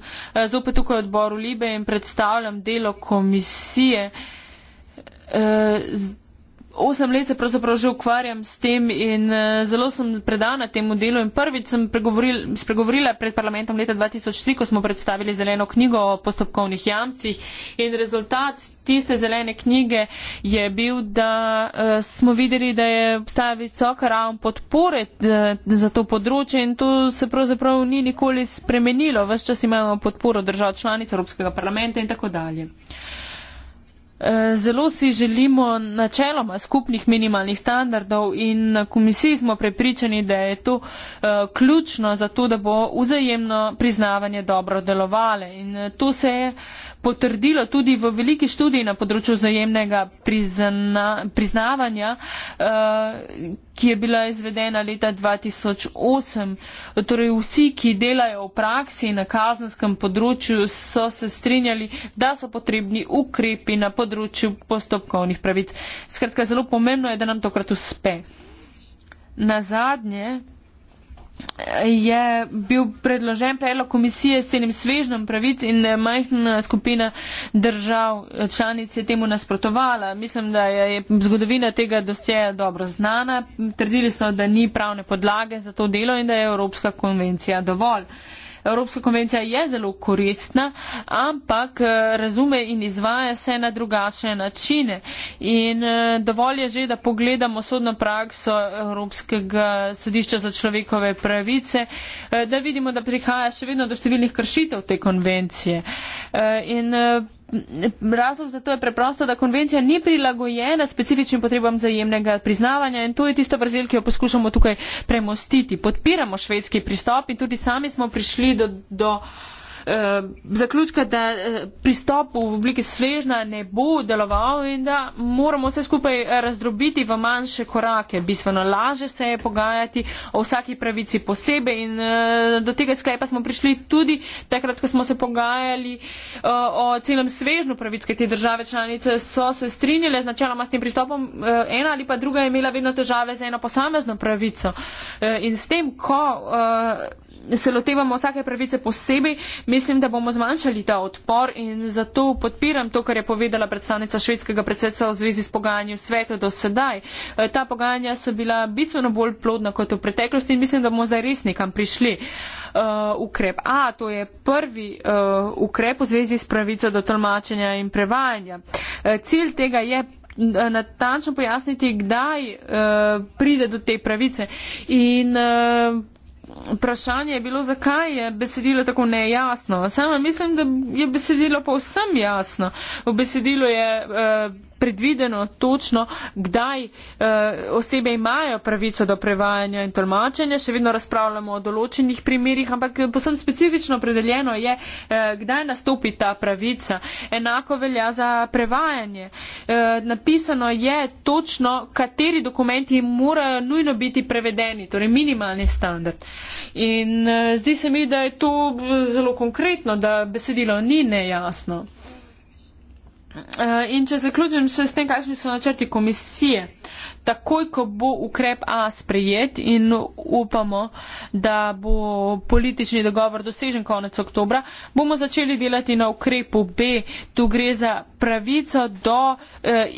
zopet tukaj v odboru Libe in predstavljam delo komisije osem let se pravzaprav že ukvarjam s tem in eh, zelo sem predana temu delu in prvič sem spregovorila pred parlamentom leta 2003, ko smo predstavili zeleno knjigo o postopkovnih jamstvih in rezultat tiste zelene knjige je bil, da eh, smo videli, da je obstaja visoka ravn podpore eh, za to področje in to se pravzaprav ni nikoli spremenilo. Vse čas imamo podporo držav članic Evropskega parlamenta in tako dalje. Zelo si želimo načeloma skupnih minimalnih standardov in na komisiji smo prepričani, da je to eh, ključno za to, da bo vzajemno priznavanje dobro delovale. In eh, to se je potrdilo tudi v veliki študiji na področju zajemnega prizna, priznavanja, eh, ki je bila izvedena leta 2008. Torej vsi, ki delajo v praksi na kazenskem področju, so se strinjali, da so potrebni ukrepi na področju postopkovnih pravic. Skratka, zelo pomembno je, da nam tokrat uspe. Na zadnje je bil predložen predlog komisije s celim svežnjem pravic in eh, majhna skupina držav eh, članic je temu nasprotovala. Mislim, da je zgodovina tega dosjeja dobro znana. Trdili so, da ni pravne podlage za to delo in da je Evropska konvencija dovolj. Uh, Evropska konvencija je zelo koristna, ampak eh, razume in izvaja se na drugačne načine. In eh, dovolj je že, da pogledamo sodno prakso Evropskega sodišča za človekove pravice, eh, da vidimo, da prihaja še vedno do številnih kršitev te konvencije. In razlog za to je preprosto, da konvencija ni prilagojena specifičnim potrebam zajemnega priznavanja in to je tista vrzel, ki jo poskušamo tukaj premostiti. Podpiramo švedski pristop in tudi sami smo prišli do. do Eh, zaključka, da eh, pristop v obliki svežna ne bo deloval in da moramo vse skupaj razdrobiti v manjše korake. Bistveno laže se je pogajati o vsaki pravici posebej in eh, do tega sklepa smo prišli tudi takrat, ko smo se pogajali o celem svežnu pravic, ker te države članice so se strinjale z načeloma s tem pristopom, ena ali pa druga je imela vedno težave z eno posamezno pravico. In s tem, ko se lotevamo vsake pravice posebej, mislim, da bomo zmanjšali ta odpor in zato podpiram to, kar je povedala predstavnica švedskega predsedstva v zvezi s pogajanjem sveta do sedaj. E, ta pogajanja so bila bistveno bolj plodna kot v preteklosti in mislim, da bomo zdaj res nekam prišli. Uh, ukrep A, to je prvi uh, ukrep v zvezi s pravico do tolmačenja in prevajanja. Uh, cilj tega je natančno pojasniti, kdaj uh, pride do te pravice. In, uh, vprašanje je bilo, zakaj je besedilo tako nejasno. Sama mislim, da je besedilo povsem jasno. V besedilu je. Uh, predvideno točno, kdaj e, osebe imajo pravico do prevajanja in tolmačenja. Še vedno razpravljamo o določenih primerjih, ampak eh, posebno specifično predeljeno je, e, kdaj nastopi ta pravica. Enako velja za prevajanje. E, napisano je točno, kateri dokumenti morajo nujno biti prevedeni, torej minimalni standard. In e, zdi se mi, da je to zelo konkretno, da besedilo ni nejasno. Eh, in če zaključim še s tem, kakšni so načrti komisije, takoj, ko bo ukrep A sprejet in upamo, da bo politični dogovor dosežen konec oktobra, bomo začeli delati na ukrepu B. Tu gre za pravico do eh,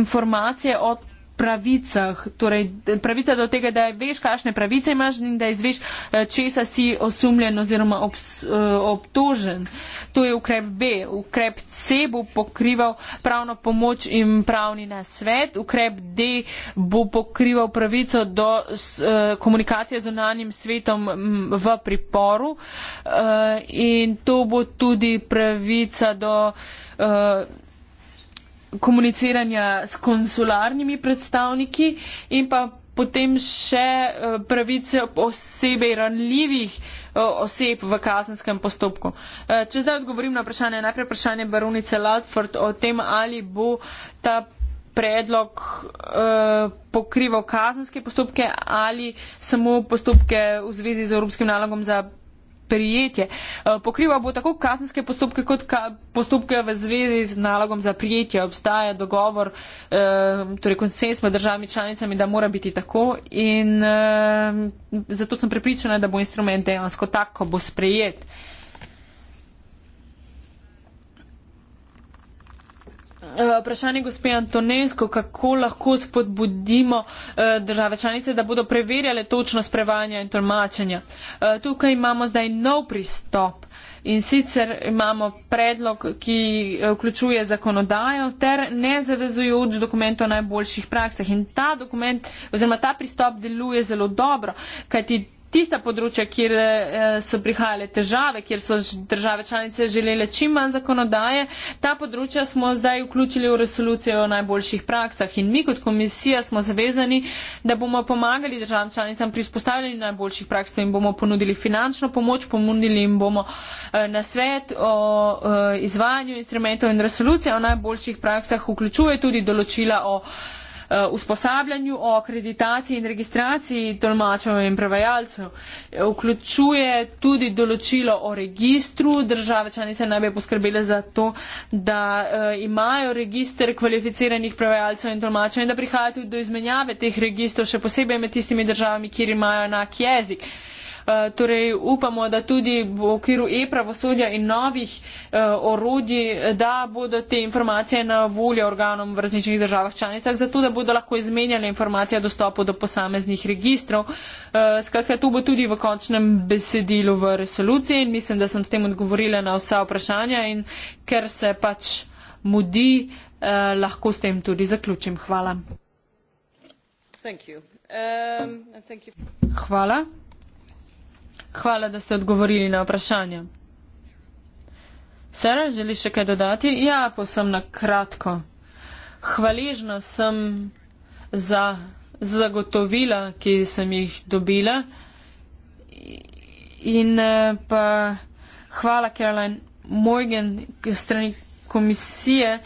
informacije od pravicah, torej pravica do tega, da veš, kakšne pravice imaš in da izveš, eh, česa si osumljen oziroma obs, eh, obtožen. To je ukrep B. Ukrep C bo pokrival pravno pomoč in pravni nasvet. Ukrep D bo pokrival pravico do eh, komunikacije z onanjim svetom v priporu. In to bo tudi pravica do komuniciranja s konsularnimi predstavniki in pa potem še eh, pravice osebej ranljivih eh, oseb v kazenskem postopku. Eh, če zdaj odgovorim na vprašanje, najprej vprašanje baronice Ladford o tem, ali bo ta predlog pokrival kazenske postopke ali samo postopke v zvezi z Evropskim nalogom za prijetje. Eh, Pokriva bo tako kazenske postopke, kot ka postopke v zvezi z nalogom za prijetje. Obstaja dogovor, eh, torej konsens med državami članicami, da mora biti tako in eh, zato sem prepričana, da bo instrument dejansko tako, ko bo sprejet. Eh, vprašanje gospe Antonesko, kako lahko spodbudimo eh, države članice, da bodo preverjale točnost prevajanja in tolmačenja. Eh, tukaj imamo zdaj nov pristop. In sicer imamo predlog, ki vključuje zakonodajo ter nezavezujoč dokument o najboljših praksah. In ta dokument oziroma ta pristop deluje zelo dobro, kajti tista področja, kjer eh, so prihajale težave, kjer so države članice želele čim manj zakonodaje, ta področja smo zdaj vključili v resolucijo o najboljših praksah in mi kot komisija smo zavezani, da bomo pomagali državam članicam pri spostavljanju najboljših praks in bomo ponudili finančno pomoč, ponudili jim bomo eh, na svet o eh, izvajanju instrumentov in resolucija o najboljših praksah vključuje tudi določila o Eh, usposabljanju, o akreditaciji in registraciji tolmačev in prevajalcev. Vključuje tudi določilo o registru. Države članice naj bi poskrbele za to, da eh, imajo register kvalificiranih prevajalcev in tolmačev in da prihaja tudi do izmenjave teh registrov, še posebej med tistimi državami, kjer imajo enak jezik. Eh, torej upamo, da tudi v okviru e-pravosodja in novih eh, orodij, da bodo te informacije na voljo organom v različnih državah članicah, zato da bodo lahko izmenjale informacije o dostopu do posameznih registrov. Eh, skratka, to bo tudi v končnem besedilu v resoluciji in mislim, da sem s tem odgovorila na vsa vprašanja in ker se pač mudi, lahko s tem tudi zaključim. Hvala. Thank you. Um, and thank you. Hvala. Hvala, da ste odgovorili na vprašanje. Sara, želiš še kaj dodati? Ja, posem na kratko. Hvaležna sem za zagotovila, ki sem jih dobila. In eh, pa hvala, Caroline Morgan, strani komisije.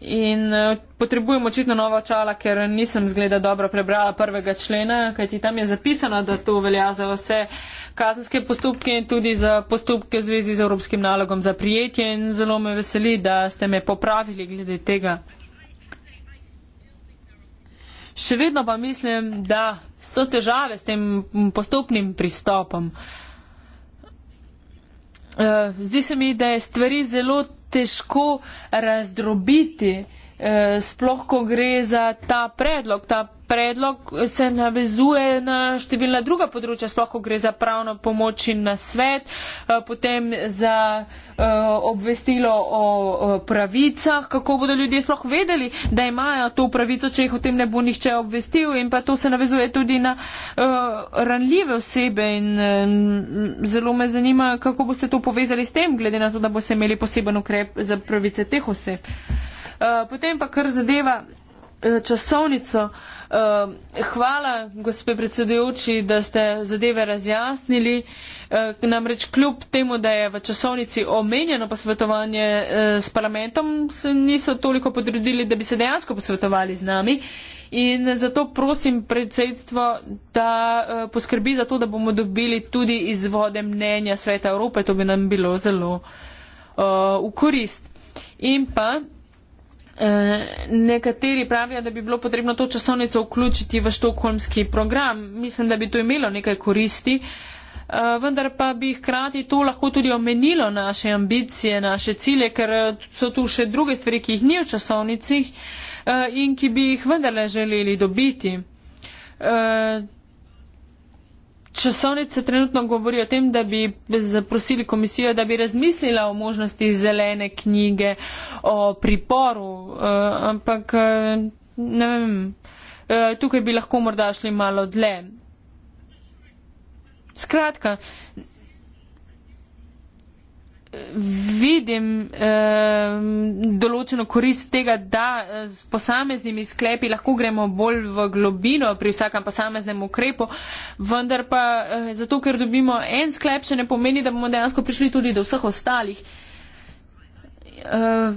In eh, potrebujem očitno nova očala, ker nisem zgleda dobro prebrala prvega člena, kajti tam je zapisano, da to velja za vse kazenske postopke in tudi za postopke v zvezi z evropskim nalogom za prijetje in zelo me veseli, da ste me popravili glede tega. Še vedno pa mislim, da so težave s tem postopnim pristopom. Eh, zdi se mi, da je stvari zelo težko razdrobiti, eh, sploh ko gre za ta predlog, ta predlog se navezuje na številna druga področja, sploh ko gre za pravno pomoč in na svet, eh, potem za eh, obvestilo o pravicah, kako bodo ljudje sploh vedeli, da imajo to pravico, če jih o tem ne bo nihče obvestil in pa to se navezuje tudi na eh, ranljive osebe in zelo me zanima, kako boste to povezali s tem, glede na to, da boste imeli poseben ukrep za pravice teh oseb. Potem pa kar zadeva časovnico. Ehm, hvala, gospe predsedujoči, da ste zadeve razjasnili. Ehm, namreč kljub temu, da je v časovnici omenjeno posvetovanje eh, s parlamentom, se niso toliko podredili, da bi se dejansko posvetovali z nami. In zato prosim predsedstvo, da eh, poskrbi za to, da bomo dobili tudi izvode mnenja Sveta Evrope. To bi nam bilo zelo uh, v korist. In pa Eh, nekateri pravijo, da bi bilo potrebno to časovnico vključiti v štokholmski program. Mislim, da bi to imelo nekaj koristi, eh, vendar pa bi hkrati to lahko tudi omenilo naše ambicije, naše cilje, ker eh, so tu še druge stvari, ki jih ni v časovnicih in ki bi jih vendarle želeli dobiti časovnice trenutno govori o tem, da bi zaprosili komisijo, da bi razmislila o možnosti zelene knjige o priporu, eh, ampak eh, ne vem, eh, tukaj bi lahko morda šli malo dlje. Skratka, vidim um, določeno korist tega, da eh, s posameznimi sklepi lahko gremo bolj v globino pri vsakem posameznem ukrepu, vendar pa eh, zato, ker dobimo en sklep, še ne pomeni, da bomo dejansko prišli tudi do vseh ostalih. Uh,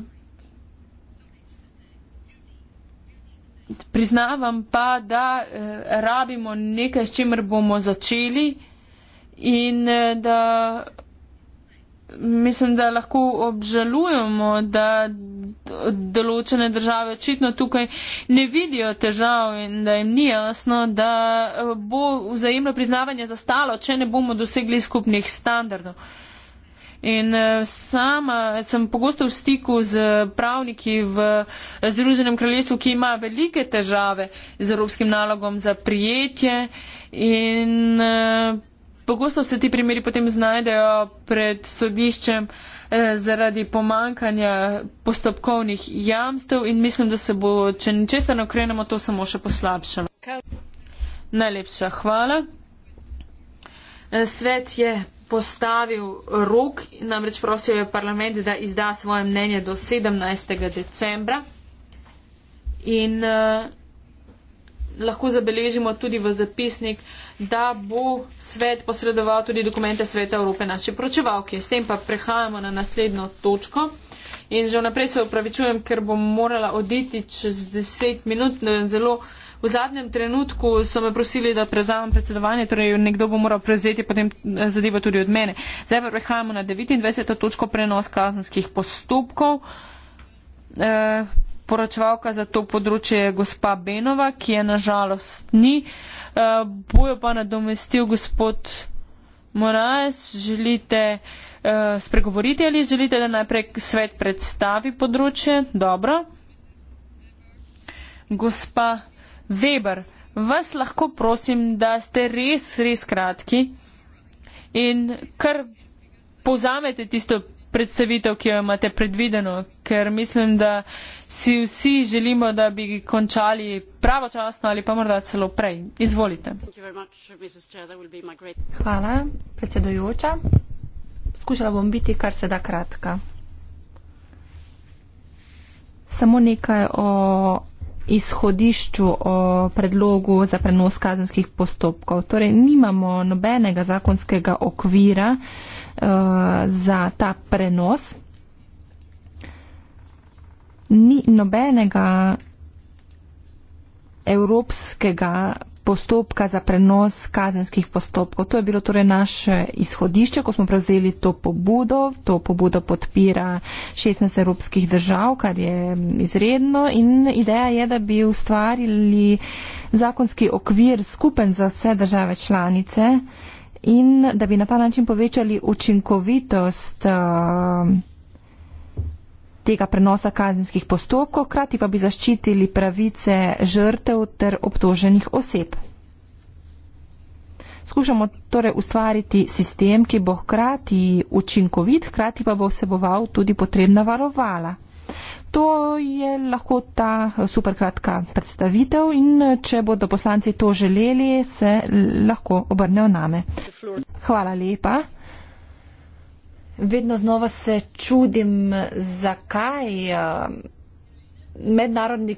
priznavam pa, da uh, rabimo nekaj, s čimer bomo začeli in uh, da mislim, da lahko obžalujemo, da določene države očitno tukaj ne vidijo težav in da jim ni jasno, da bo vzajemno priznavanje zastalo, če ne bomo dosegli skupnih standardov. In eh, sama sem pogosto v stiku z pravniki v Združenem kraljestvu, ki ima velike težave z evropskim nalogom za prijetje in eh, pogosto se ti primeri potem znajdejo pred sodiščem eh, zaradi pomankanja postopkovnih jamstev in mislim, da se bo, če ničesar ne okrenemo, to samo še poslabšalo. Najlepša hvala. Eh, svet je postavil rok, namreč prosil je parlament, da izda svoje mnenje do 17. decembra. In uh, lahko zabeležimo tudi v zapisnik, da bo svet posredoval tudi dokumente Sveta Evrope naši pročevalki. S tem pa prehajamo na naslednjo točko. In že vnaprej se upravičujem, ker bom morala oditi čez 10 minut. Zelo v zadnjem trenutku so me prosili, da prevzamem predsedovanje, torej nekdo bo moral prevzeti potem eh, zadevo tudi od mene. Zdaj pa prehajamo na 29. točko prenos kazanskih postopkov. Uh, poročevalka za to področje je gospa Benova, ki je nažalost ni. Eh, bojo pa nadomestil gospod Moraes. Želite eh, spregovoriti ali želite, da najprej svet predstavi področje? Dobro. Gospa Weber, vas lahko prosim, da ste res, res kratki in kar povzamete tisto predstavitev, ki jo imate predvideno, ker mislim, da si vsi želimo, da bi končali pravočasno ali pa morda celo prej. Izvolite. Hvala, predsedujoča. Skušala bom biti kar se da kratka. Samo nekaj o izhodišču o predlogu za prenos kazenskih postopkov. Torej, nimamo nobenega zakonskega okvira, Eh, za ta prenos. Ni nobenega evropskega postopka za prenos kazenskih postopkov. To je bilo torej naše izhodišče, ko smo prevzeli to pobudo. To pobudo podpira 16 evropskih držav, kar je izredno. In ideja je, da bi ustvarili zakonski okvir skupen za vse države članice, uh, in da bi na ta način povečali učinkovitost eh, tega prenosa kazenskih postopkov, krati pa bi zaščitili pravice žrtev ter obtoženih oseb. Skušamo torej ustvariti sistem, ki bo hkrati učinkovit, hkrati pa bo vseboval tudi potrebna varovala to je lahko ta eh, super kratka predstavitev in eh, če bodo poslanci to želeli, se lahko obrnejo name. Hvala lepa. Vedno znova se čudim, zakaj eh, mednarodni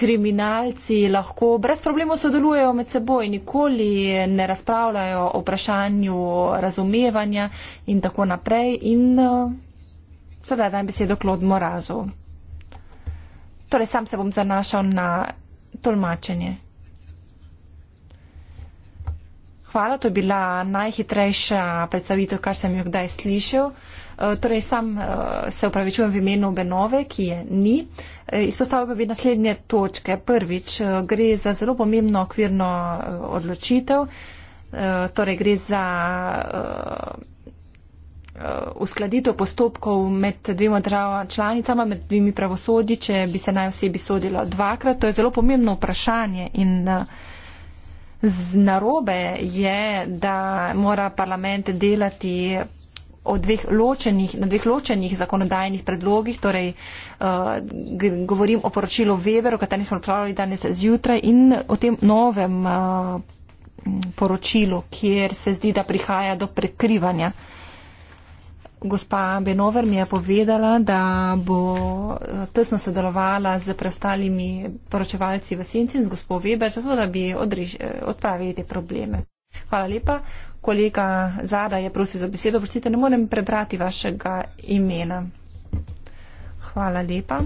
kriminalci lahko brez problemov sodelujejo med seboj, nikoli ne razpravljajo o vprašanju razumevanja in tako naprej. In, Sedaj dajem besedo Klod Morazu. Torej, sam se bom zanašal na tolmačenje. Hvala, to je bila najhitrejša predstavitev, kar sem jo kdaj slišal. E, torej, sam e, se upravičujem v imenu Benove, ki je ni. E, izpostavil pa bi naslednje točke. Prvič, gre za zelo pomembno okvirno odločitev. Torej, gre za Eh, uskladitev postopkov med dvema državama članicama, med dvimi pravosodji, če bi se naj osebi sodilo dvakrat. To je zelo pomembno vprašanje in eh, z narobe je, da mora parlament delati o dveh ločenih, na dveh ločenih zakonodajnih predlogih, torej uh, govorim o poročilu Weber, o katerem smo pravili danes zjutraj in o tem novem uh, poročilu, kjer se zdi, da prihaja do prekrivanja uh, Gospa Benover mi je povedala, da bo eh, tesno sodelovala z preostalimi poročevalci v Senci in z gospod Weber, zato da bi odriž, eh, odpravili te probleme. Hvala lepa. Kolega Zada je prosil za besedo. Prosite, ne morem prebrati vašega imena. Hvala lepa.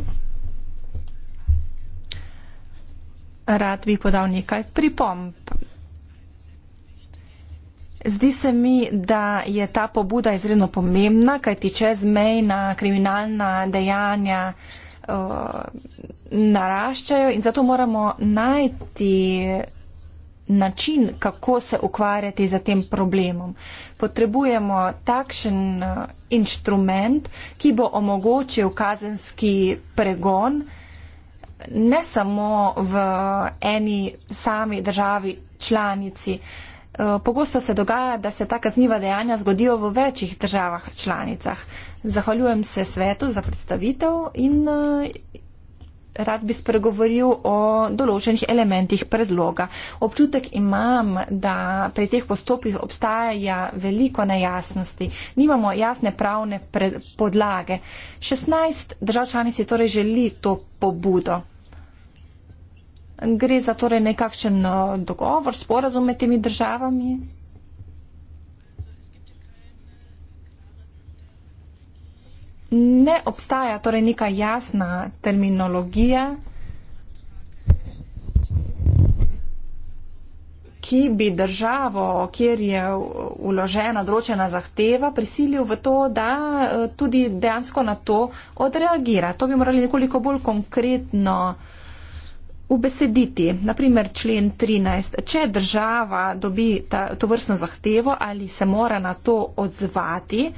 Rad bi podal nekaj pripomb. Zdi se mi, da je ta pobuda izredno pomembna, kajti čezmejna kriminalna dejanja eh, naraščajo in zato moramo najti način, kako se ukvarjati za tem problemom. Potrebujemo takšen eh, inštrument, ki bo omogočil kazenski pregon ne samo v eni sami državi članici, Eh, pogosto se dogaja, da se ta kazniva dejanja zgodijo v večjih državah članicah. Zahvaljujem se svetu za predstavitev in eh, rad bi spregovoril o določenih elementih predloga. Občutek imam, da pri teh postopkih obstaja veliko nejasnosti. Nimamo jasne pravne podlage. 16 držav članic je torej želi to pobudo. Gre za torej nekakšen no, dogovor, sporazum med temi državami? Ne obstaja torej neka jasna terminologija, ki bi državo, kjer je uložena določena zahteva, prisilil v to, da eh, tudi dejansko na to odreagira. To bi morali nekoliko bolj konkretno uh, ubesediti. Naprimer, člen 13. Če država dobi ta, to vrstno zahtevo ali se mora na to odzvati,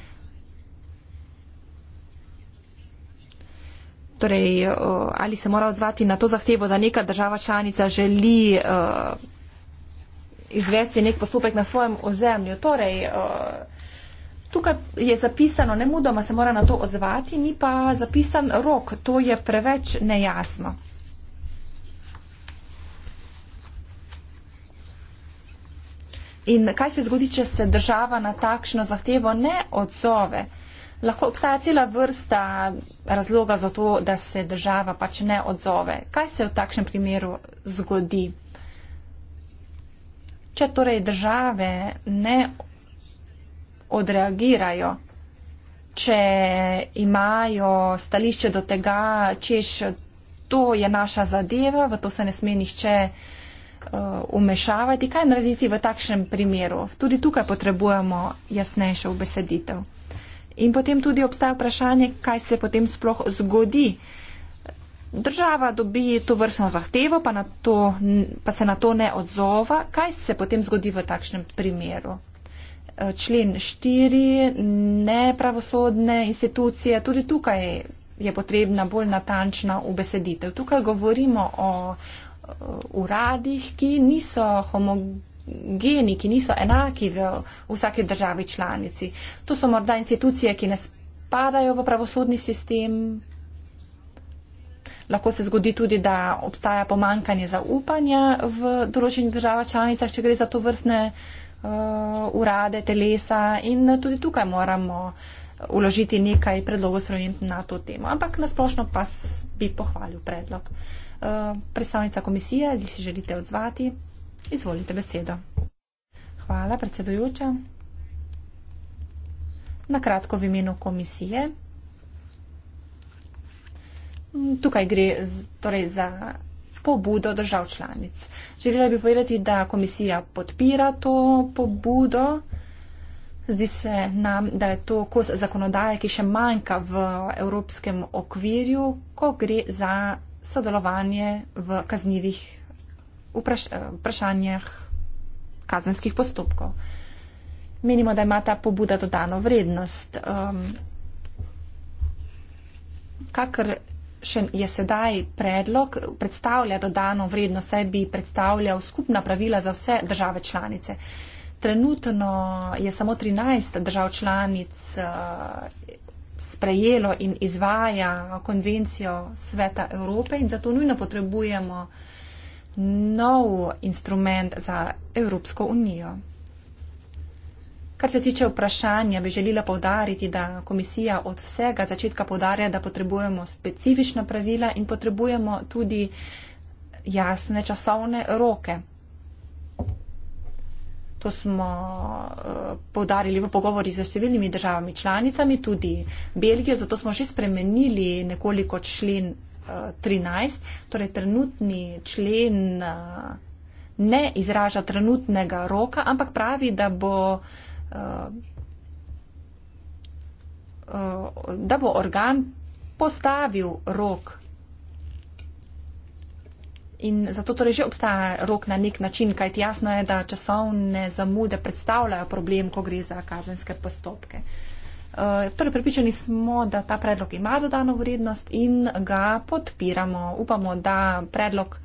torej, ali se mora odzvati na to zahtevo, da neka država članica želi uh, izvesti nek postopek na svojem ozemlju. Torej, uh, Tukaj je zapisano, ne mudoma se mora na to odzvati, ni pa zapisan rok. To je preveč nejasno. In kaj se zgodi, če se država na takšno zahtevo ne odzove? Lahko obstaja cela vrsta razloga za to, da se država pač ne odzove. Kaj se v takšnem primeru zgodi? Če torej države ne odreagirajo, če imajo stališče do tega, češ, to je naša zadeva, v to se ne sme nihče Eh, umešavati, kaj narediti v takšnem primeru. Tudi tukaj potrebujemo jasnejšo obeseditev. In potem tudi obstaja vprašanje, kaj se potem sploh zgodi. Država dobi to vrstno zahtevo, pa, to, pa se na to ne odzova. Kaj se potem zgodi v takšnem primeru? Eh, člen štiri, nepravosodne institucije, tudi tukaj je potrebna bolj natančna ubeseditev. Tukaj govorimo o uradih, ki niso homogeni, ki niso enaki v vsaki državi članici. To so morda institucije, ki ne spadajo v pravosodni sistem. Lahko se zgodi tudi, da obstaja pomankanje zaupanja v določenih državah članicah, če gre za to vrstne uh, urade, telesa in tudi tukaj moramo uh, uložiti nekaj predlogov spremenjen na to temo. Ampak nasplošno pa bi pohvalil predlog. Uh, Eh, predstavnica komisije, ali se želite odzvati, izvolite besedo. Hvala, predsedujoča. Nakratko v imenu komisije. Mm, tukaj gre torej za pobudo držav članic. Želela bi povedati, da komisija podpira to pobudo. Zdi se nam, da je to kos zakonodaje, ki še manjka v evropskem okvirju, ko gre za sodelovanje v kaznjivih vpraš vprašanjah kazenskih postopkov. Menimo, da ima ta pobuda dodano vrednost. Um, kakr še je sedaj predlog, predstavlja dodano vrednost, saj bi predstavljal skupna pravila za vse države članice. Trenutno je samo 13 držav članic uh, sprejelo in izvaja konvencijo Sveta Evrope in zato nujno potrebujemo nov instrument za Evropsko unijo. Kar se tiče vprašanja, bi želela povdariti, da komisija od vsega začetka povdarja, da potrebujemo specifična pravila in potrebujemo tudi jasne časovne roke. To smo eh, povdarili v pogovori z številnimi državami članicami, tudi Belgijo, zato smo že spremenili nekoliko člen 13. Eh, torej, trenutni člen eh, ne izraža trenutnega roka, ampak pravi, da bo, da bo organ postavil rok In zato torej že obstaja rok na nek način, kajti jasno je, da časovne zamude predstavljajo problem, ko gre za kazenske postopke. Eh, torej, pripričani smo, da ta predlog ima dodano vrednost in ga podpiramo. Upamo, da predlog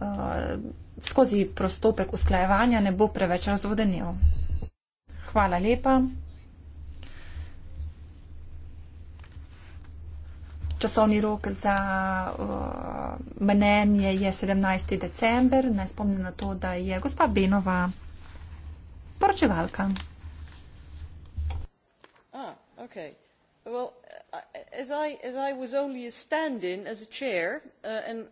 eh, skozi prostopek usklajevanja ne bo preveč razvodenil. Hvala lepa. Časovni rok za uh, mnenje je 17. december. Naj spomnim na to, da je gospa Benova poročevalka. Ah, okay. well, uh, as I, as I chair, uh, and...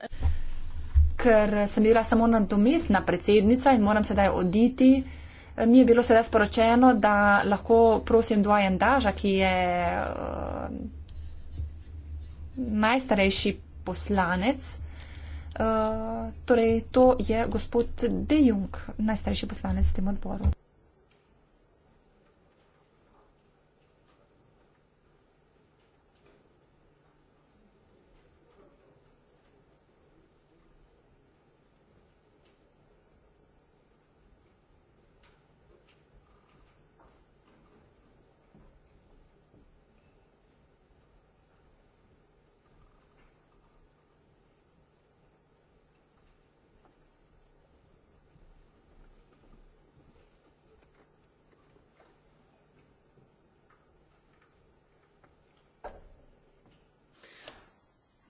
Ker sem bila samo nadomestna predsednica in moram sedaj oditi, eh, mi je bilo sedaj sporočeno, da lahko prosim dvojen daža, ki je. Uh, najstarejši poslanec. Uh, torej, to je gospod De Jung, najstarejši poslanec v tem odboru.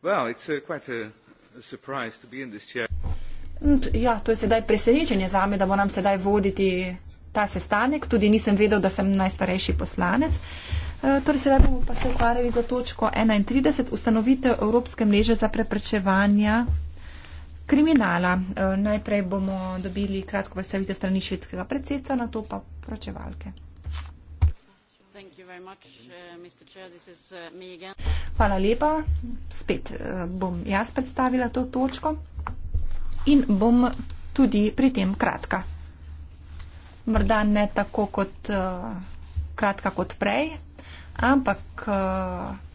Well, it's uh, quite a surprise to be in this chair. Hm, ja, to je sedaj presenečenje za me, da moram sedaj voditi ta sestanek. Tudi nisem vedel, da sem najstarejši poslanec. E, torej sedaj bomo pa se ukvarjali za točko 31, ustanovitev Evropske mreže za preprečevanje kriminala. E, najprej bomo dobili kratko predstavitev strani švedskega predsedstva, na to pa pročevalke. Thank you very much, uh, Mr. Chair. This is uh, me again. Hvala lepa. Spet eh, bom jaz predstavila to točko in bom tudi pri tem kratka. Morda ne tako kot eh, kratka kot prej, ampak. Eh,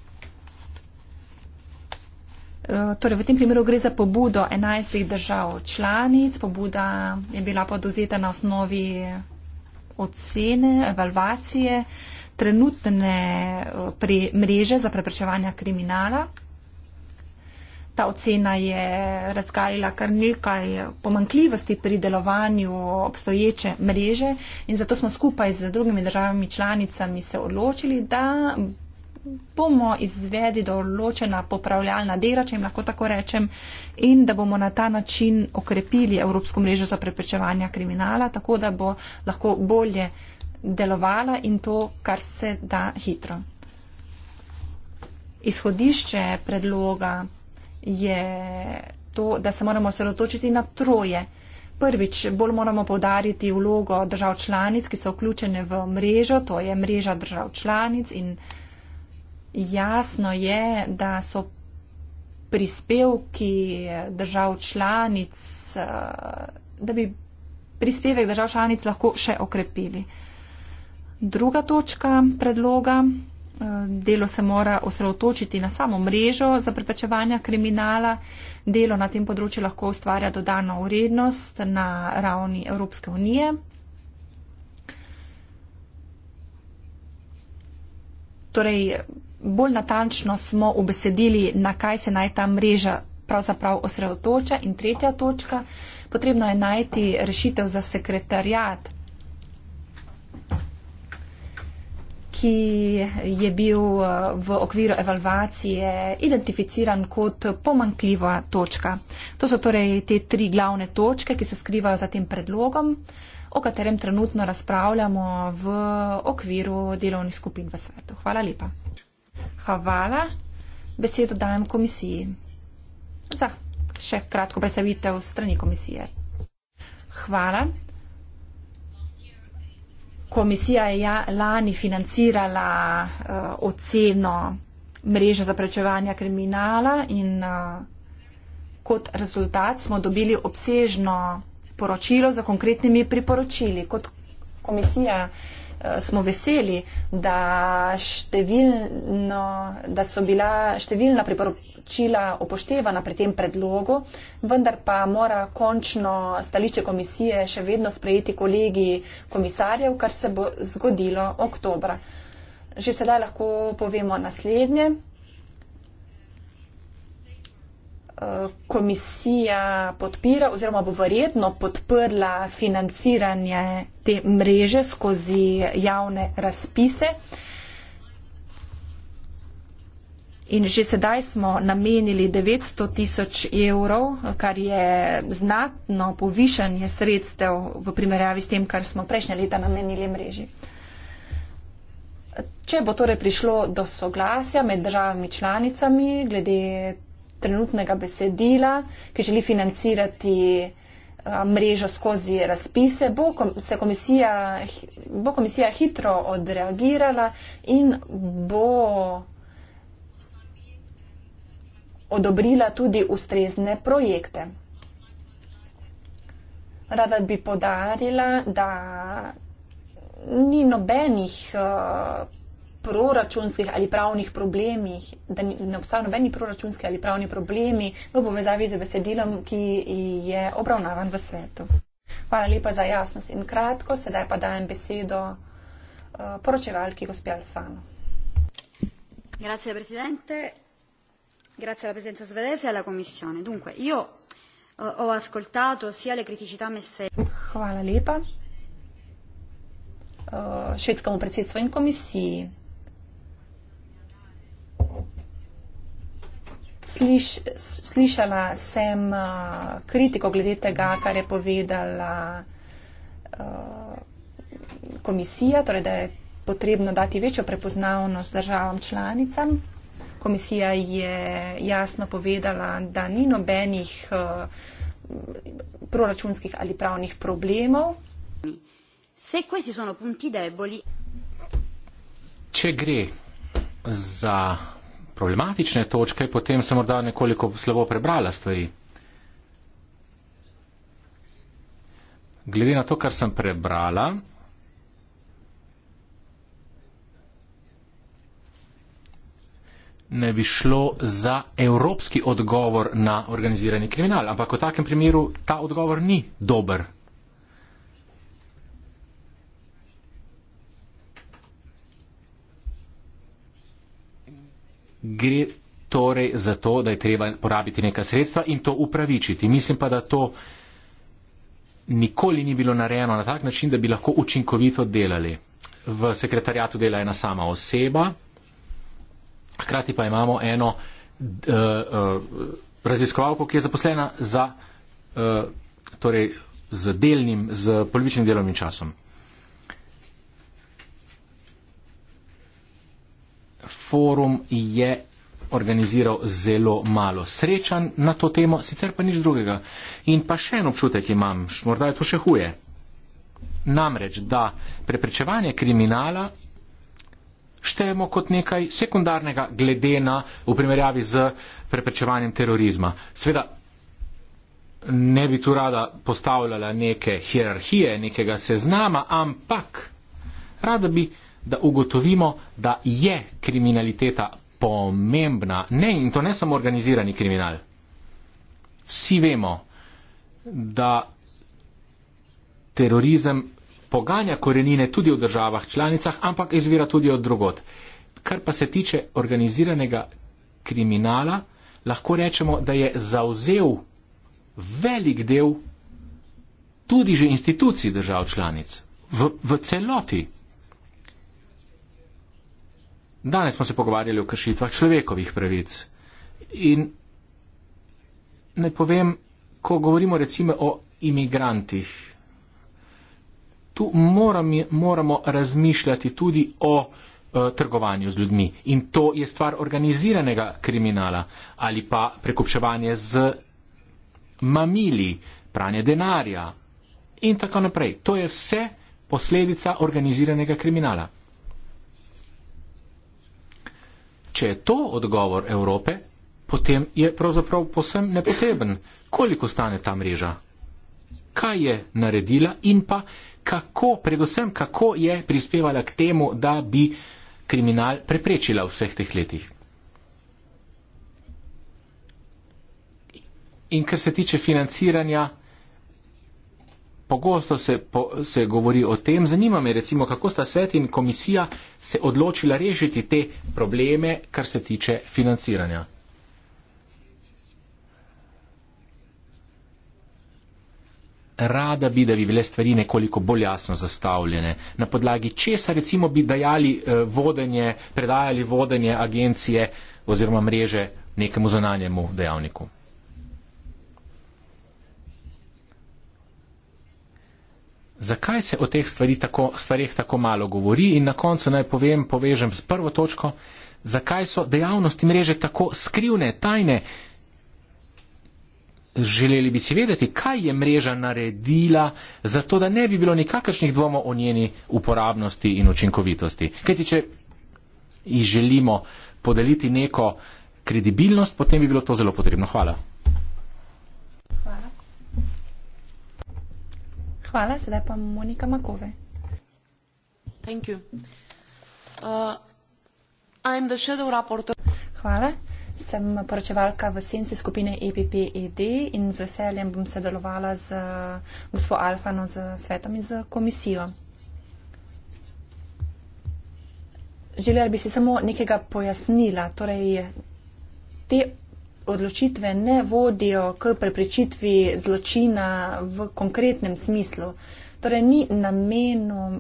torej, v tem primeru gre za pobudo 11 držav članic. Pobuda je bila podozeta na osnovi ocene, evalvacije trenutne eh, mreže za preprečevanje kriminala. Ta ocena je razgalila kar nekaj pomankljivosti pri delovanju obstoječe mreže in zato smo skupaj z drugimi državami članicami se odločili, da bomo izvedli določena popravljalna dela, če jim lahko tako rečem, in da bomo na ta način okrepili Evropsko mrežo za preprečevanje kriminala, tako da bo lahko bolje delovala in to, kar se da hitro. Izhodišče predloga je to, da se moramo osredotočiti na troje. Prvič, bolj moramo povdariti vlogo držav članic, ki so vključene v mrežo, to je mreža držav članic in jasno je, da so prispevki držav članic, eh, da bi prispevek držav članic lahko še okrepili. Druga točka predloga. Eh, delo se mora osredotočiti na samo mrežo za preprečevanje kriminala. Delo na tem področju lahko ustvarja dodano vrednost na ravni Evropske unije. Torej, bolj natančno smo obesedili, na kaj se naj ta mreža pravzaprav osredotoča. In tretja točka, potrebno je najti rešitev za sekretarjat ki je bil eh, v okviru evalvacije identificiran kot pomankljiva točka. To so torej te tri glavne točke, ki se skrivajo za tem predlogom, o katerem trenutno razpravljamo v okviru delovnih skupin v svetu. Hvala lepa. Hvala. Besedo dajem komisiji za še kratko predstavitev strani komisije. Hvala. Komisija je ja lani financirala uh, oceno mreže za prečevanje kriminala in uh, kot rezultat smo dobili obsežno poročilo za konkretnimi priporočili. Kot komisija uh, smo veseli, da, številno, da so bila številna priporočila določila upoštevana pri tem predlogu, vendar pa mora končno stališče komisije še vedno sprejeti kolegi komisarjev, kar se bo zgodilo oktobra. Že sedaj lahko povemo naslednje. Eh, komisija podpira oziroma bo verjetno podprla financiranje te mreže skozi javne razpise. In že sedaj smo namenili 900 tisoč evrov, kar je znatno povišanje sredstev v primerjavi s tem, kar smo prejšnje leta namenili mreži. Če bo torej prišlo do soglasja med državami članicami glede trenutnega besedila, ki želi financirati mrežo skozi razpise, bo, kom se komisija, bo komisija hitro odreagirala in bo odobrila tudi ustrezne projekte. Rada bi podarila, da ni nobenih eh, proračunskih ali pravnih problemih, da ne obstajajo nobeni proračunski ali pravni problemi v povezavi z besedilom, ki je obravnavan v svetu. Hvala lepa za jasnost in kratko, sedaj pa dajem besedo eh, poročevalki gospe Alfano. Grazie Presidente, Grazie alla presenza svedese e alla Commissione. Dunque, io eh, ho ascoltato sia le criticità messe. Hvala lepa. Eh, švedskemu predsedstvu in komisiji. Sliš, slišala sem eh, kritiko glede tega, kar je povedala komisija, torej da je potrebno dati večjo prepoznavnost državam članicam. Komisija je jasno povedala, da ni nobenih uh, proračunskih ali pravnih problemov. Deboli... Če gre za problematične točke, potem sem morda nekoliko slabo prebrala stvari. Glede na to, kar sem prebrala, ne bi šlo za evropski odgovor na organizirani kriminal. Ampak v takem primeru ta odgovor ni dober. Gre torej za to, da je treba porabiti neka sredstva in to upravičiti. Mislim pa, da to nikoli ni bilo narejeno na tak način, da bi lahko učinkovito delali. V sekretarjatu dela ena sama oseba, Hkrati pa imamo eno uh, uh, raziskovalko, ki je zaposlena za, uh, torej z, delnim, z polovičnim delovnim časom. Forum je organiziral zelo malo srečanj na to temo, sicer pa nič drugega. In pa še en občutek imam, morda je to še huje. Namreč, da preprečevanje kriminala štejemo kot nekaj sekundarnega, glede na v primerjavi z preprečevanjem terorizma. Sveda ne bi tu rada postavljala neke hierarhije, nekega seznama, ampak rada bi, da ugotovimo, da je kriminaliteta pomembna. Ne, in to ne samo organizirani kriminal. Vsi vemo, da terorizem poganja korenine tudi v državah članicah, ampak izvira tudi od drugot. Kar pa se tiče organiziranega kriminala, lahko rečemo, da je zauzel velik del tudi že institucij držav članic v, v celoti. Danes smo se pogovarjali o kršitvah človekovih pravic in naj povem, ko govorimo recimo o imigrantih, tu moram, moramo razmišljati tudi o eh, trgovanju z ljudmi. In to je stvar organiziranega kriminala ali pa prekupčevanje z mamili, pranje denarja in tako naprej. To je vse posledica organiziranega kriminala. Če je to odgovor Evrope, potem je pravzaprav posem nepoteben. Koliko stane ta mreža? kaj je naredila in pa kako, predvsem kako je prispevala k temu, da bi kriminal preprečila v vseh teh letih. In kar se tiče financiranja, pogosto se, po, se govori o tem, zanima me recimo, kako sta svet in komisija se odločila rešiti te probleme, kar se tiče financiranja. rada bi, da bi bile stvari nekoliko bolj jasno zastavljene. Na podlagi česa recimo bi dajali eh, vodenje, predajali vodenje agencije oziroma mreže nekemu zunanjemu dejavniku. Zakaj se o teh tako, stvarih tako malo govori in na koncu naj povem, povežem s prvo točko, zakaj so dejavnosti mreže tako skrivne, tajne, Želeli bi si vedeti, kaj je mreža naredila, zato da ne bi bilo nikakršnih dvomov o njeni uporabnosti in učinkovitosti. Kajti, če ji želimo podeliti neko kredibilnost, potem bi bilo to zelo potrebno. Hvala. Hvala, Hvala sedaj pa Monika Makove. Uh, Hvala. Uh, Hvala sem poročevalka v senci skupine EPPED in z veseljem bom sodelovala z gospo Alfano, z svetom in z komisijo. Želela bi si samo nekega pojasnila. Torej, te odločitve ne vodijo k preprečitvi zločina v konkretnem smislu. Torej, ni namenjeno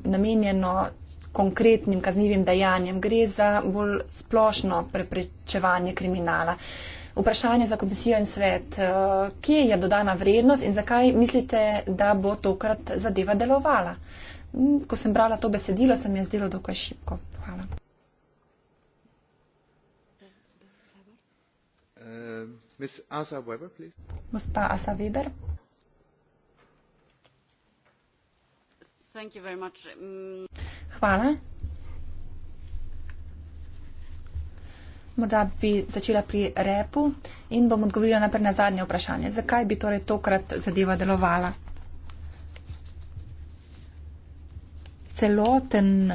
konkretnim kaznjivim dejanjem, gre za bolj splošno preprečevanje kriminala. Vprašanje za komisijo in svet, eh, kje je dodana vrednost in zakaj mislite, da bo tokrat zadeva delovala? Mm, ko sem brala to besedilo, se mi je zdelo dokaj šipko. Hvala. Uh, Asa Weber, Gospa Asa Weber. Mm. Hvala. Morda bi začela pri repu in bom odgovorila najprej na zadnje vprašanje. Zakaj bi torej tokrat zadeva delovala? Celoten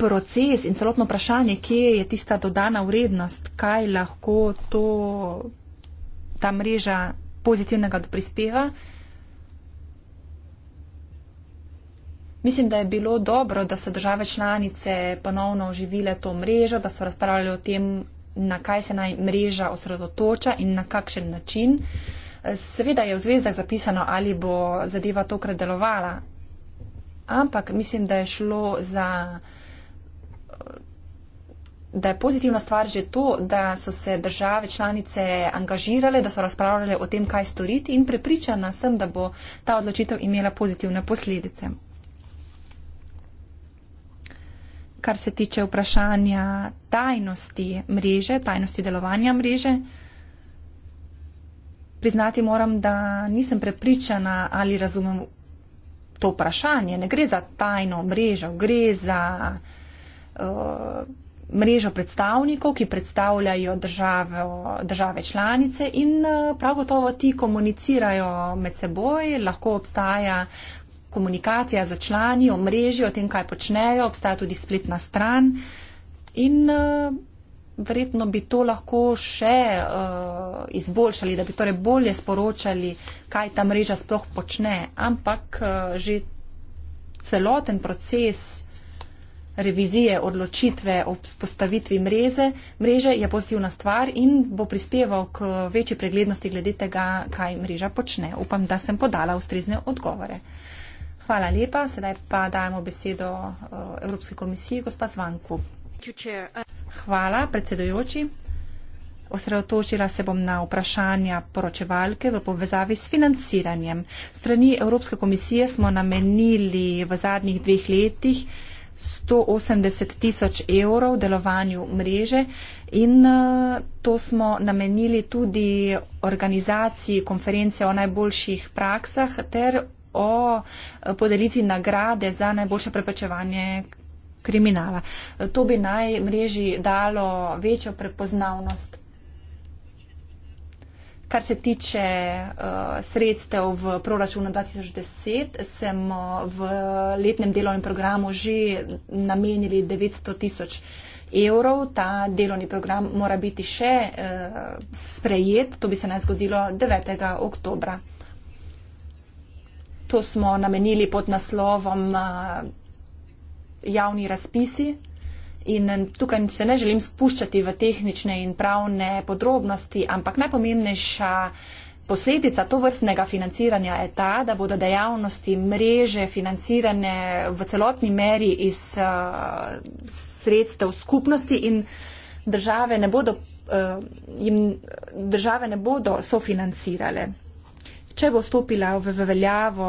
proces in celotno vprašanje, kje je tista dodana vrednost, kaj lahko to, ta mreža pozitivnega prispeva, Mislim, da je bilo dobro, da so države članice ponovno oživile to mrežo, da so razpravljali o tem, na kaj se naj mreža osredotoča in na kakšen način. Seveda je v zvezdah zapisano, ali bo zadeva tokrat delovala, ampak mislim, da je šlo za. Da je pozitivna stvar že to, da so se države članice angažirale, da so razpravljale o tem, kaj storiti, in prepričana sem, da bo ta odločitev imela pozitivne posledice. kar se tiče vprašanja tajnosti mreže, tajnosti delovanja mreže. Priznati moram, da nisem prepričana ali razumem to vprašanje. Ne gre za tajno mrežo, gre za uh, mrežo predstavnikov, ki predstavljajo države, države članice in uh, prav gotovo ti komunicirajo med seboj. Lahko obstaja komunikacija za člani, omrežje, o tem, kaj počnejo, obstaja tudi spletna stran in uh, verjetno bi to lahko še uh, izboljšali, da bi torej bolje sporočali, kaj ta mreža sploh počne, ampak uh, že celoten proces revizije odločitve o postavitvi mreže, mreže je pozitivna stvar in bo prispeval k večji preglednosti glede tega, kaj mreža počne. Upam, da sem podala ustrezne odgovore. Hvala lepa. Sedaj pa dajemo besedo eh, Evropske komisiji, gospa Zvanku. Hvala, predsedujoči. Osredotočila se bom na vprašanja poročevalke v povezavi s financiranjem. Strani Evropske komisije smo namenili v zadnjih dveh letih 180 tisoč evrov delovanju mreže in eh, to smo namenili tudi organizaciji konference o najboljših praksah ter o podelitvi nagrade za najboljše preprečevanje kriminala. To bi naj mreži dalo večjo prepoznavnost. Kar se tiče uh, sredstev v proračunu 2010, sem eh, v letnem delovnem programu že namenili 900 tisoč evrov. Ta delovni program mora biti še uh, sprejet. To bi se naj zgodilo 9. oktobra letu smo namenili pod naslovom eh, javni razpisi. In eh, tukaj se ne želim spuščati v tehnične in pravne podrobnosti, ampak najpomembnejša posledica to vrstnega financiranja je ta, da bodo dejavnosti mreže financirane v celotni meri iz uh, sredstev skupnosti in države ne bodo, uh, jim, države ne bodo sofinancirale. Če bo stopila v, v veljavo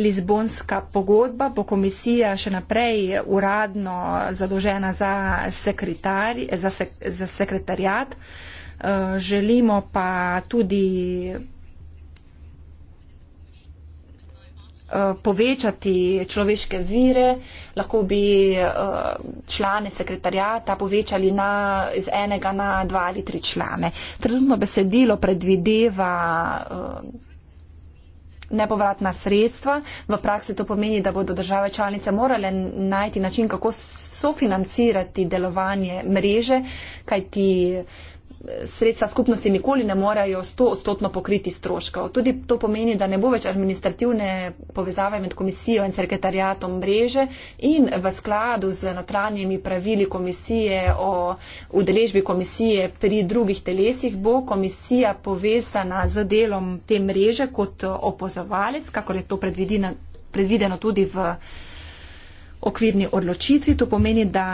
Lizbonska pogodba, bo komisija še naprej uradno zadolžena za, sekretari, za, sek, za sekretarjat. Eh, želimo pa tudi eh, povečati človeške vire, lahko bi eh, člane sekretarjata povečali na, iz enega na dva ali tri člane. Trenutno besedilo predvideva nepovratna sredstva. V praksi to pomeni, da bodo države članice morale najti način, kako sofinancirati delovanje mreže, kajti sredstva skupnosti nikoli ne morejo stotno pokriti stroškov. Tudi to pomeni, da ne bo več administrativne povezave med komisijo in sekretarjatom mreže in v skladu z notranjimi pravili komisije o udeležbi komisije pri drugih telesih bo komisija povezana z delom te mreže kot opozovalec, kako je to predvideno tudi v okvirni odločitvi. To pomeni, da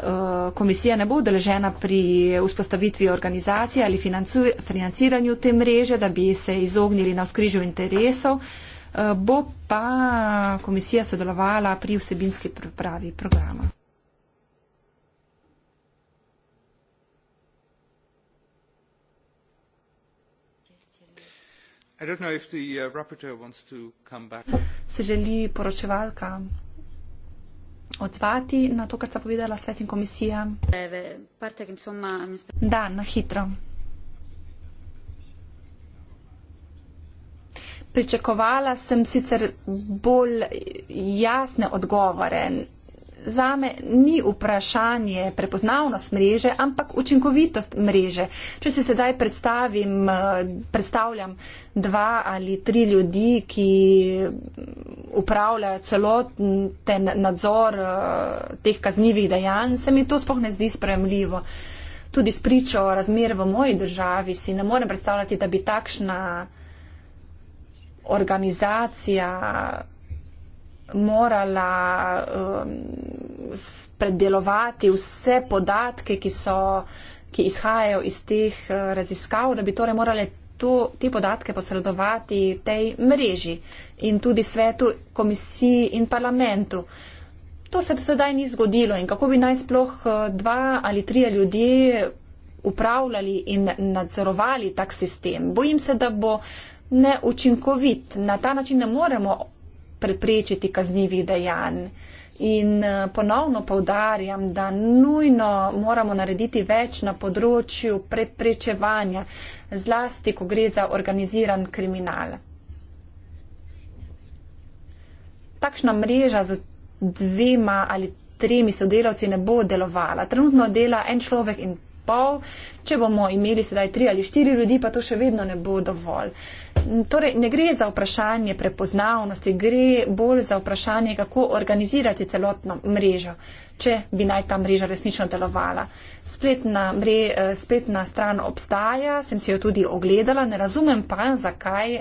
eh, komisija ne bo udeležena pri vzpostavitvi organizacije ali financiranju te mreže, da bi se izognili na skrižju interesov. Eh, bo pa komisija sodelovala pri vsebinski pripravi programa. Uh, se želi poročevalka odzvati na to, kar sta povedala svet in komisija? Da, na hitro. Pričakovala sem sicer bolj jasne odgovore zame ni vprašanje prepoznavnost mreže, ampak učinkovitost mreže. Če se sedaj predstavim, eh, predstavljam dva ali tri ljudi, ki upravljajo celoten nadzor eh, teh kaznjivih dejanj, se mi to sploh ne zdi spremljivo. Tudi s pričo razmer v moji državi si ne morem predstavljati, da bi takšna organizacija morala um, predelovati vse podatke, ki, so, ki izhajajo iz teh uh, raziskav, da bi torej morale to, te podatke posredovati tej mreži in tudi svetu, komisiji in parlamentu. To se do sedaj ni zgodilo in kako bi naj sploh uh, dva ali trije ljudje upravljali in nadzorovali tak sistem. Bojim se, da bo neučinkovit. Na ta način ne moremo preprečiti kaznjivih dejanj. In eh, ponovno povdarjam, da nujno moramo narediti več na področju preprečevanja, zlasti, ko gre za organiziran kriminal. Takšna mreža z dvema ali tremi sodelavci ne bo delovala. Trenutno dela en človek in pol, če bomo imeli sedaj tri ali štiri ljudi, pa to še vedno ne bo dovolj. Torej, ne gre za vprašanje prepoznavnosti, gre bolj za vprašanje, kako organizirati celotno mrežo, če bi naj ta mreža resnično delovala. Spletna, mre, eh, spletna stran obstaja, sem si jo tudi ogledala, ne razumem pa, zakaj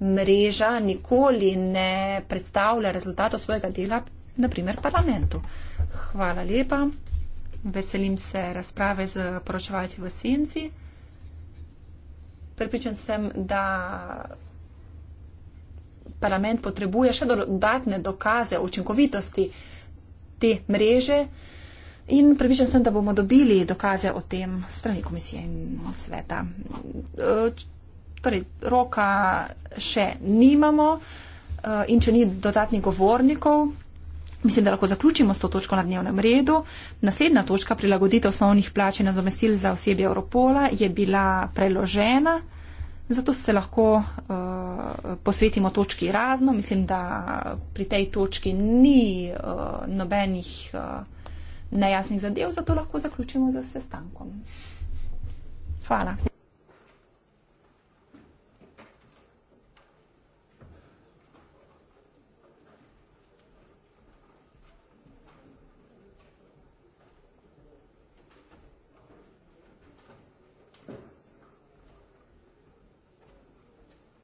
mreža nikoli ne predstavlja rezultatov svojega dela, naprimer parlamentu. Hvala lepa veselim se razprave z poročevalci v senci. Pripričan sem, da parlament potrebuje še dodatne dokaze o učinkovitosti te mreže in pripričan sem, da bomo dobili dokaze o tem strani komisije in sveta. E, torej, roka še nimamo e, in če ni dodatnih govornikov, Mislim, da lahko zaključimo s to točko na dnevnem redu. Naslednja točka prilagoditev osnovnih plač in nadomestil za osebje Europola je bila preložena, zato se lahko uh, posvetimo točki razno. Mislim, da pri tej točki ni uh, nobenih uh, nejasnih zadev, zato lahko zaključimo z sestankom. Hvala.